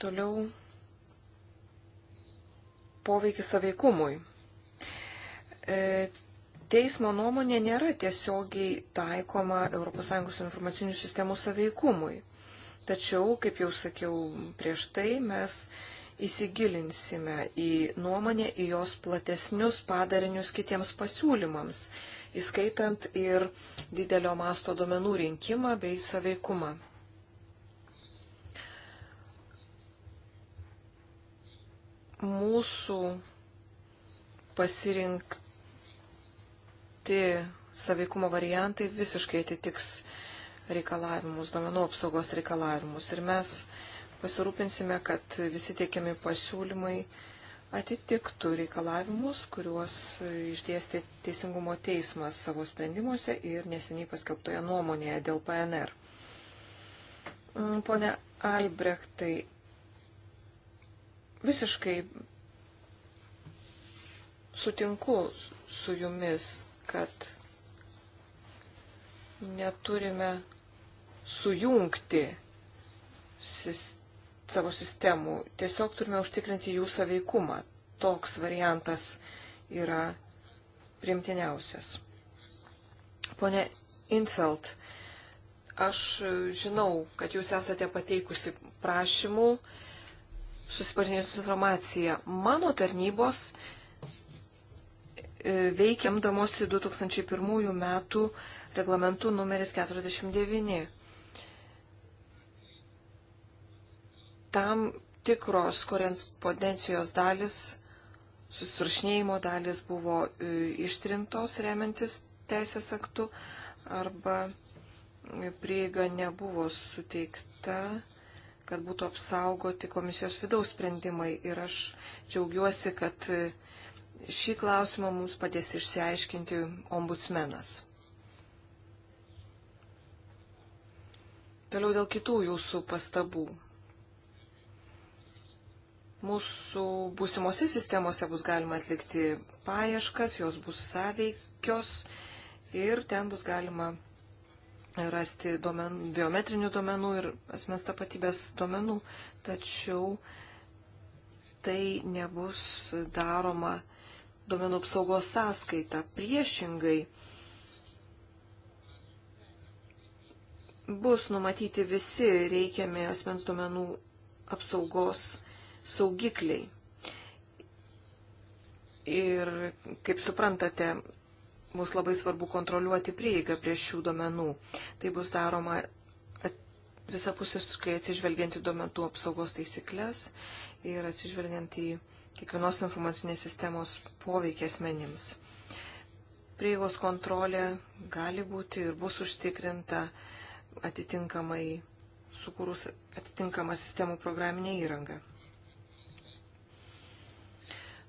Toliau poveikis saveikumui. E, teismo nuomonė nėra tiesiogiai taikoma ES informacinių sistemų saveikumui. Tačiau, kaip jau sakiau prieš tai, mes įsigilinsime į nuomonę, į jos platesnius padarinius kitiems pasiūlymams, įskaitant ir didelio masto domenų rinkimą bei saveikumą. Mūsų pasirinkti saveikumo variantai visiškai atitiks reikalavimus, domenų apsaugos reikalavimus. Ir mes pasirūpinsime, kad visi tiekiami pasiūlymai atitiktų reikalavimus, kuriuos išdėstė Teisingumo teismas savo sprendimuose ir neseniai paskelbtoje nuomonėje dėl PNR. Mm, pone Albrechtai, visiškai sutinku su jumis, kad neturime sujungti sistemą savo sistemų. Tiesiog turime užtikrinti jų saveikumą. Toks variantas yra primtiniausias. Pone Infeld, aš žinau, kad jūs esate pateikusi prašymų susipažinęs su informacija. Mano tarnybos e, veikiamdamosi 2001 metų reglamentų numeris 49. tam tikros korespondencijos dalis, susirašinėjimo dalis buvo e, ištrintos remiantis teisės aktu arba e, prieiga nebuvo suteikta kad būtų apsaugoti komisijos vidaus sprendimai. Ir aš džiaugiuosi, kad e, šį klausimą mums padės išsiaiškinti ombudsmenas. Toliau dėl kitų jūsų pastabų mūsų būsimose sistemose bus galima atlikti paieškas, jos bus sąveikios ir ten bus galima rasti duomen, biometrinių duomenų ir asmens tapatybės duomenų, tačiau tai nebus daroma duomenų apsaugos sąskaita. Priešingai bus numatyti visi reikiami asmens duomenų apsaugos saugikliai. Ir, kaip suprantate, bus labai svarbu kontroliuoti prieigą prie šių duomenų. Tai bus daroma visapusiškai atsižvelgiant į duomenų apsaugos taisyklės ir atsižvelgiant į kiekvienos informacinės sistemos poveikį asmenims. Prieigos kontrolė gali būti ir bus užtikrinta atitinkamai sukūrus atitinkamą sistemų programinę įrangą.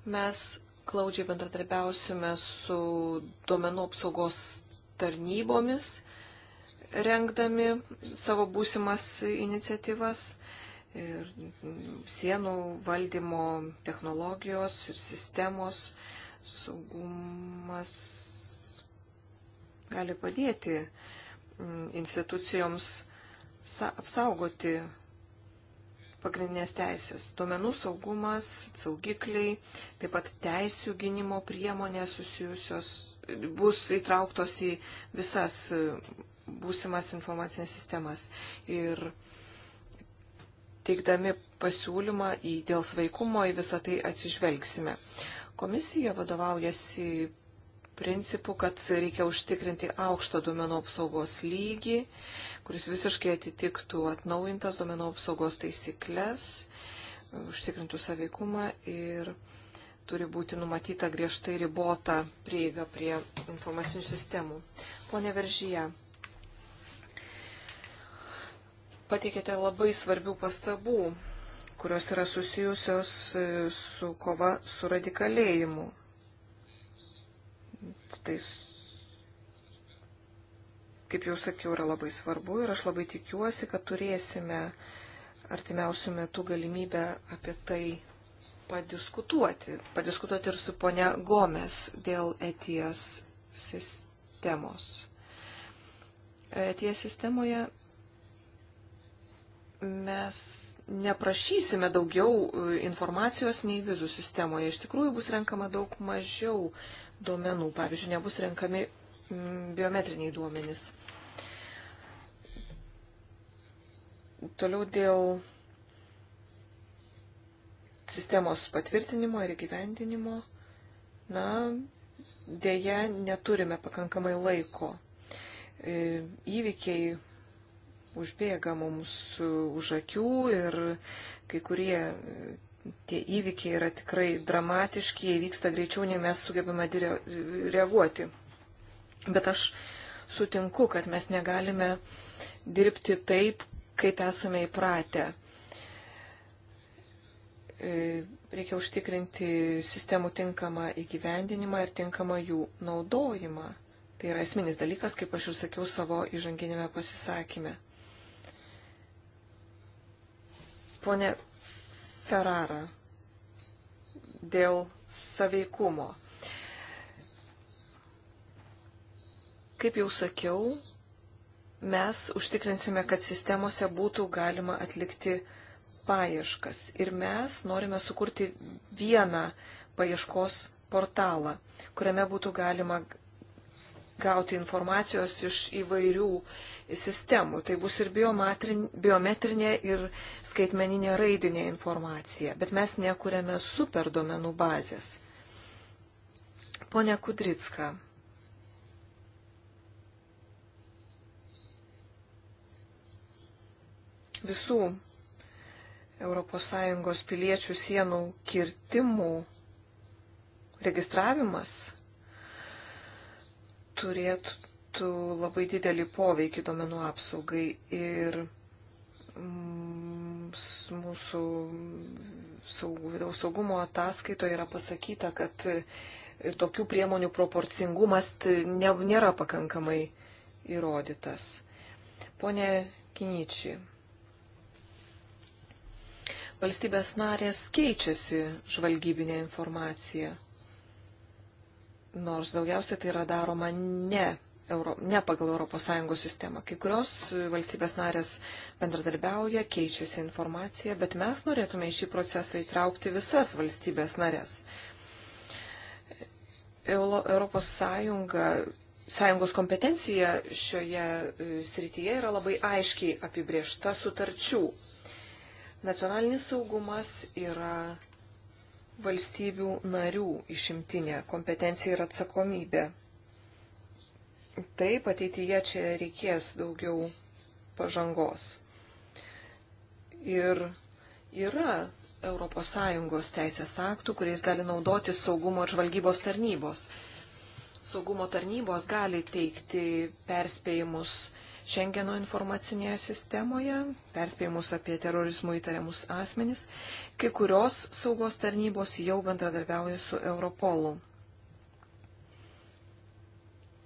Mes glaudžiai bendradarbiausime su duomenų apsaugos tarnybomis, rengdami savo būsimas iniciatyvas ir sienų valdymo technologijos ir sistemos saugumas gali padėti mm, institucijoms apsaugoti pagrindinės teisės. Duomenų saugumas, saugikliai, taip pat teisų gynimo priemonės susijusios bus įtrauktos į visas e, būsimas informacinės sistemas. Ir teikdami pasiūlymą į dėl svaikumo į visą tai atsižvelgsime. Komisija vadovaujasi principu, kad reikia užtikrinti aukštą duomenų apsaugos lygį, kuris visiškai atitiktų atnaujintas duomenų apsaugos taisyklės, užtikrintų saveikumą ir turi būti numatyta griežtai ribota prieiga prie informacinių sistemų. Pone Veržyje, pateikėte labai svarbių pastabų, kurios yra susijusios e, su kova su radikalėjimu tai, kaip jau sakiau, yra labai svarbu ir aš labai tikiuosi, kad turėsime artimiausių metų galimybę apie tai padiskutuoti, padiskutuoti ir su ponia Gomes dėl ETIAS sistemos. ETIAS sistemoje mes neprašysime daugiau e, informacijos nei vizų sistemoje. Iš tikrųjų bus renkama daug mažiau duomenų. Pavyzdžiui, nebus renkami mm, biometriniai duomenys. Toliau dėl sistemos patvirtinimo ir gyvendinimo, na, dėja neturime pakankamai laiko. E, įvykiai užbėga mums už akių ir kai kurie e, tie įvykiai yra tikrai dramatiški, jie vyksta greičiau, nei mes sugebame reaguoti. Bet aš sutinku, kad mes negalime dirbti taip, kaip esame įpratę. E, reikia užtikrinti sistemų tinkamą įgyvendinimą ir tinkamą jų naudojimą. Tai yra esminis dalykas, kaip aš ir sakiau savo įžanginėme pasisakymė. Pone Ferrara dėl saveikumo. Kaip jau sakiau, mes užtikrinsime, kad sistemose būtų galima atlikti paieškas. Ir mes norime sukurti vieną paieškos portalą, kuriame būtų galima gauti informacijos iš įvairių sistemų. Tai bus ir biometrinė, ir skaitmeninė raidinė informacija. Bet mes nekuriame super duomenų bazės. Pone Kudricka. Visų ES piliečių sienų kirtimų registravimas turėtų labai didelį poveikį domenų apsaugai ir mūsų saugų, vidaus saugumo ataskaitoje yra pasakyta, kad tokių priemonių proporcingumas nėra pakankamai įrodytas. Pone Kinyčiai, valstybės narės keičiasi žvalgybinė informacija nors daugiausia tai yra daroma ne, Euro, ne pagal ES sistemą. Kai kurios valstybės narės bendradarbiauja, keičiasi informacija, bet mes norėtume į šį procesą įtraukti visas valstybės narės. Europos Sąjunga, Sąjungos kompetencija šioje e, srityje yra labai aiškiai apibriešta sutarčių. Nacionalinis saugumas yra valstybių narių išimtinė kompetencija ir atsakomybė. Taip, ateityje čia reikės daugiau pažangos. Ir yra ES teisės aktų, kuriais gali naudoti saugumo ir žvalgybos tarnybos. Saugumo tarnybos gali teikti perspėjimus Šengeno informacinėje sistemoje, perspėjimus apie terorizmų įtariamus asmenis, kai kurios saugos tarnybos jau bendradarbiauja su Europolu.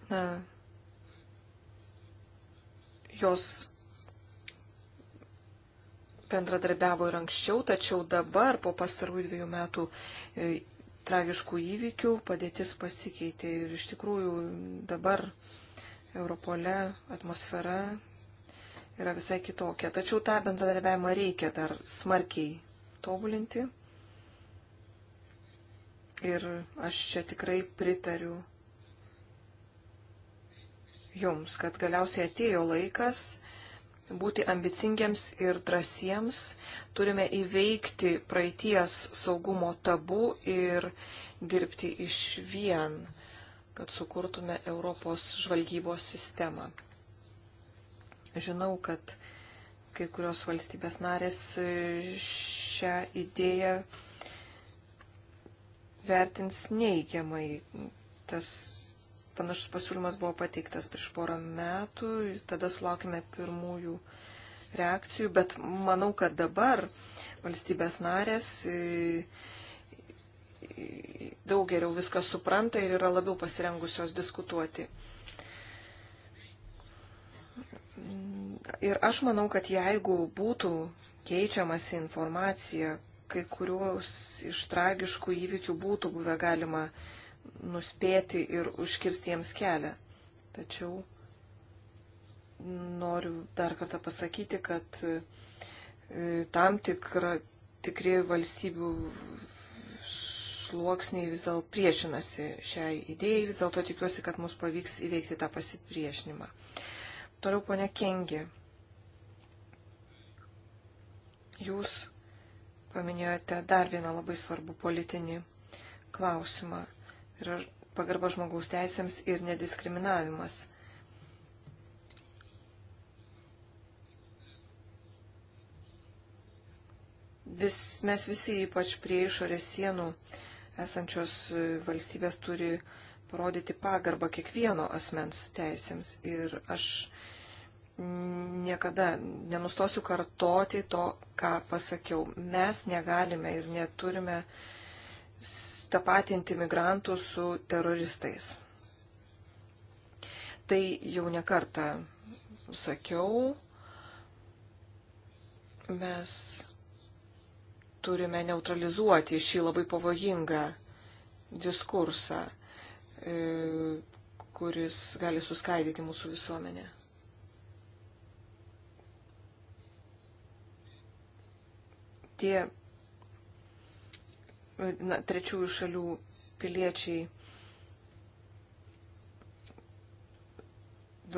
Na, jos bendradarbiavo ir anksčiau, tačiau dabar po pastarųjų dviejų metų e, tragiškų įvykių padėtis pasikeitė ir iš tikrųjų dabar Europole atmosfera yra visai kitokia. Tačiau tą bendradarbiavimą reikia dar smarkiai tobulinti. Ir aš čia tikrai pritariu jums, kad galiausiai atėjo laikas būti ambicingiams ir drąsiems. Turime įveikti praeities saugumo tabų ir dirbti iš vien kad sukurtume Europos žvalgybos sistemą. Žinau, kad kai kurios valstybės narės e, šią idėją vertins neigiamai. Tas panašus pasiūlymas buvo pateiktas prieš porą metų, tada sulaukime pirmųjų reakcijų, bet manau, kad dabar valstybės narės e, daug geriau viską supranta ir yra labiau pasirengusios diskutuoti. Ir aš manau, kad jeigu būtų keičiamasi informacija, kai kuriuos iš tragiškų įvykių būtų buvę galima nuspėti ir užkirsti jiems kelią. Tačiau noriu dar kartą pasakyti, kad e, tam tikra, tikri valstybių sluoksniai vis dėlto priešinasi šiai idėjai, vis dėlto tikiuosi, kad mums pavyks įveikti tą pasipriešinimą. Toliau ponia Kengi. Jūs paminėjote dar vieną labai svarbų politinį klausimą. Yra pagarba žmogaus teisėms ir nediskriminavimas. vis, mes visi, ypač prie išorės sienų, esančios valstybės turi parodyti pagarbą kiekvieno asmens teisėms. Ir aš niekada nenustosiu kartoti to, ką pasakiau. Mes negalime ir neturime tapatinti migrantų su teroristais. Tai jau nekartą sakiau. Mes turime neutralizuoti šį labai pavojingą diskursą, e, kuris gali suskaidyti mūsų visuomenę. Tie na, trečiųjų šalių piliečiai,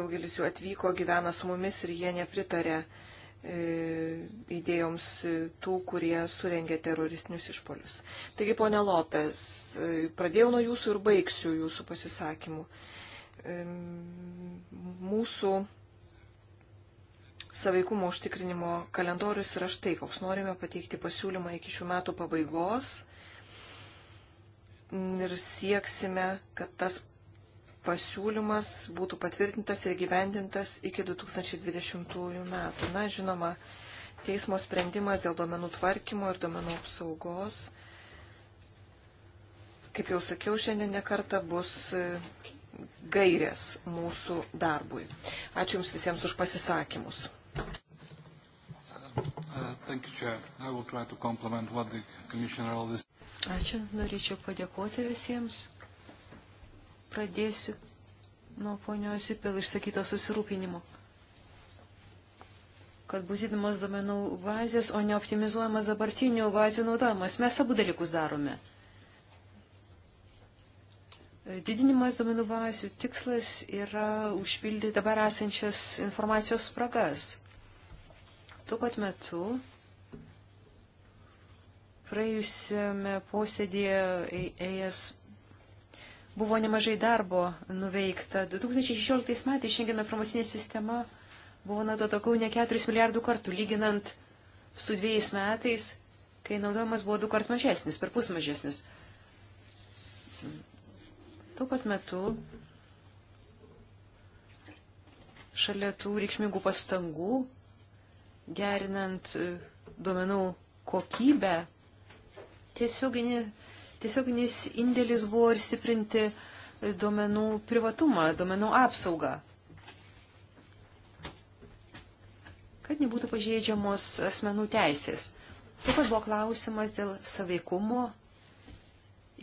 daugelis jų atvyko, gyvena su mumis ir jie nepritarė uh, E, idėjoms e, tų, kurie surengė teroristinius išpolius. Taigi, ponė Lopes, e, pradėjau nuo jūsų ir baigsiu jūsų pasisakymų. Mūsų saveikumo užtikrinimo kalendorius yra štai, koks norime pateikti pasiūlymą iki šių metų pabaigos ir sieksime, kad tas pasiūlymas būtų patvirtintas ir gyvendintas iki 2020 metų. Na, žinoma, teismo sprendimas dėl duomenų tvarkymo ir duomenų apsaugos, kaip jau sakiau, šiandien nekarta bus e, gairės mūsų darbui. Ačiū Jums visiems už pasisakymus. Uh, Ačiū, norėčiau padėkoti visiems. Pradėsiu nuo ponios Ipel išsakyto susirūpinimo kad bus įdomas duomenų bazės, o ne optimizuojamas dabartinių bazių naudojimas. Mes abu dalykus darome. Didinimas duomenų bazių tikslas yra užpildyti dabar esančias informacijos spragas. Tuo pat metu praėjusiame posėdėje ES buvo nemažai darbo nuveikta. 2016 metais šiandieno informacinė sistema buvo naudota daugiau ne 4 milijardų kartų, lyginant su dviejais metais, kai naudojimas buvo du kart mažesnis, per pus mažesnis. Tuo pat metu šalia tų reikšmingų pastangų, gerinant e, duomenų kokybę, tiesioginė Tiesioginis indėlis buvo ir stiprinti duomenų privatumą, duomenų apsaugą. Kad nebūtų pažeidžiamos asmenų teisės. Taip pat buvo klausimas dėl saveikumo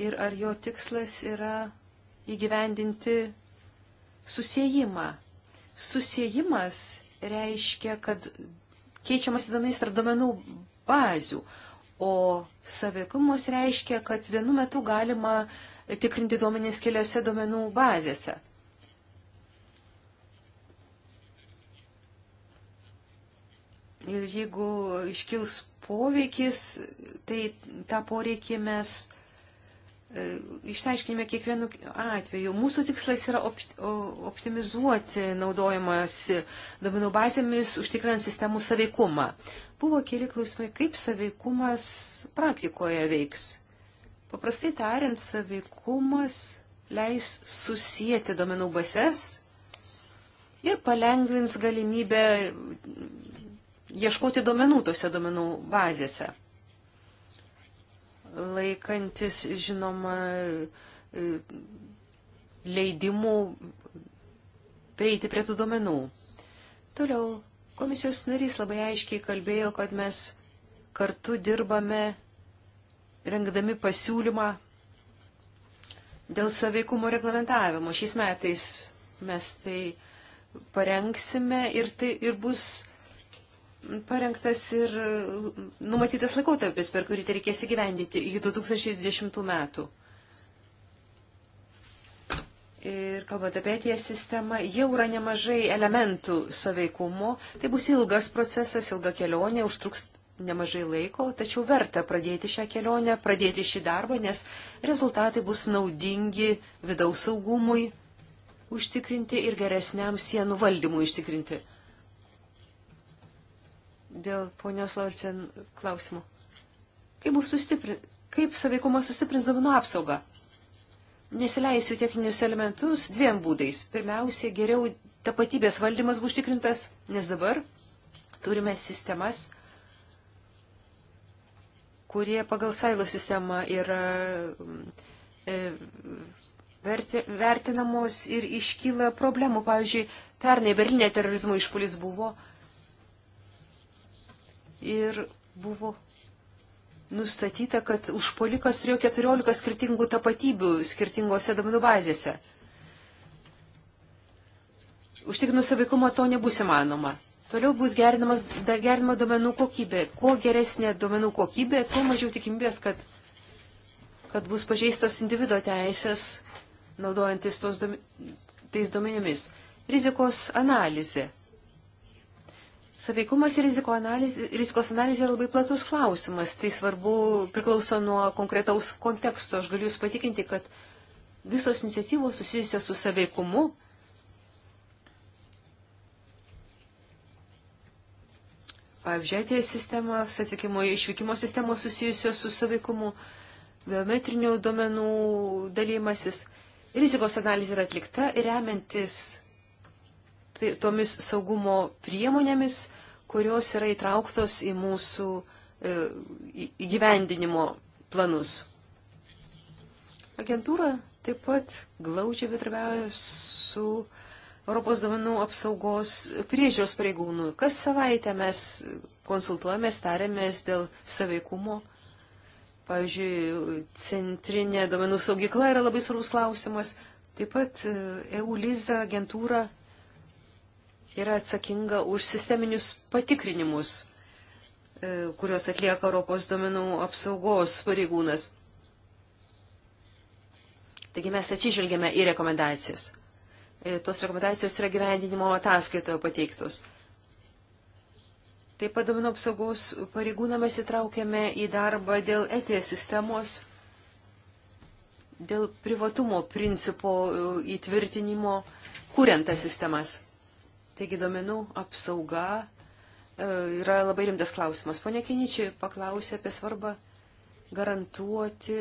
ir ar jo tikslas yra įgyvendinti susijimą. Susijimas reiškia, kad keičiamas įdomenys tarp domenų bazių. O saveikumas reiškia, kad vienu metu galima tikrinti duomenys keliose duomenų bazėse. Ir jeigu iškils poveikis, tai tą poreikį mes e, išsiaiškinime kiekvienu atveju. Mūsų tikslas yra opt, optimizuoti naudojimąsi duomenų bazėmis, užtikrinant sistemų saveikumą buvo keli klausimai, kaip saveikumas praktikoje veiks. Paprastai tariant, saveikumas leis susijęti domenų bases ir palengvins galimybę ieškoti domenų tose domenų bazėse. Laikantis, žinoma, leidimų prieiti prie tų domenų. Toliau Komisijos narys labai aiškiai kalbėjo, kad mes kartu dirbame rengdami pasiūlymą dėl saveikumo reglamentavimo. Šiais metais mes tai parengsime ir, tai, ir bus parengtas ir numatytas laikotarpis, per kurį tai reikės įgyvendyti iki 2020 metų. Ir kalbant apie tie sistemą, jau yra nemažai elementų saveikumo. Tai bus ilgas procesas, ilga kelionė, užtruks nemažai laiko, tačiau verta pradėti šią kelionę, pradėti šį darbą, nes rezultatai bus naudingi vidaus saugumui užtikrinti ir geresniam sienų valdymui užtikrinti. Dėl ponios Lausen klausimų. Kaip, sustiprin... Kaip saveikumas sustiprins duomenų apsaugą? Nesileisiu techninius elementus dviem būdais. Pirmiausia, geriau tapatybės valdymas bus tikrintas, nes dabar turime sistemas, kurie pagal sailo sistemą yra mm, e, vertinamos ir iškyla problemų. Pavyzdžiui, pernai Berlinė terorizmo išpolis buvo ir buvo nustatyta, kad užpolikas turėjo 14 skirtingų tapatybių skirtingose domenų bazėse. Užtikrinus savikumo to nebus įmanoma. Toliau bus gerinamas, gerinama duomenų kokybė. Kuo geresnė duomenų kokybė, tuo mažiau tikimybės, kad, kad bus pažeistos individuo teisės naudojantis tos, tais duomenimis. Rizikos analizė. Saveikumas ir analizė, rizikos analizė yra labai platus klausimas. Tai svarbu priklauso nuo konkretaus konteksto. Aš galiu Jūs patikinti, kad visos iniciatyvos susijusios su saveikumu pavyzdžiui, atėjus sistemos, atvykimo išvykimo sistemos susijusios su saveikumu, biometrinių duomenų dalymasis. Rizikos analizė yra atlikta remiantis tai, tomis saugumo priemonėmis, kurios yra įtrauktos į mūsų e, įgyvendinimo planus. Agentūra taip pat glaudžiai betarbiauja su Europos duomenų apsaugos priežiūros pareigūnų. Kas savaitę mes konsultuojamės, tariamės dėl saveikumo. Pavyzdžiui, centrinė duomenų saugykla yra labai svarbus klausimas. Taip pat EULIZA e agentūra yra atsakinga už sisteminius patikrinimus, e, kuriuos atlieka Europos duomenų apsaugos pareigūnas. Taigi mes atsižvelgiame į rekomendacijas. E, tos rekomendacijos yra gyvendinimo ataskaitoje pateiktos. Taip pat domino apsaugos pareigūną mes įtraukėme į darbą dėl etijos sistemos, dėl privatumo principo e, įtvirtinimo, kuriant tas sistemas. Taigi domenų apsauga e, yra labai rimtas klausimas. Pone Kiničiai paklausė apie svarbą garantuoti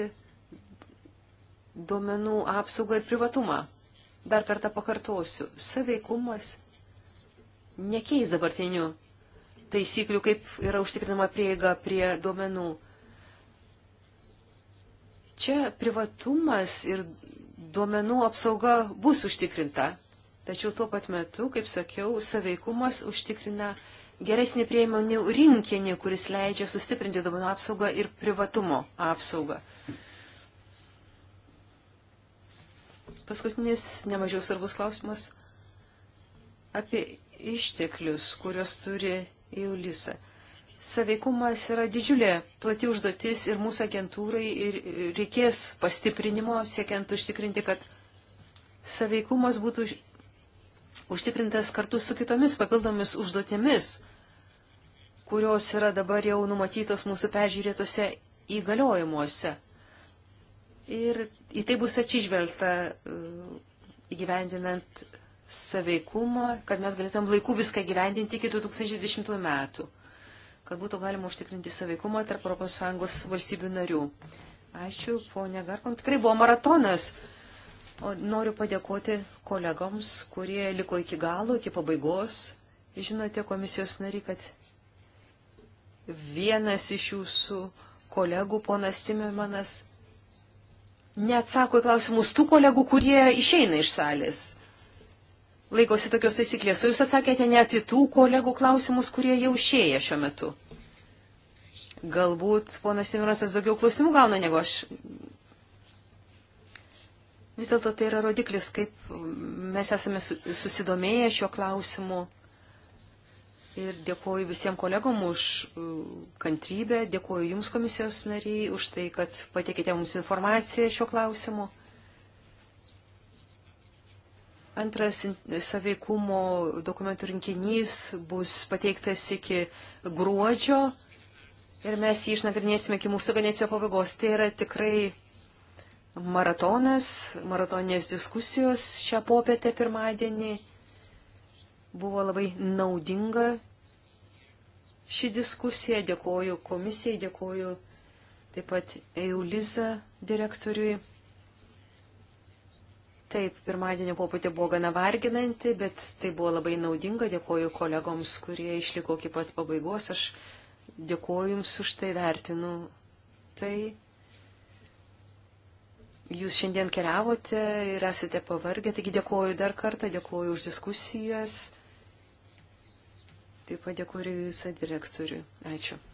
duomenų apsaugą ir privatumą. Dar kartą pakartosiu, saveikumas nekeis dabartinių taisyklių, kaip yra užtikrinama prieiga prie duomenų. Čia privatumas ir duomenų apsauga bus užtikrinta. Tačiau tuo pat metu, kaip sakiau, saveikumas užtikrina geresnį priemonių rinkinį, kuris leidžia sustiprinti duomenų apsaugą ir privatumo apsaugą. Paskutinis, nemažiau svarbus klausimas apie išteklius, kuriuos turi EULISA. Saveikumas yra didžiulė plati užduotis ir mūsų agentūrai ir reikės pastiprinimo, siekiant užtikrinti, kad saveikumas būtų užtikrintas kartu su kitomis papildomis užduotėmis, kurios yra dabar jau numatytos mūsų peržiūrėtose įgaliojimuose. Ir į tai bus atsižvelgta e, įgyvendinant saveikumą, kad mes galėtum laiku viską gyvendinti iki 2020 metų, kad būtų galima užtikrinti saveikumą tarp ES valstybių narių. Ačiū, ponė Garkom. Tikrai buvo maratonas. Noriu padėkoti kolegoms, kurie liko iki galo, iki pabaigos. Žinote, komisijos nari, kad vienas iš jūsų kolegų, ponas Timirmanas, neatsako į klausimus tų kolegų, kurie išeina iš salės. Laikosi tokios taisyklės, o jūs atsakėte net į tų kolegų klausimus, kurie jau išėję šiuo metu. Galbūt ponas Timirmanas daugiau klausimų gauna negu aš Vis dėlto tai yra rodiklis, kaip mes esame susidomėję šiuo klausimu. Ir dėkuoju visiems kolegom už uh, kantrybę, dėkuoju Jums komisijos nariai už tai, kad patikite mums informaciją šiuo klausimu. Antras saveikumo dokumentų rinkinys bus pateiktas iki gruodžio ir mes jį išnagrinėsime iki mūsų ganėcijo pabaigos. Tai yra tikrai maratonas, maratoninės diskusijos šią popietę pirmadienį. Buvo labai naudinga ši diskusija. Dėkoju komisijai, dėkoju taip pat Euliza direktoriui. Taip, pirmadienio popietė buvo gana varginanti, bet tai buvo labai naudinga. Dėkoju kolegoms, kurie išliko iki pat pabaigos. Aš dėkoju Jums už tai, vertinu tai. Jūs šiandien keliavote ir esate pavargę, taigi dėkuoju dar kartą, dėkuoju už diskusijas. Taip pat dėkuoju visą direktorių. Ačiū.